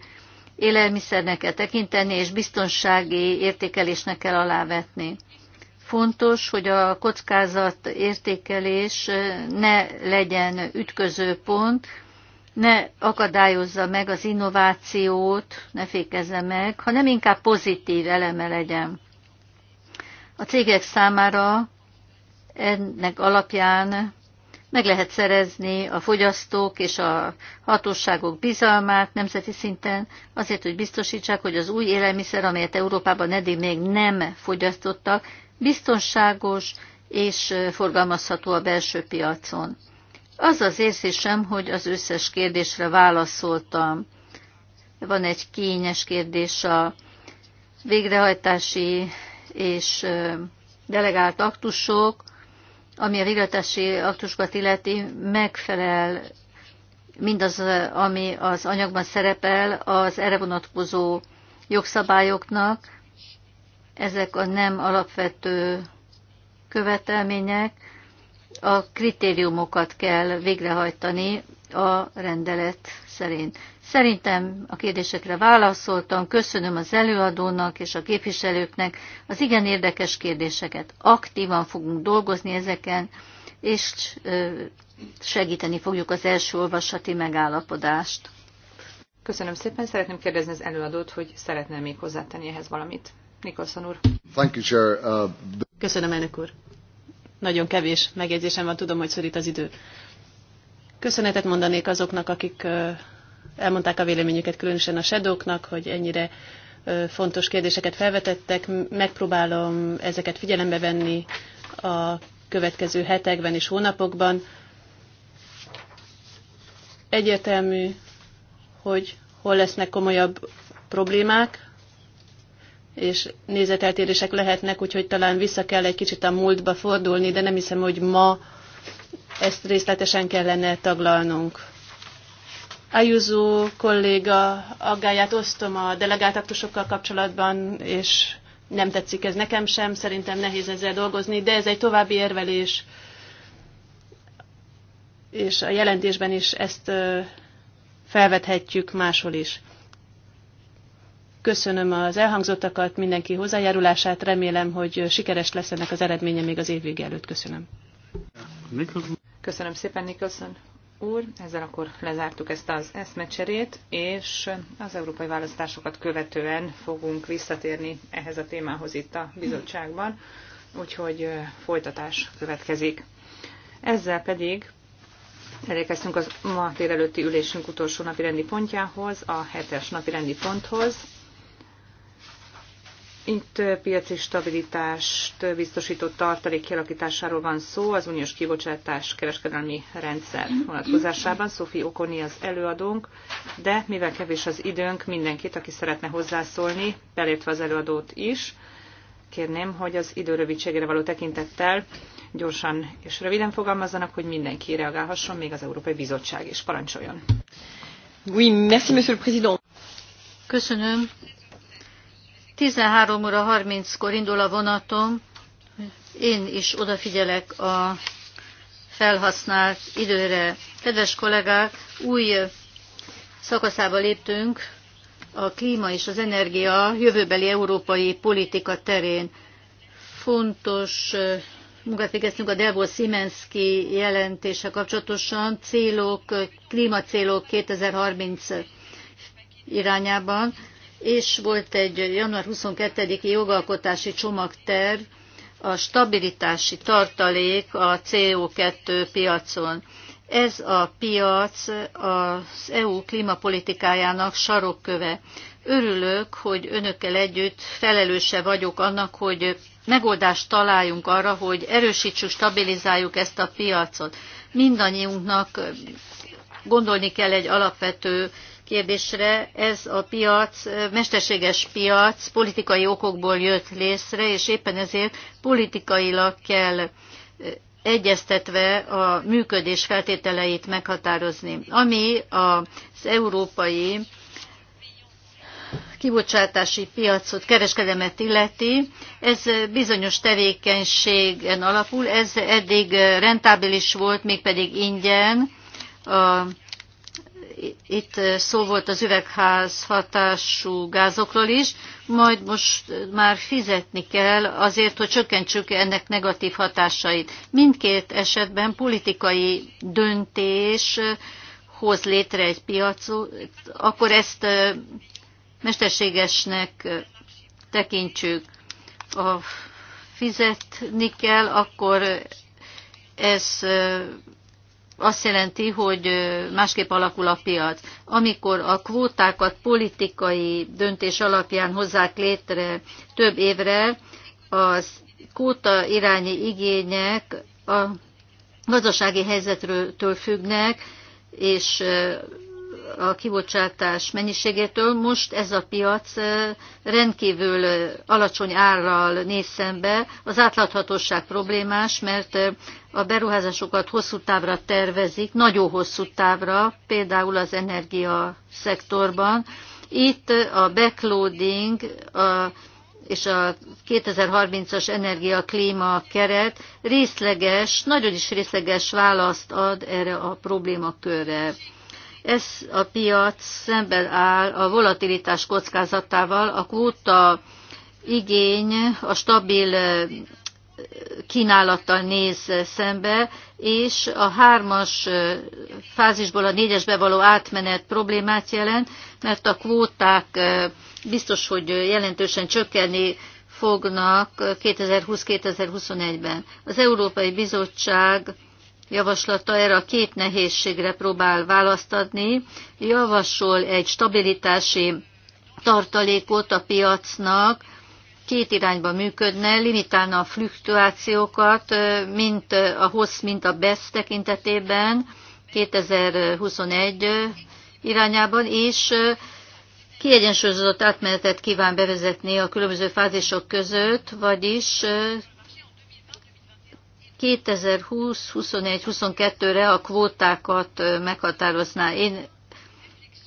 élelmiszernek kell tekinteni, és biztonsági értékelésnek kell alávetni. Fontos, hogy a kockázat értékelés ne legyen ütköző pont, ne akadályozza meg az innovációt, ne fékezze meg, hanem inkább pozitív eleme legyen. A cégek számára ennek alapján meg lehet szerezni a fogyasztók és a hatóságok bizalmát nemzeti szinten, azért, hogy biztosítsák, hogy az új élelmiszer, amelyet Európában eddig még nem fogyasztottak, biztonságos és forgalmazható a belső piacon. Az az érzésem, hogy az összes kérdésre válaszoltam. Van egy kényes kérdés a végrehajtási és delegált aktusok, ami a végletesi aktusokat illeti, megfelel mindaz, ami az anyagban szerepel, az erre vonatkozó jogszabályoknak. Ezek a nem alapvető követelmények, a kritériumokat kell végrehajtani a rendelet szerint. Szerintem a kérdésekre válaszoltam, köszönöm az előadónak és a képviselőknek az igen érdekes kérdéseket. Aktívan fogunk dolgozni ezeken, és segíteni fogjuk az első olvasati megállapodást. Köszönöm szépen, szeretném kérdezni az előadót, hogy szeretne még hozzátenni ehhez valamit. Nikolson úr. Thank you, Chair. Uh, Köszönöm, elnök úr. Nagyon kevés megjegyzésem van, tudom, hogy szorít az idő. Köszönetet mondanék azoknak, akik elmondták a véleményüket különösen a sedóknak, hogy ennyire fontos kérdéseket felvetettek. Megpróbálom ezeket figyelembe venni a következő hetekben és hónapokban. Egyértelmű, hogy hol lesznek komolyabb problémák, és nézeteltérések lehetnek, úgyhogy talán vissza kell egy kicsit a múltba fordulni, de nem hiszem, hogy ma ezt részletesen kellene taglalnunk Ayuso kolléga aggáját osztom a delegáltaktusokkal kapcsolatban, és nem tetszik ez nekem sem, szerintem nehéz ezzel dolgozni, de ez egy további érvelés, és a jelentésben is ezt felvethetjük máshol is. Köszönöm az elhangzottakat, mindenki hozzájárulását, remélem, hogy sikeres lesz ennek az eredménye még az évvége előtt. Köszönöm. Köszönöm szépen, Nicholson úr, ezzel akkor lezártuk ezt az eszmecserét, és az európai választásokat követően fogunk visszatérni ehhez a témához itt a bizottságban, úgyhogy folytatás következik. Ezzel pedig elérkeztünk az ma délelőtti ülésünk utolsó napi rendi pontjához, a hetes napi rendi ponthoz. Itt piaci stabilitást biztosító tartalék kialakításáról van szó az uniós kibocsátás kereskedelmi rendszer vonatkozásában. Szofi Okoni az előadónk, de mivel kevés az időnk, mindenkit, aki szeretne hozzászólni, belértve az előadót is, kérném, hogy az idő rövidségére való tekintettel gyorsan és röviden fogalmazzanak, hogy mindenki reagálhasson, még az Európai Bizottság is. Parancsoljon! Oui, merci, monsieur le président. Köszönöm, 13 óra 30-kor indul a vonatom, én is odafigyelek a felhasznált időre. Kedves kollégák, új szakaszába léptünk a klíma és az energia jövőbeli európai politika terén. Fontos munkát végeztünk a Delvo Szimenszki jelentése kapcsolatosan, célok, klímacélok 2030 irányában és volt egy január 22-i jogalkotási csomagterv, a stabilitási tartalék a CO2 piacon. Ez a piac az EU klímapolitikájának sarokköve. Örülök, hogy önökkel együtt felelőse vagyok annak, hogy megoldást találjunk arra, hogy erősítsük, stabilizáljuk ezt a piacot. Mindannyiunknak gondolni kell egy alapvető kérdésre, ez a piac, mesterséges piac politikai okokból jött létre, és éppen ezért politikailag kell egyeztetve a működés feltételeit meghatározni. Ami az európai kibocsátási piacot, kereskedemet illeti. Ez bizonyos tevékenységen alapul, ez eddig rentábilis volt, mégpedig ingyen a itt szó volt az üvegház hatású gázokról is, majd most már fizetni kell azért, hogy csökkentsük ennek negatív hatásait. Mindkét esetben politikai döntés hoz létre egy piacot, akkor ezt mesterségesnek tekintsük. A fizetni kell, akkor ez azt jelenti, hogy másképp alakul a piac. Amikor a kvótákat politikai döntés alapján hozzák létre több évre, az kvóta irányi igények a gazdasági helyzetről függnek, és a kibocsátás mennyiségétől. Most ez a piac rendkívül alacsony árral néz szembe. Az átláthatóság problémás, mert a beruházásokat hosszú távra tervezik, nagyon hosszú távra, például az energia szektorban. Itt a backloading a, és a 2030-as energia-klíma keret részleges, nagyon is részleges választ ad erre a problémakörre. Ez a piac szemben áll a volatilitás kockázatával, a kvóta igény a stabil eh, kínálattal néz szembe, és a hármas eh, fázisból a négyesbe való átmenet problémát jelent, mert a kvóták eh, biztos, hogy jelentősen csökkenni fognak 2020-2021-ben. Az Európai Bizottság javaslata erre a két nehézségre próbál választ adni, javasol egy stabilitási tartalékot a piacnak, két irányba működne, limitálna a fluktuációkat, mint a hossz, mint a BESZ tekintetében 2021 irányában, és kiegyensúlyozott átmenetet kíván bevezetni a különböző fázisok között, vagyis 2020-21-22-re a kvótákat meghatározná. Én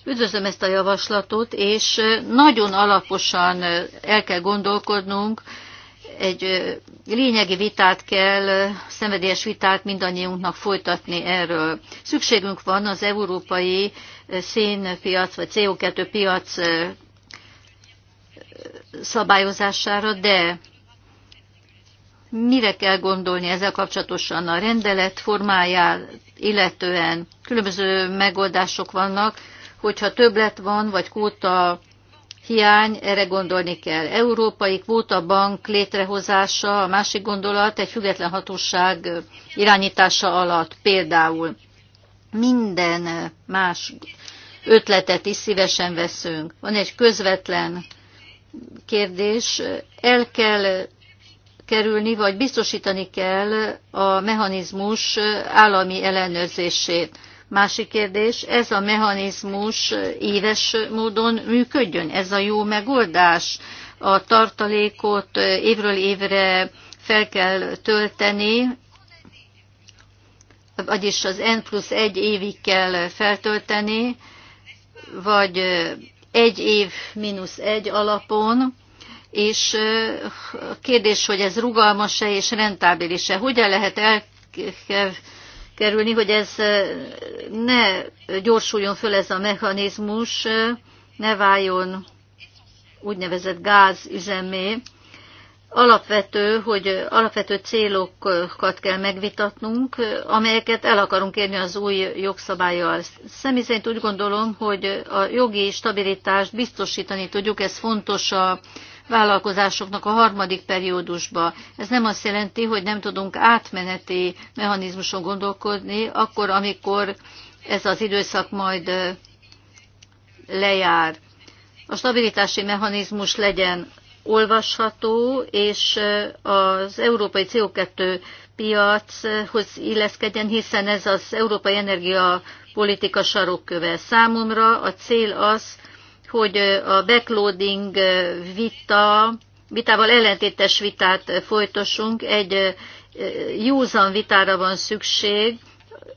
üdvözlöm ezt a javaslatot, és nagyon alaposan el kell gondolkodnunk, egy lényegi vitát kell, szenvedélyes vitát mindannyiunknak folytatni erről. Szükségünk van az európai szénpiac vagy CO2 piac szabályozására, de mire kell gondolni ezzel kapcsolatosan a rendelet formáját illetően. Különböző megoldások vannak, hogyha többlet van, vagy kóta hiány, erre gondolni kell. Európai Kvóta Bank létrehozása, a másik gondolat egy független hatóság irányítása alatt például. Minden más ötletet is szívesen veszünk. Van egy közvetlen kérdés, el kell kerülni, vagy biztosítani kell a mechanizmus állami ellenőrzését. Másik kérdés, ez a mechanizmus éves módon működjön? Ez a jó megoldás? A tartalékot évről évre fel kell tölteni, vagyis az N plusz egy évig kell feltölteni, vagy egy év mínusz egy alapon, és a kérdés, hogy ez rugalmas-e és rentábilis-e. Hogyan lehet elkerülni, hogy ez ne gyorsuljon föl ez a mechanizmus, ne váljon úgynevezett gázüzemé. Alapvető, hogy alapvető célokat kell megvitatnunk, amelyeket el akarunk érni az új jogszabályjal. Személy szerint úgy gondolom, hogy a jogi stabilitást biztosítani tudjuk, ez fontos a vállalkozásoknak a harmadik periódusba. Ez nem azt jelenti, hogy nem tudunk átmeneti mechanizmuson gondolkodni, akkor, amikor ez az időszak majd lejár. A stabilitási mechanizmus legyen olvasható, és az európai CO2 piachoz illeszkedjen, hiszen ez az európai energiapolitika sarokköve. Számomra a cél az, hogy a backloading vita, vitával ellentétes vitát folytassunk, egy józan vitára van szükség,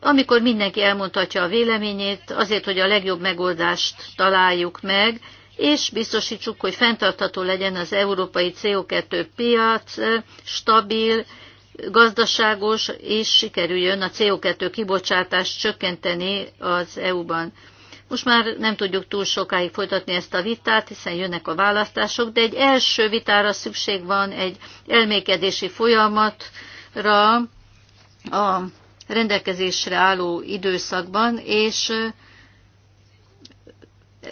amikor mindenki elmondhatja a véleményét, azért, hogy a legjobb megoldást találjuk meg, és biztosítsuk, hogy fenntartható legyen az európai CO2 piac, stabil, gazdaságos, és sikerüljön a CO2 kibocsátást csökkenteni az EU-ban. Most már nem tudjuk túl sokáig folytatni ezt a vitát, hiszen jönnek a választások, de egy első vitára szükség van, egy elmékedési folyamatra a rendelkezésre álló időszakban, és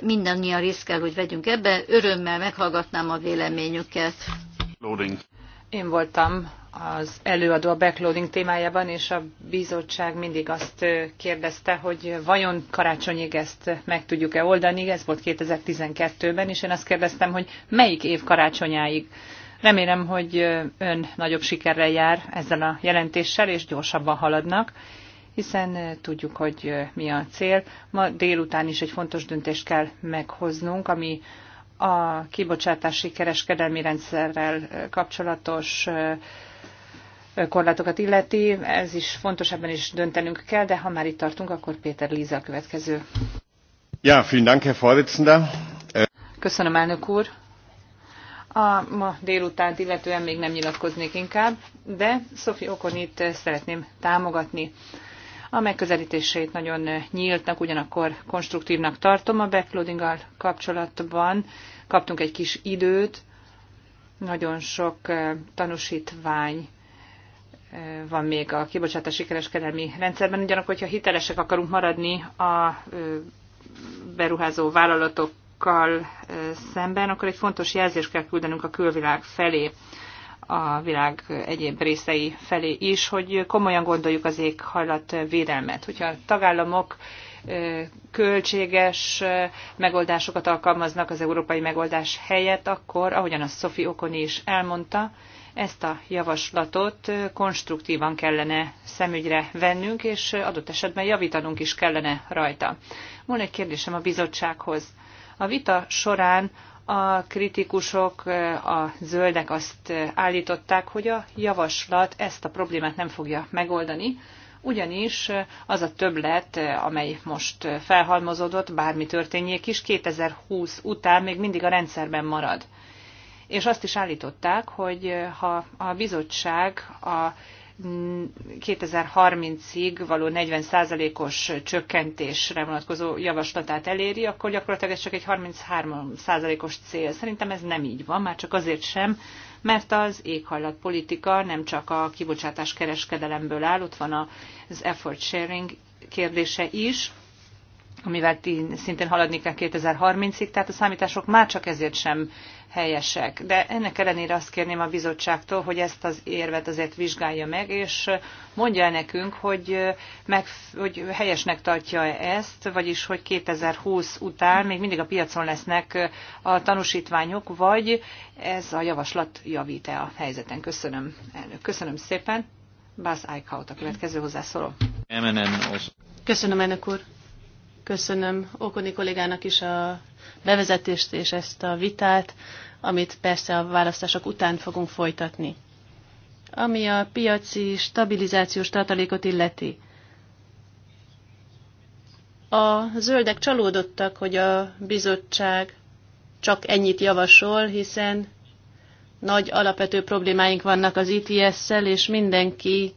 mindannyian részt kell, hogy vegyünk ebbe. Örömmel meghallgatnám a véleményüket. Loading. Én voltam az előadó a backloading témájában, és a bizottság mindig azt kérdezte, hogy vajon karácsonyig ezt meg tudjuk-e oldani. Ez volt 2012-ben, és én azt kérdeztem, hogy melyik év karácsonyáig. Remélem, hogy ön nagyobb sikerrel jár ezzel a jelentéssel, és gyorsabban haladnak, hiszen tudjuk, hogy mi a cél. Ma délután is egy fontos döntést kell meghoznunk, ami a kibocsátási kereskedelmi rendszerrel kapcsolatos korlátokat illeti. Ez is fontos, ebben is döntenünk kell, de ha már itt tartunk, akkor Péter Líza a következő. Ja, vielen Dank, Herr Vorsitzender. Köszönöm, elnök úr. A ma délután illetően még nem nyilatkoznék inkább, de Szofi Okonit szeretném támogatni. A megközelítéseit nagyon nyíltnak, ugyanakkor konstruktívnak tartom a backloadinggal kapcsolatban. Kaptunk egy kis időt, nagyon sok eh, tanúsítvány eh, van még a kibocsátási kereskedelmi rendszerben, ugyanakkor, hogyha hitelesek akarunk maradni a eh, beruházó vállalatokkal szemben, akkor egy fontos jelzést kell küldenünk a külvilág felé a világ egyéb részei felé is, hogy komolyan gondoljuk az éghajlat védelmet. Hogyha a tagállamok költséges megoldásokat alkalmaznak az európai megoldás helyett, akkor, ahogyan a Szofi Okoni is elmondta, ezt a javaslatot konstruktívan kellene szemügyre vennünk, és adott esetben javítanunk is kellene rajta. Van egy kérdésem a bizottsághoz. A vita során a kritikusok, a zöldek azt állították, hogy a javaslat ezt a problémát nem fogja megoldani, ugyanis az a többlet, amely most felhalmozódott, bármi történjék is, 2020 után még mindig a rendszerben marad. És azt is állították, hogy ha a bizottság a 2030-ig való 40%-os csökkentésre vonatkozó javaslatát eléri, akkor gyakorlatilag ez csak egy 33%-os cél. Szerintem ez nem így van, már csak azért sem, mert az éghajlatpolitika nem csak a kibocsátás kereskedelemből áll, ott van az effort sharing kérdése is, amivel szintén haladni kell 2030-ig, tehát a számítások már csak ezért sem helyesek. De ennek ellenére azt kérném a bizottságtól, hogy ezt az érvet azért vizsgálja meg, és mondja el nekünk, hogy, meg, hogy helyesnek tartja -e ezt, vagyis hogy 2020 után még mindig a piacon lesznek a tanúsítványok, vagy ez a javaslat javít-e a helyzeten. Köszönöm, elnök. Köszönöm szépen. Bász Eichhout a következő hozzászóló. Köszönöm, elnök úr. Köszönöm Okoni kollégának is a bevezetést és ezt a vitát, amit persze a választások után fogunk folytatni. Ami a piaci stabilizációs tartalékot illeti. A zöldek csalódottak, hogy a bizottság csak ennyit javasol, hiszen nagy alapvető problémáink vannak az ITS-szel, e és mindenki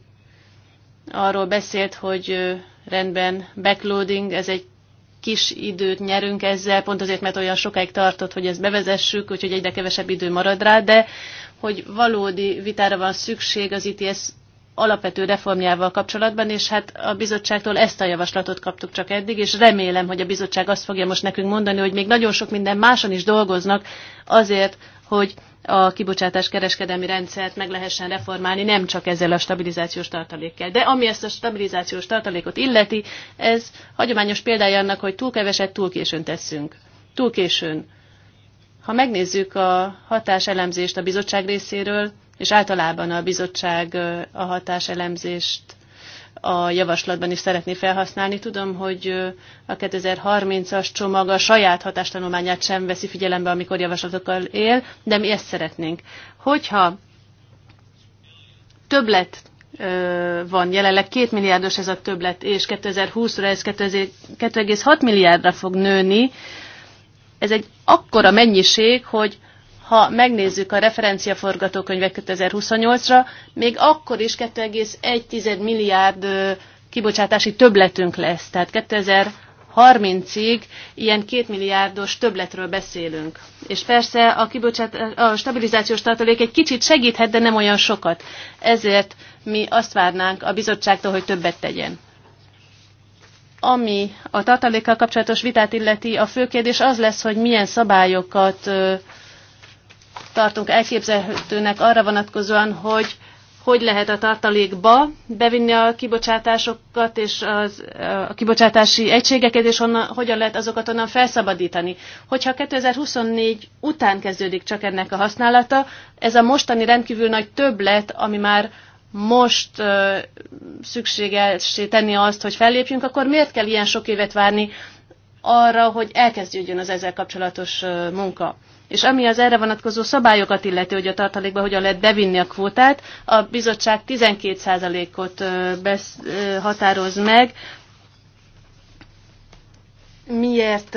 arról beszélt, hogy rendben backloading, ez egy kis időt nyerünk ezzel, pont azért, mert olyan sokáig tartott, hogy ezt bevezessük, úgyhogy egyre kevesebb idő marad rá, de hogy valódi vitára van szükség az ITS alapvető reformjával kapcsolatban, és hát a bizottságtól ezt a javaslatot kaptuk csak eddig, és remélem, hogy a bizottság azt fogja most nekünk mondani, hogy még nagyon sok minden máson is dolgoznak azért, hogy a kibocsátás kereskedelmi rendszert meg lehessen reformálni, nem csak ezzel a stabilizációs tartalékkel. De ami ezt a stabilizációs tartalékot illeti, ez hagyományos példája annak, hogy túl keveset túl későn tesszünk. Túl későn. Ha megnézzük a hatáselemzést a bizottság részéről, és általában a bizottság a hatáselemzést a javaslatban is szeretné felhasználni. Tudom, hogy a 2030-as csomag a saját hatástanulmányát sem veszi figyelembe, amikor javaslatokkal él, de mi ezt szeretnénk. Hogyha többlet van jelenleg 2 milliárdos ez a többlet, és 2020-ra ez 2,6 milliárdra fog nőni, ez egy akkora mennyiség, hogy ha megnézzük a referencia 2028-ra, még akkor is 2,1 milliárd kibocsátási töbletünk lesz. Tehát 2030-ig ilyen 2 milliárdos többletről beszélünk. És persze a, kibocsátás, a stabilizációs tartalék egy kicsit segíthet, de nem olyan sokat. Ezért mi azt várnánk a bizottságtól, hogy többet tegyen ami a tartalékkal kapcsolatos vitát illeti, a fő kérdés az lesz, hogy milyen szabályokat tartunk elképzelhetőnek arra vonatkozóan, hogy hogy lehet a tartalékba bevinni a kibocsátásokat és az, a kibocsátási egységeket, és onnan, hogyan lehet azokat onnan felszabadítani. Hogyha 2024 után kezdődik csak ennek a használata, ez a mostani rendkívül nagy többlet, ami már most uh, szükségessé tenni azt, hogy fellépjünk, akkor miért kell ilyen sok évet várni arra, hogy elkezdődjön az ezzel kapcsolatos munka? és ami az erre vonatkozó szabályokat illeti, hogy a tartalékba hogyan lehet bevinni a kvótát, a bizottság 12%-ot határoz meg. Miért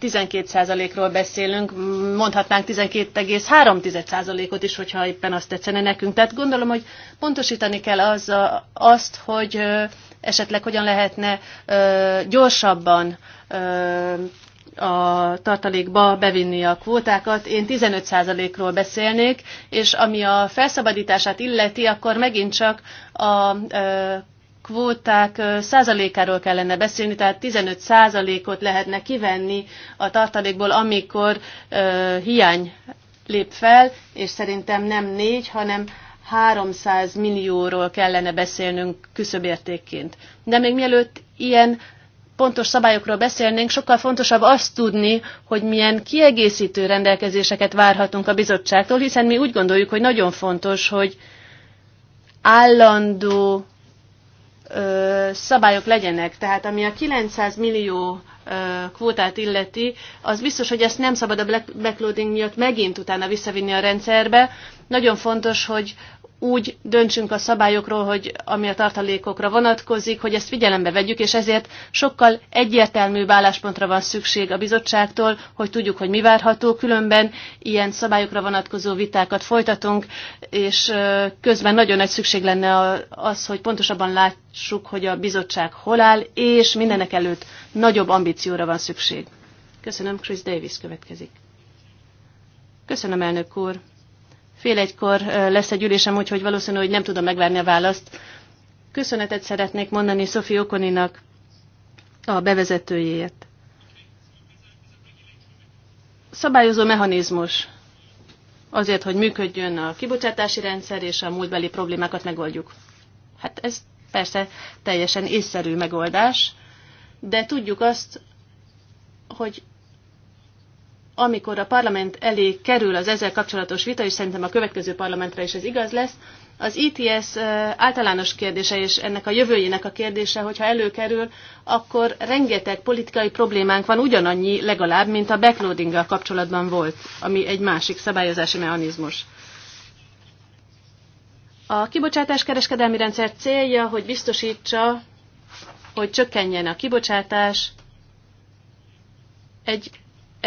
12%-ról beszélünk? Mondhatnánk 12,3%-ot is, hogyha éppen azt tetszene nekünk. Tehát gondolom, hogy pontosítani kell az, azt, hogy esetleg hogyan lehetne gyorsabban a tartalékba bevinni a kvótákat. Én 15%-ról beszélnék, és ami a felszabadítását illeti, akkor megint csak a kvóták százalékáról kellene beszélni, tehát 15 százalékot lehetne kivenni a tartalékból, amikor ö, hiány lép fel, és szerintem nem négy, hanem 300 millióról kellene beszélnünk küszöbértékként. De még mielőtt ilyen pontos szabályokról beszélnénk, sokkal fontosabb azt tudni, hogy milyen kiegészítő rendelkezéseket várhatunk a bizottságtól, hiszen mi úgy gondoljuk, hogy nagyon fontos, hogy állandó ö, szabályok legyenek. Tehát ami a 900 millió ö, kvótát illeti, az biztos, hogy ezt nem szabad a backloading miatt megint utána visszavinni a rendszerbe. Nagyon fontos, hogy úgy döntsünk a szabályokról, hogy ami a tartalékokra vonatkozik, hogy ezt figyelembe vegyük, és ezért sokkal egyértelműbb álláspontra van szükség a bizottságtól, hogy tudjuk, hogy mi várható, különben ilyen szabályokra vonatkozó vitákat folytatunk, és közben nagyon nagy szükség lenne az, hogy pontosabban lássuk, hogy a bizottság hol áll, és mindenek előtt nagyobb ambícióra van szükség. Köszönöm, Chris Davis következik. Köszönöm, elnök úr. Fél egykor lesz egy ülésem, úgyhogy valószínű, hogy nem tudom megvárni a választ. Köszönetet szeretnék mondani Szofi Okoninak a bevezetőjéért. Szabályozó mechanizmus azért, hogy működjön a kibocsátási rendszer, és a múltbeli problémákat megoldjuk. Hát ez persze teljesen észszerű megoldás, de tudjuk azt, hogy amikor a parlament elé kerül az ezzel kapcsolatos vita, és szerintem a következő parlamentre is ez igaz lesz, az ETS általános kérdése és ennek a jövőjének a kérdése, hogyha előkerül, akkor rengeteg politikai problémánk van ugyanannyi legalább, mint a backloadinggal kapcsolatban volt, ami egy másik szabályozási mechanizmus. A kibocsátás kereskedelmi rendszer célja, hogy biztosítsa, hogy csökkenjen a kibocsátás egy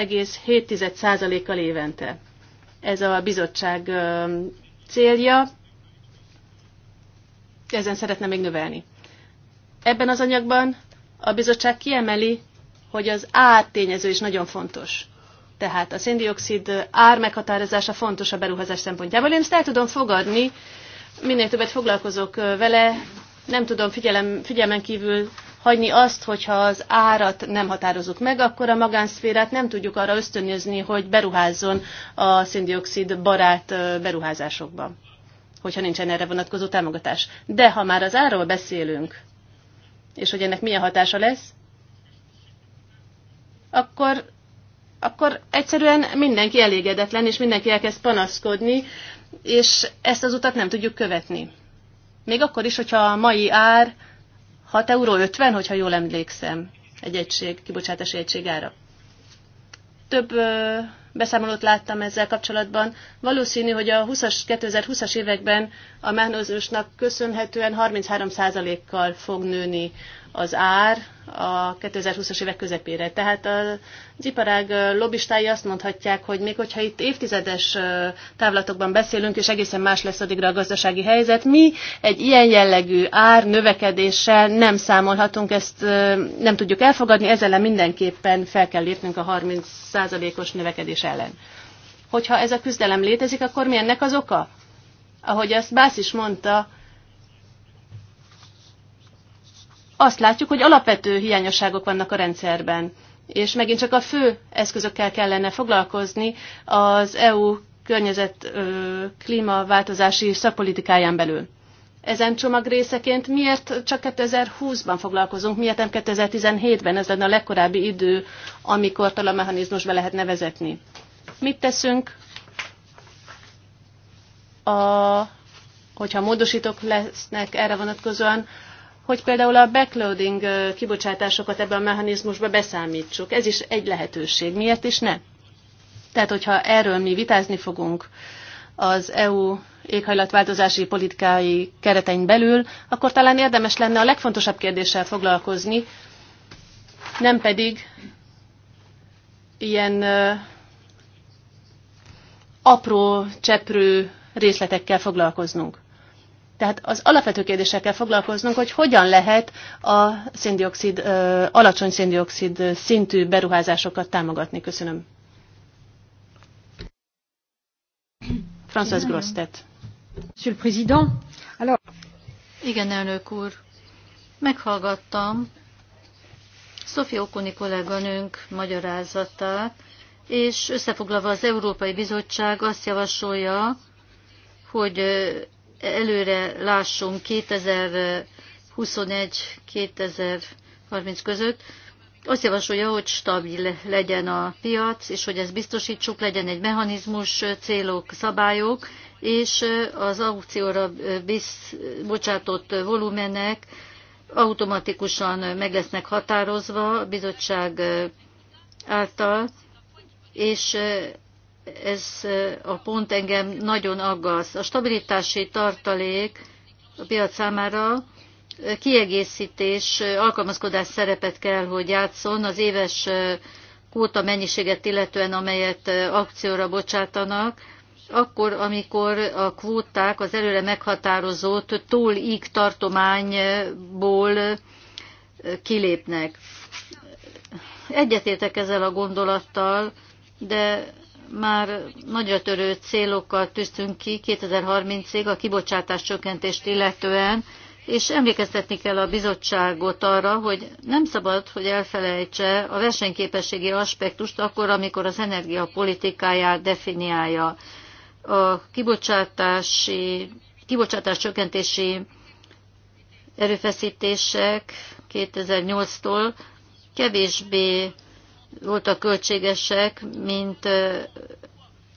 1,7%-kal évente. Ez a bizottság célja, ezen szeretne még növelni. Ebben az anyagban a bizottság kiemeli, hogy az ártényező is nagyon fontos. Tehát a széndiokszid ár meghatározása fontos a beruházás szempontjából. Én ezt el tudom fogadni, minél többet foglalkozok vele, nem tudom figyelem, figyelmen kívül hagyni azt, hogyha az árat nem határozunk meg, akkor a magánszférát nem tudjuk arra ösztönözni, hogy beruházzon a széndiokszid barát beruházásokba, hogyha nincsen erre vonatkozó támogatás. De ha már az árról beszélünk, és hogy ennek milyen hatása lesz, akkor, akkor egyszerűen mindenki elégedetlen, és mindenki elkezd panaszkodni, és ezt az utat nem tudjuk követni. Még akkor is, hogyha a mai ár 6,50 euró 50, hogyha jól emlékszem, egy egység, kibocsátási egység ára. Több ö, beszámolót láttam ezzel kapcsolatban. Valószínű, hogy a 20 2020-as években a mánozósnak köszönhetően 33%-kal fog nőni az ár a 2020-as évek közepére. Tehát az iparág lobbistái azt mondhatják, hogy még hogyha itt évtizedes távlatokban beszélünk, és egészen más lesz addigra a gazdasági helyzet, mi egy ilyen jellegű ár növekedéssel nem számolhatunk, ezt nem tudjuk elfogadni, ezzel mindenképpen fel kell lépnünk a 30%-os növekedés ellen. Hogyha ez a küzdelem létezik, akkor mi ennek az oka? Ahogy azt Bász is mondta, azt látjuk, hogy alapvető hiányosságok vannak a rendszerben. És megint csak a fő eszközökkel kellene foglalkozni az EU környezet klímaváltozási szakpolitikáján belül. Ezen csomag részeként miért csak 2020-ban foglalkozunk, miért nem 2017-ben, ez lenne a legkorábbi idő, amikor a mechanizmus be lehetne vezetni. Mit teszünk, a, hogyha módosítók lesznek erre vonatkozóan, hogy például a backloading kibocsátásokat ebbe a mechanizmusba beszámítsuk. Ez is egy lehetőség. Miért is ne? Tehát, hogyha erről mi vitázni fogunk az EU éghajlatváltozási politikai keretein belül, akkor talán érdemes lenne a legfontosabb kérdéssel foglalkozni, nem pedig ilyen apró cseprő részletekkel foglalkoznunk. Tehát az alapvető kérdésekkel foglalkoznunk, hogy hogyan lehet a széndiokszid, alacsony széndiokszid szintű beruházásokat támogatni. Köszönöm. François Grostet. Monsieur le Président, alors... Igen, elnök úr. Meghallgattam Szofi Okoni kolléganőnk magyarázatát, és összefoglalva az Európai Bizottság azt javasolja, hogy előre lássunk 2021-2030 között, azt javasolja, hogy stabil legyen a piac, és hogy ezt biztosítsuk, legyen egy mechanizmus, célok, szabályok, és az aukcióra bizt, bocsátott volumenek automatikusan meg lesznek határozva a bizottság által, és ez a pont engem nagyon aggaszt. A stabilitási tartalék a piac számára kiegészítés, alkalmazkodás szerepet kell, hogy játszon az éves kóta mennyiséget illetően, amelyet akcióra bocsátanak, akkor, amikor a kvóták az előre meghatározott túl ig tartományból kilépnek. Egyetértek ezzel a gondolattal, de már nagyra törő célokkal tűztünk ki 2030-ig a kibocsátás csökkentést illetően, és emlékeztetni kell a bizottságot arra, hogy nem szabad, hogy elfelejtse a versenyképességi aspektust akkor, amikor az energiapolitikáját definiálja. A kibocsátási, kibocsátás csökkentési erőfeszítések 2008-tól kevésbé voltak költségesek, mint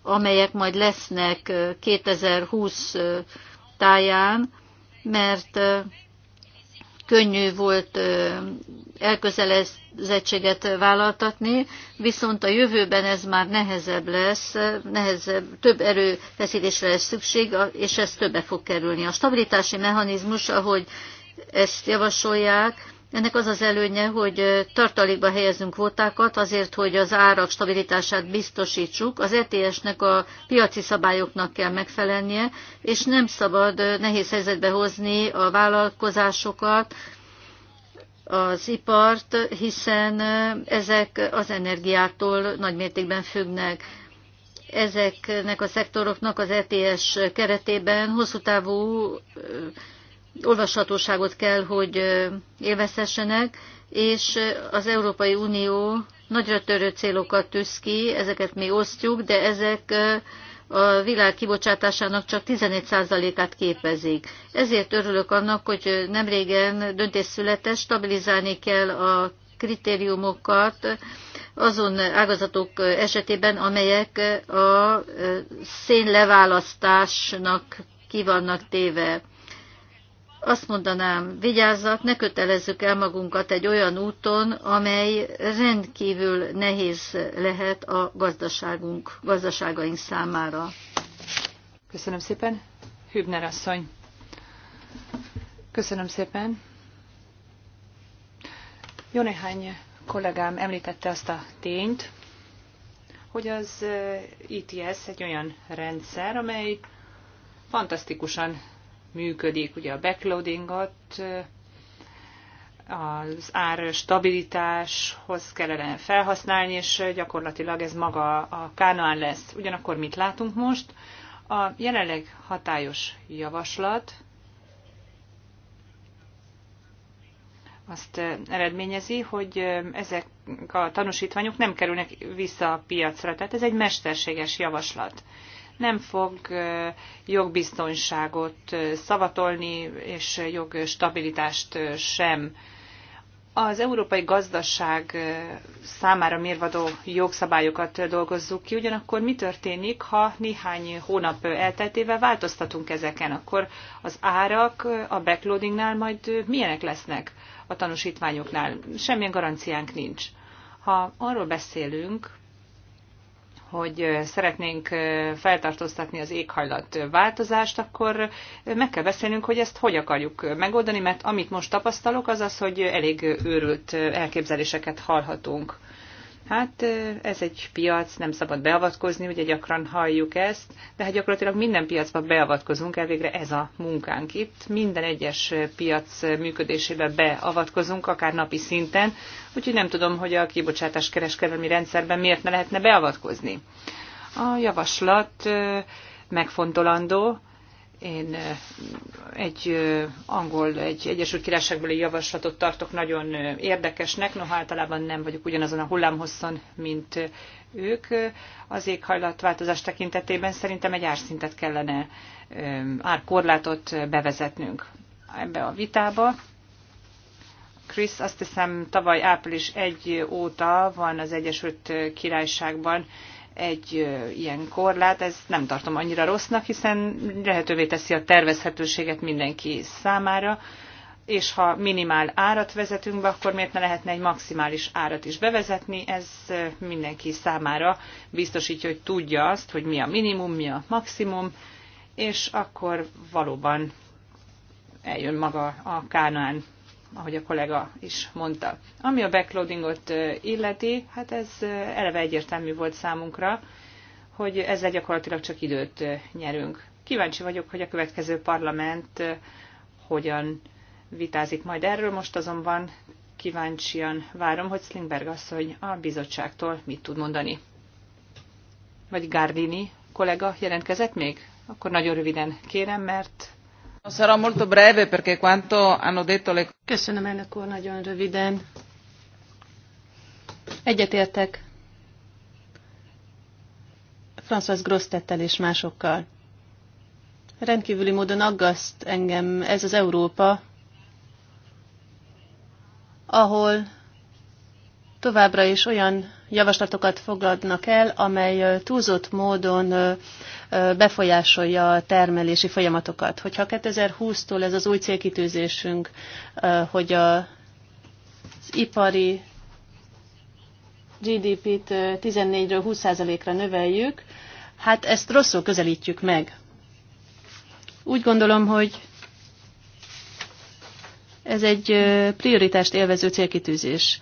amelyek majd lesznek 2020 táján, mert könnyű volt elközelezettséget vállaltatni, viszont a jövőben ez már nehezebb lesz, nehezebb, több erőfeszítésre lesz szükség, és ez többe fog kerülni. A stabilitási mechanizmus, ahogy ezt javasolják, ennek az az előnye, hogy tartalékba helyezünk kvótákat azért, hogy az árak stabilitását biztosítsuk. Az ETS-nek a piaci szabályoknak kell megfelelnie, és nem szabad nehéz helyzetbe hozni a vállalkozásokat, az ipart, hiszen ezek az energiától nagymértékben függnek. Ezeknek a szektoroknak az ETS keretében hosszú távú olvashatóságot kell, hogy élvezhessenek, és az Európai Unió nagyra törő célokat tűz ki, ezeket mi osztjuk, de ezek a világ kibocsátásának csak 11%-át képezik. Ezért örülök annak, hogy nem régen döntés született, stabilizálni kell a kritériumokat azon ágazatok esetében, amelyek a szénleválasztásnak ki vannak téve azt mondanám, vigyázzat, ne kötelezzük el magunkat egy olyan úton, amely rendkívül nehéz lehet a gazdaságunk, gazdaságaink számára. Köszönöm szépen. Hübner asszony. Köszönöm szépen. Jó néhány kollégám említette azt a tényt, hogy az ITS eh, e egy olyan rendszer, amely fantasztikusan működik. Ugye a backloadingot az ár stabilitáshoz kellene felhasználni, és gyakorlatilag ez maga a kánoán lesz. Ugyanakkor mit látunk most? A jelenleg hatályos javaslat azt eredményezi, hogy ezek a tanúsítványok nem kerülnek vissza a piacra. Tehát ez egy mesterséges javaslat nem fog jogbiztonságot szavatolni, és jogstabilitást sem. Az európai gazdaság számára mérvadó jogszabályokat dolgozzuk ki, ugyanakkor mi történik, ha néhány hónap elteltével változtatunk ezeken, akkor az árak a backloadingnál majd milyenek lesznek a tanúsítványoknál? Semmilyen garanciánk nincs. Ha arról beszélünk, hogy szeretnénk feltartóztatni az éghajlat változást, akkor meg kell beszélnünk, hogy ezt hogy akarjuk megoldani, mert amit most tapasztalok, az az, hogy elég őrült elképzeléseket hallhatunk. Hát ez egy piac, nem szabad beavatkozni, ugye gyakran halljuk ezt, de hát gyakorlatilag minden piacba beavatkozunk, elvégre ez a munkánk itt. Minden egyes piac működésébe beavatkozunk, akár napi szinten, úgyhogy nem tudom, hogy a kibocsátás kereskedelmi rendszerben miért ne lehetne beavatkozni. A javaslat megfontolandó, én egy angol, egy Egyesült Királyságbeli javaslatot tartok nagyon érdekesnek, noha általában nem vagyok ugyanazon a hullámhosszon, mint ők. Az éghajlatváltozás tekintetében szerintem egy árszintet kellene, árkorlátot bevezetnünk ebbe a vitába. Krisz, azt hiszem tavaly április 1 óta van az Egyesült Királyságban egy ilyen korlát, ezt nem tartom annyira rossznak, hiszen lehetővé teszi a tervezhetőséget mindenki számára, és ha minimál árat vezetünk be, akkor miért ne lehetne egy maximális árat is bevezetni? Ez mindenki számára biztosítja, hogy tudja azt, hogy mi a minimum, mi a maximum, és akkor valóban eljön maga a kánán ahogy a kollega is mondta. Ami a backloadingot illeti, hát ez eleve egyértelmű volt számunkra, hogy ezzel gyakorlatilag csak időt nyerünk. Kíváncsi vagyok, hogy a következő parlament hogyan vitázik majd erről. Most azonban kíváncsian várom, hogy Slingberg asszony a bizottságtól mit tud mondani. Vagy Gardini kollega jelentkezett még? Akkor nagyon röviden kérem, mert Köszönöm, elnök úr, nagyon röviden. Egyetértek François Grosztettel és másokkal. Rendkívüli módon aggaszt engem ez az Európa, ahol továbbra is olyan javaslatokat fogadnak el, amely túlzott módon befolyásolja a termelési folyamatokat. Hogyha 2020-tól ez az új célkitűzésünk, hogy az ipari GDP-t 14-ről 20%-ra növeljük, hát ezt rosszul közelítjük meg. Úgy gondolom, hogy ez egy prioritást élvező célkitűzés.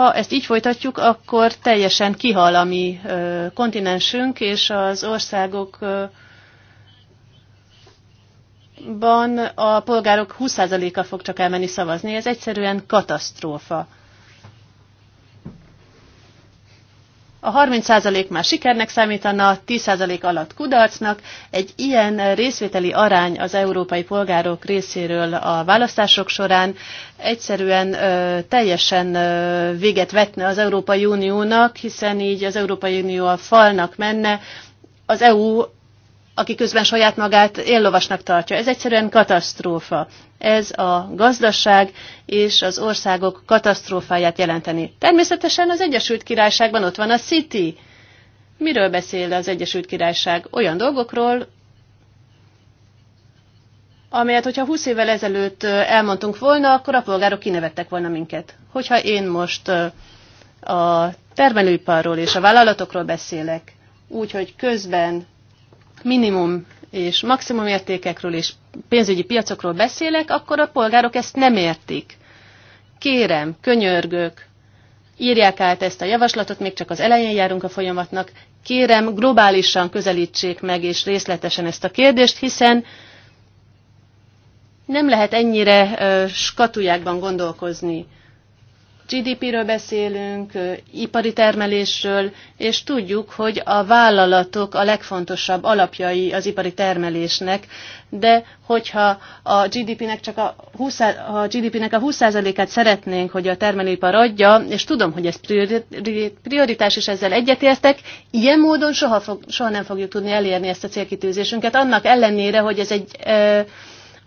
Ha ezt így folytatjuk, akkor teljesen kihal a mi kontinensünk, és az országok a polgárok 20%-a fog csak elmenni szavazni. Ez egyszerűen katasztrófa. A 30% már sikernek számítana, 10% alatt kudarcnak. Egy ilyen részvételi arány az európai polgárok részéről a választások során egyszerűen ö, teljesen ö, véget vetne az Európai Uniónak, hiszen így az Európai Unió a falnak menne, az EU aki közben saját magát éllovasnak tartja. Ez egyszerűen katasztrófa. Ez a gazdaság és az országok katasztrófáját jelenteni. Természetesen az Egyesült Királyságban ott van a City. Miről beszél az Egyesült Királyság? Olyan dolgokról, amelyet, hogyha 20 évvel ezelőtt elmondtunk volna, akkor a polgárok kinevettek volna minket. Hogyha én most a termelőiparról és a vállalatokról beszélek, úgyhogy közben minimum és maximum értékekről és pénzügyi piacokról beszélek, akkor a polgárok ezt nem értik. Kérem, könyörgök, írják át ezt a javaslatot, még csak az elején járunk a folyamatnak, kérem, globálisan közelítsék meg és részletesen ezt a kérdést, hiszen nem lehet ennyire skatujákban gondolkozni. GDP-ről beszélünk, ipari termelésről, és tudjuk, hogy a vállalatok a legfontosabb alapjai az ipari termelésnek, de hogyha a GDP-nek csak a 20, a GDP-nek a 20%-át szeretnénk, hogy a termelőipar adja, és tudom, hogy ez prioritás, és ezzel egyetértek, ilyen módon soha, fog, soha nem fogjuk tudni elérni ezt a célkitűzésünket, annak ellenére, hogy ez egy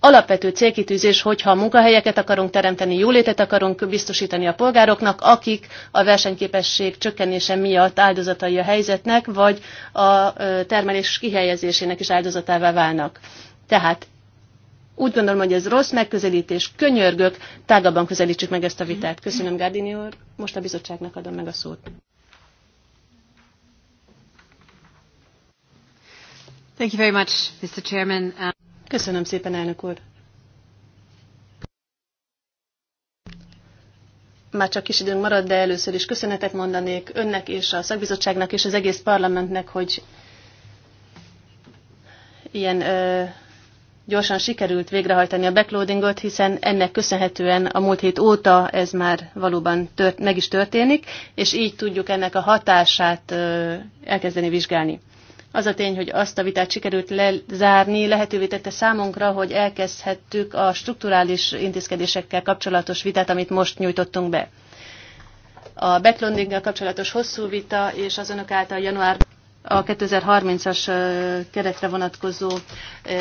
alapvető célkitűzés, hogyha munkahelyeket akarunk teremteni, jólétet akarunk biztosítani a polgároknak, akik a versenyképesség csökkenése miatt áldozatai a helyzetnek, vagy a termelés kihelyezésének is áldozatává válnak. Tehát úgy gondolom, hogy ez rossz megközelítés, könyörgök, tágabban közelítsük meg ezt a vitát. Köszönöm, Gárdini úr. Most a bizottságnak adom meg a szót. Thank you very much, Mr. Chairman. Um, Köszönöm szépen, elnök úr. Már csak kis időnk marad, de először is köszönetet mondanék önnek és a szakbizottságnak és az egész parlamentnek, hogy ilyen ö, gyorsan sikerült végrehajtani a backloadingot, hiszen ennek köszönhetően a múlt hét óta ez már valóban tört, meg is történik, és így tudjuk ennek a hatását ö, elkezdeni vizsgálni. Az a tény, hogy azt a vitát sikerült lezárni, lehetővé tette számunkra, hogy elkezdhettük a strukturális intézkedésekkel kapcsolatos vitát, amit most nyújtottunk be. A backloadinggel kapcsolatos hosszú vita és az önök által január a 2030-as keretre vonatkozó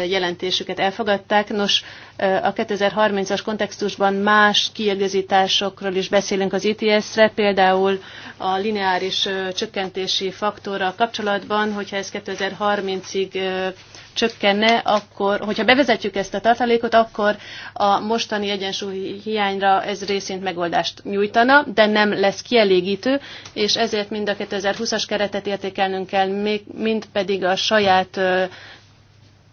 jelentésüket elfogadták. Nos, a 2030-as kontextusban más kiegazításokról is beszélünk az ITS-re, például a lineáris csökkentési faktorral kapcsolatban, hogyha ez 2030-ig csökkenne, akkor, hogyha bevezetjük ezt a tartalékot, akkor a mostani egyensúly hiányra ez részint megoldást nyújtana, de nem lesz kielégítő, és ezért mind a 2020-as keretet értékelnünk kell, még, mind pedig a saját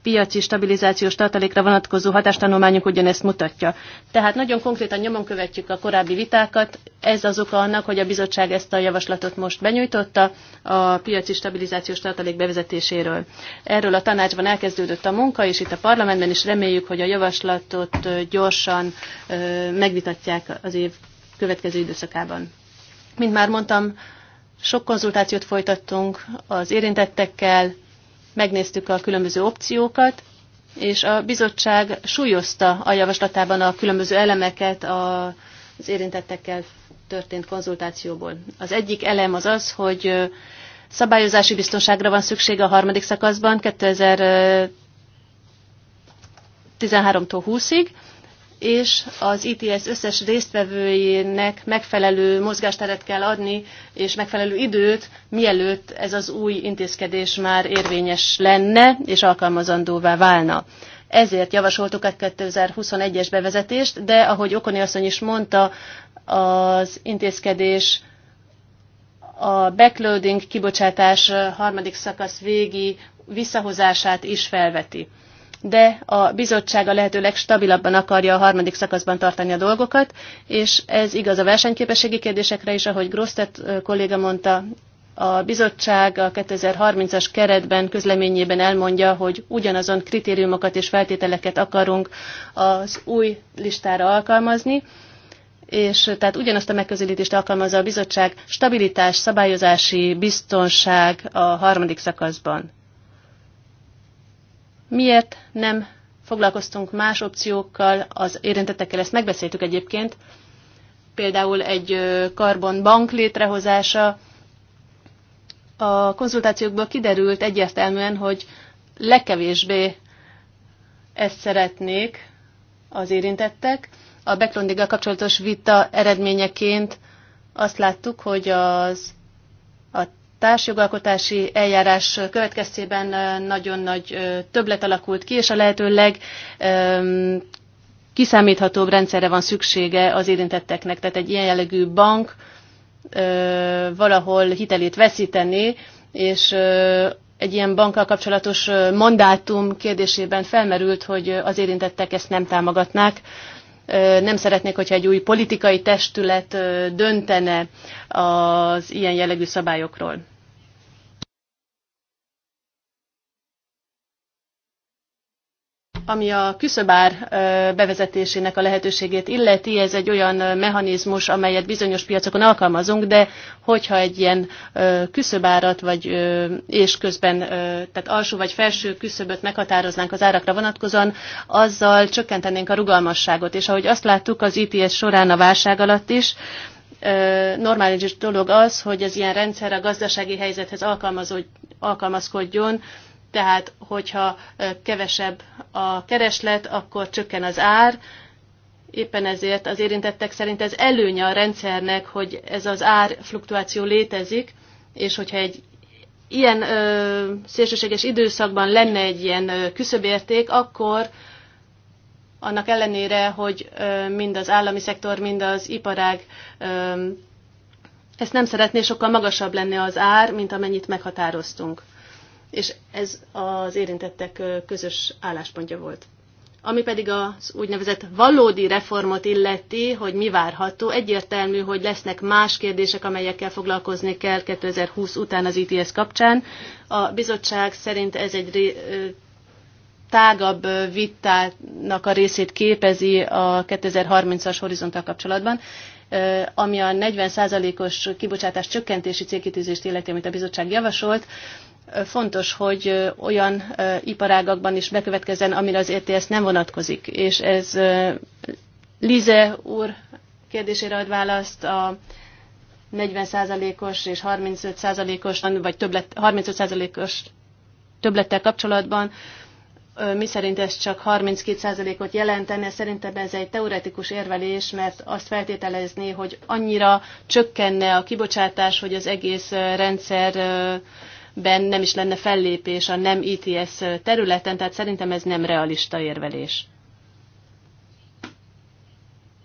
piaci stabilizációs tartalékra vonatkozó hatástanulmányunk ugyanezt mutatja. Tehát nagyon konkrétan nyomon követjük a korábbi vitákat. Ez az oka annak, hogy a bizottság ezt a javaslatot most benyújtotta a piaci stabilizációs tartalék bevezetéséről. Erről a tanácsban elkezdődött a munka, és itt a parlamentben is reméljük, hogy a javaslatot gyorsan megvitatják az év következő időszakában. Mint már mondtam, sok konzultációt folytattunk az érintettekkel, megnéztük a különböző opciókat, és a bizottság súlyozta a javaslatában a különböző elemeket az érintettekkel történt konzultációból. Az egyik elem az az, hogy szabályozási biztonságra van szükség a harmadik szakaszban 2013-tól 20-ig, és az ITS összes résztvevőjének megfelelő mozgásteret kell adni, és megfelelő időt, mielőtt ez az új intézkedés már érvényes lenne, és alkalmazandóvá válna. Ezért javasoltuk a 2021-es bevezetést, de ahogy Okoni asszony is mondta, az intézkedés a backloading kibocsátás harmadik szakasz végi visszahozását is felveti de a bizottság a lehető legstabilabban akarja a harmadik szakaszban tartani a dolgokat, és ez igaz a versenyképességi kérdésekre is, ahogy Grosztet kolléga mondta, a bizottság a 2030-as keretben közleményében elmondja, hogy ugyanazon kritériumokat és feltételeket akarunk az új listára alkalmazni, és tehát ugyanazt a megközelítést alkalmazza a bizottság, stabilitás, szabályozási biztonság a harmadik szakaszban. Miért nem foglalkoztunk más opciókkal, az érintettekkel ezt megbeszéltük egyébként, például egy karbonbank létrehozása. A konzultációkból kiderült egyértelműen, hogy legkevésbé ezt szeretnék az érintettek. A backlondiggal kapcsolatos vita eredményeként azt láttuk, hogy az társjogalkotási eljárás következtében nagyon nagy többlet alakult ki, és a lehető leg kiszámíthatóbb rendszerre van szüksége az érintetteknek. Tehát egy ilyen jellegű bank valahol hitelét veszíteni, és egy ilyen bankkal kapcsolatos mandátum kérdésében felmerült, hogy az érintettek ezt nem támogatnák nem szeretnék, hogyha egy új politikai testület döntene az ilyen jellegű szabályokról. Ami a küszöbár bevezetésének a lehetőségét illeti, ez egy olyan mechanizmus, amelyet bizonyos piacokon alkalmazunk, de hogyha egy ilyen küszöbárat, vagy, és közben, tehát alsó vagy felső küszöböt meghatároznánk az árakra vonatkozóan, azzal csökkentenénk a rugalmasságot. És ahogy azt láttuk az ITS e során a válság alatt is, normális dolog az, hogy ez ilyen rendszer a gazdasági helyzethez alkalmazkodjon, tehát, hogyha kevesebb a kereslet, akkor csökken az ár. Éppen ezért az érintettek szerint ez előnye a rendszernek, hogy ez az ár fluktuáció létezik, és hogyha egy ilyen ö, szélsőséges időszakban lenne egy ilyen ö, küszöbérték, akkor annak ellenére, hogy ö, mind az állami szektor, mind az iparág ö, ezt nem szeretné, sokkal magasabb lenne az ár, mint amennyit meghatároztunk és ez az érintettek közös álláspontja volt. Ami pedig az úgynevezett valódi reformot illeti, hogy mi várható, egyértelmű, hogy lesznek más kérdések, amelyekkel foglalkozni kell 2020 után az ITS kapcsán. A bizottság szerint ez egy tágabb vitának a részét képezi a 2030-as horizontal kapcsolatban, ami a 40%-os kibocsátás csökkentési célkitűzést illeti, amit a bizottság javasolt fontos, hogy olyan iparágakban is bekövetkezzen, amire az ETS nem vonatkozik. És ez Lize úr kérdésére ad választ a 40%-os és 35%-os, vagy többlet, 35%-os többlettel kapcsolatban, mi szerint ez csak 32%-ot jelentene, szerintem ez egy teoretikus érvelés, mert azt feltételezni, hogy annyira csökkenne a kibocsátás, hogy az egész rendszer ben nem is lenne fellépés a nem ITS e területen, tehát szerintem ez nem realista érvelés.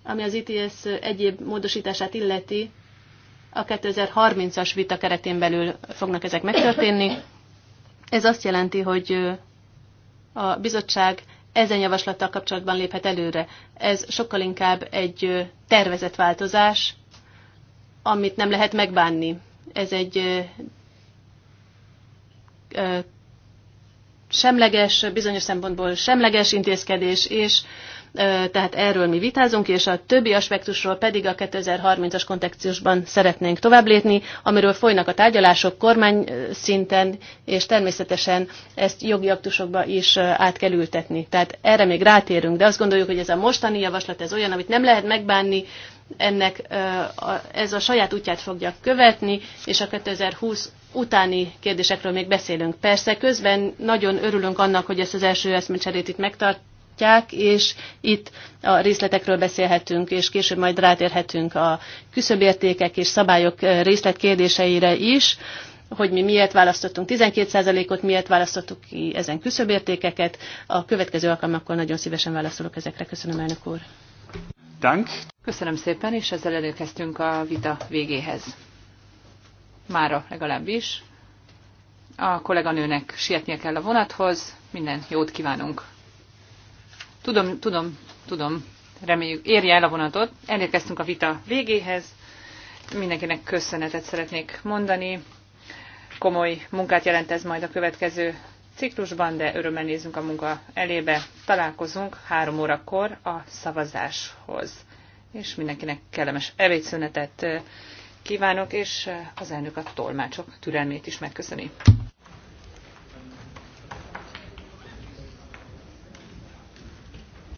Ami az ITS e egyéb módosítását illeti, a 2030-as vita keretén belül fognak ezek megtörténni. Ez azt jelenti, hogy a bizottság ezen javaslattal kapcsolatban léphet előre. Ez sokkal inkább egy tervezett változás, amit nem lehet megbánni. Ez egy semleges, bizonyos szempontból semleges intézkedés, és tehát erről mi vitázunk, és a többi aspektusról pedig a 2030-as kontextusban szeretnénk tovább lépni, amiről folynak a tárgyalások kormány szinten, és természetesen ezt jogi aktusokba is át kell ültetni. Tehát erre még rátérünk, de azt gondoljuk, hogy ez a mostani javaslat, ez olyan, amit nem lehet megbánni, ennek ez a saját útját fogja követni, és a 2020 utáni kérdésekről még beszélünk. Persze közben nagyon örülünk annak, hogy ezt az első eszmecserét itt megtartják, és itt a részletekről beszélhetünk, és később majd rátérhetünk a küszöbértékek és szabályok részletkérdéseire is hogy mi miért választottunk 12%-ot, miért választottuk ki ezen küszöbértékeket. A következő alkalmakkor nagyon szívesen válaszolok ezekre. Köszönöm, elnök úr. Dank. Köszönöm szépen, és ezzel előkeztünk a vita végéhez. Mára legalábbis. A kolléganőnek sietnie kell a vonathoz, minden jót kívánunk. Tudom, tudom, tudom, reméljük érje el a vonatot. Elérkeztünk a vita végéhez. Mindenkinek köszönetet szeretnék mondani. Komoly munkát jelent ez majd a következő ciklusban, de örömmel nézünk a munka elébe. Találkozunk három órakor a szavazáshoz. És mindenkinek kellemes evédszünetet eh, kívánok, és eh, az elnök a tolmácsok türelmét is megköszöni.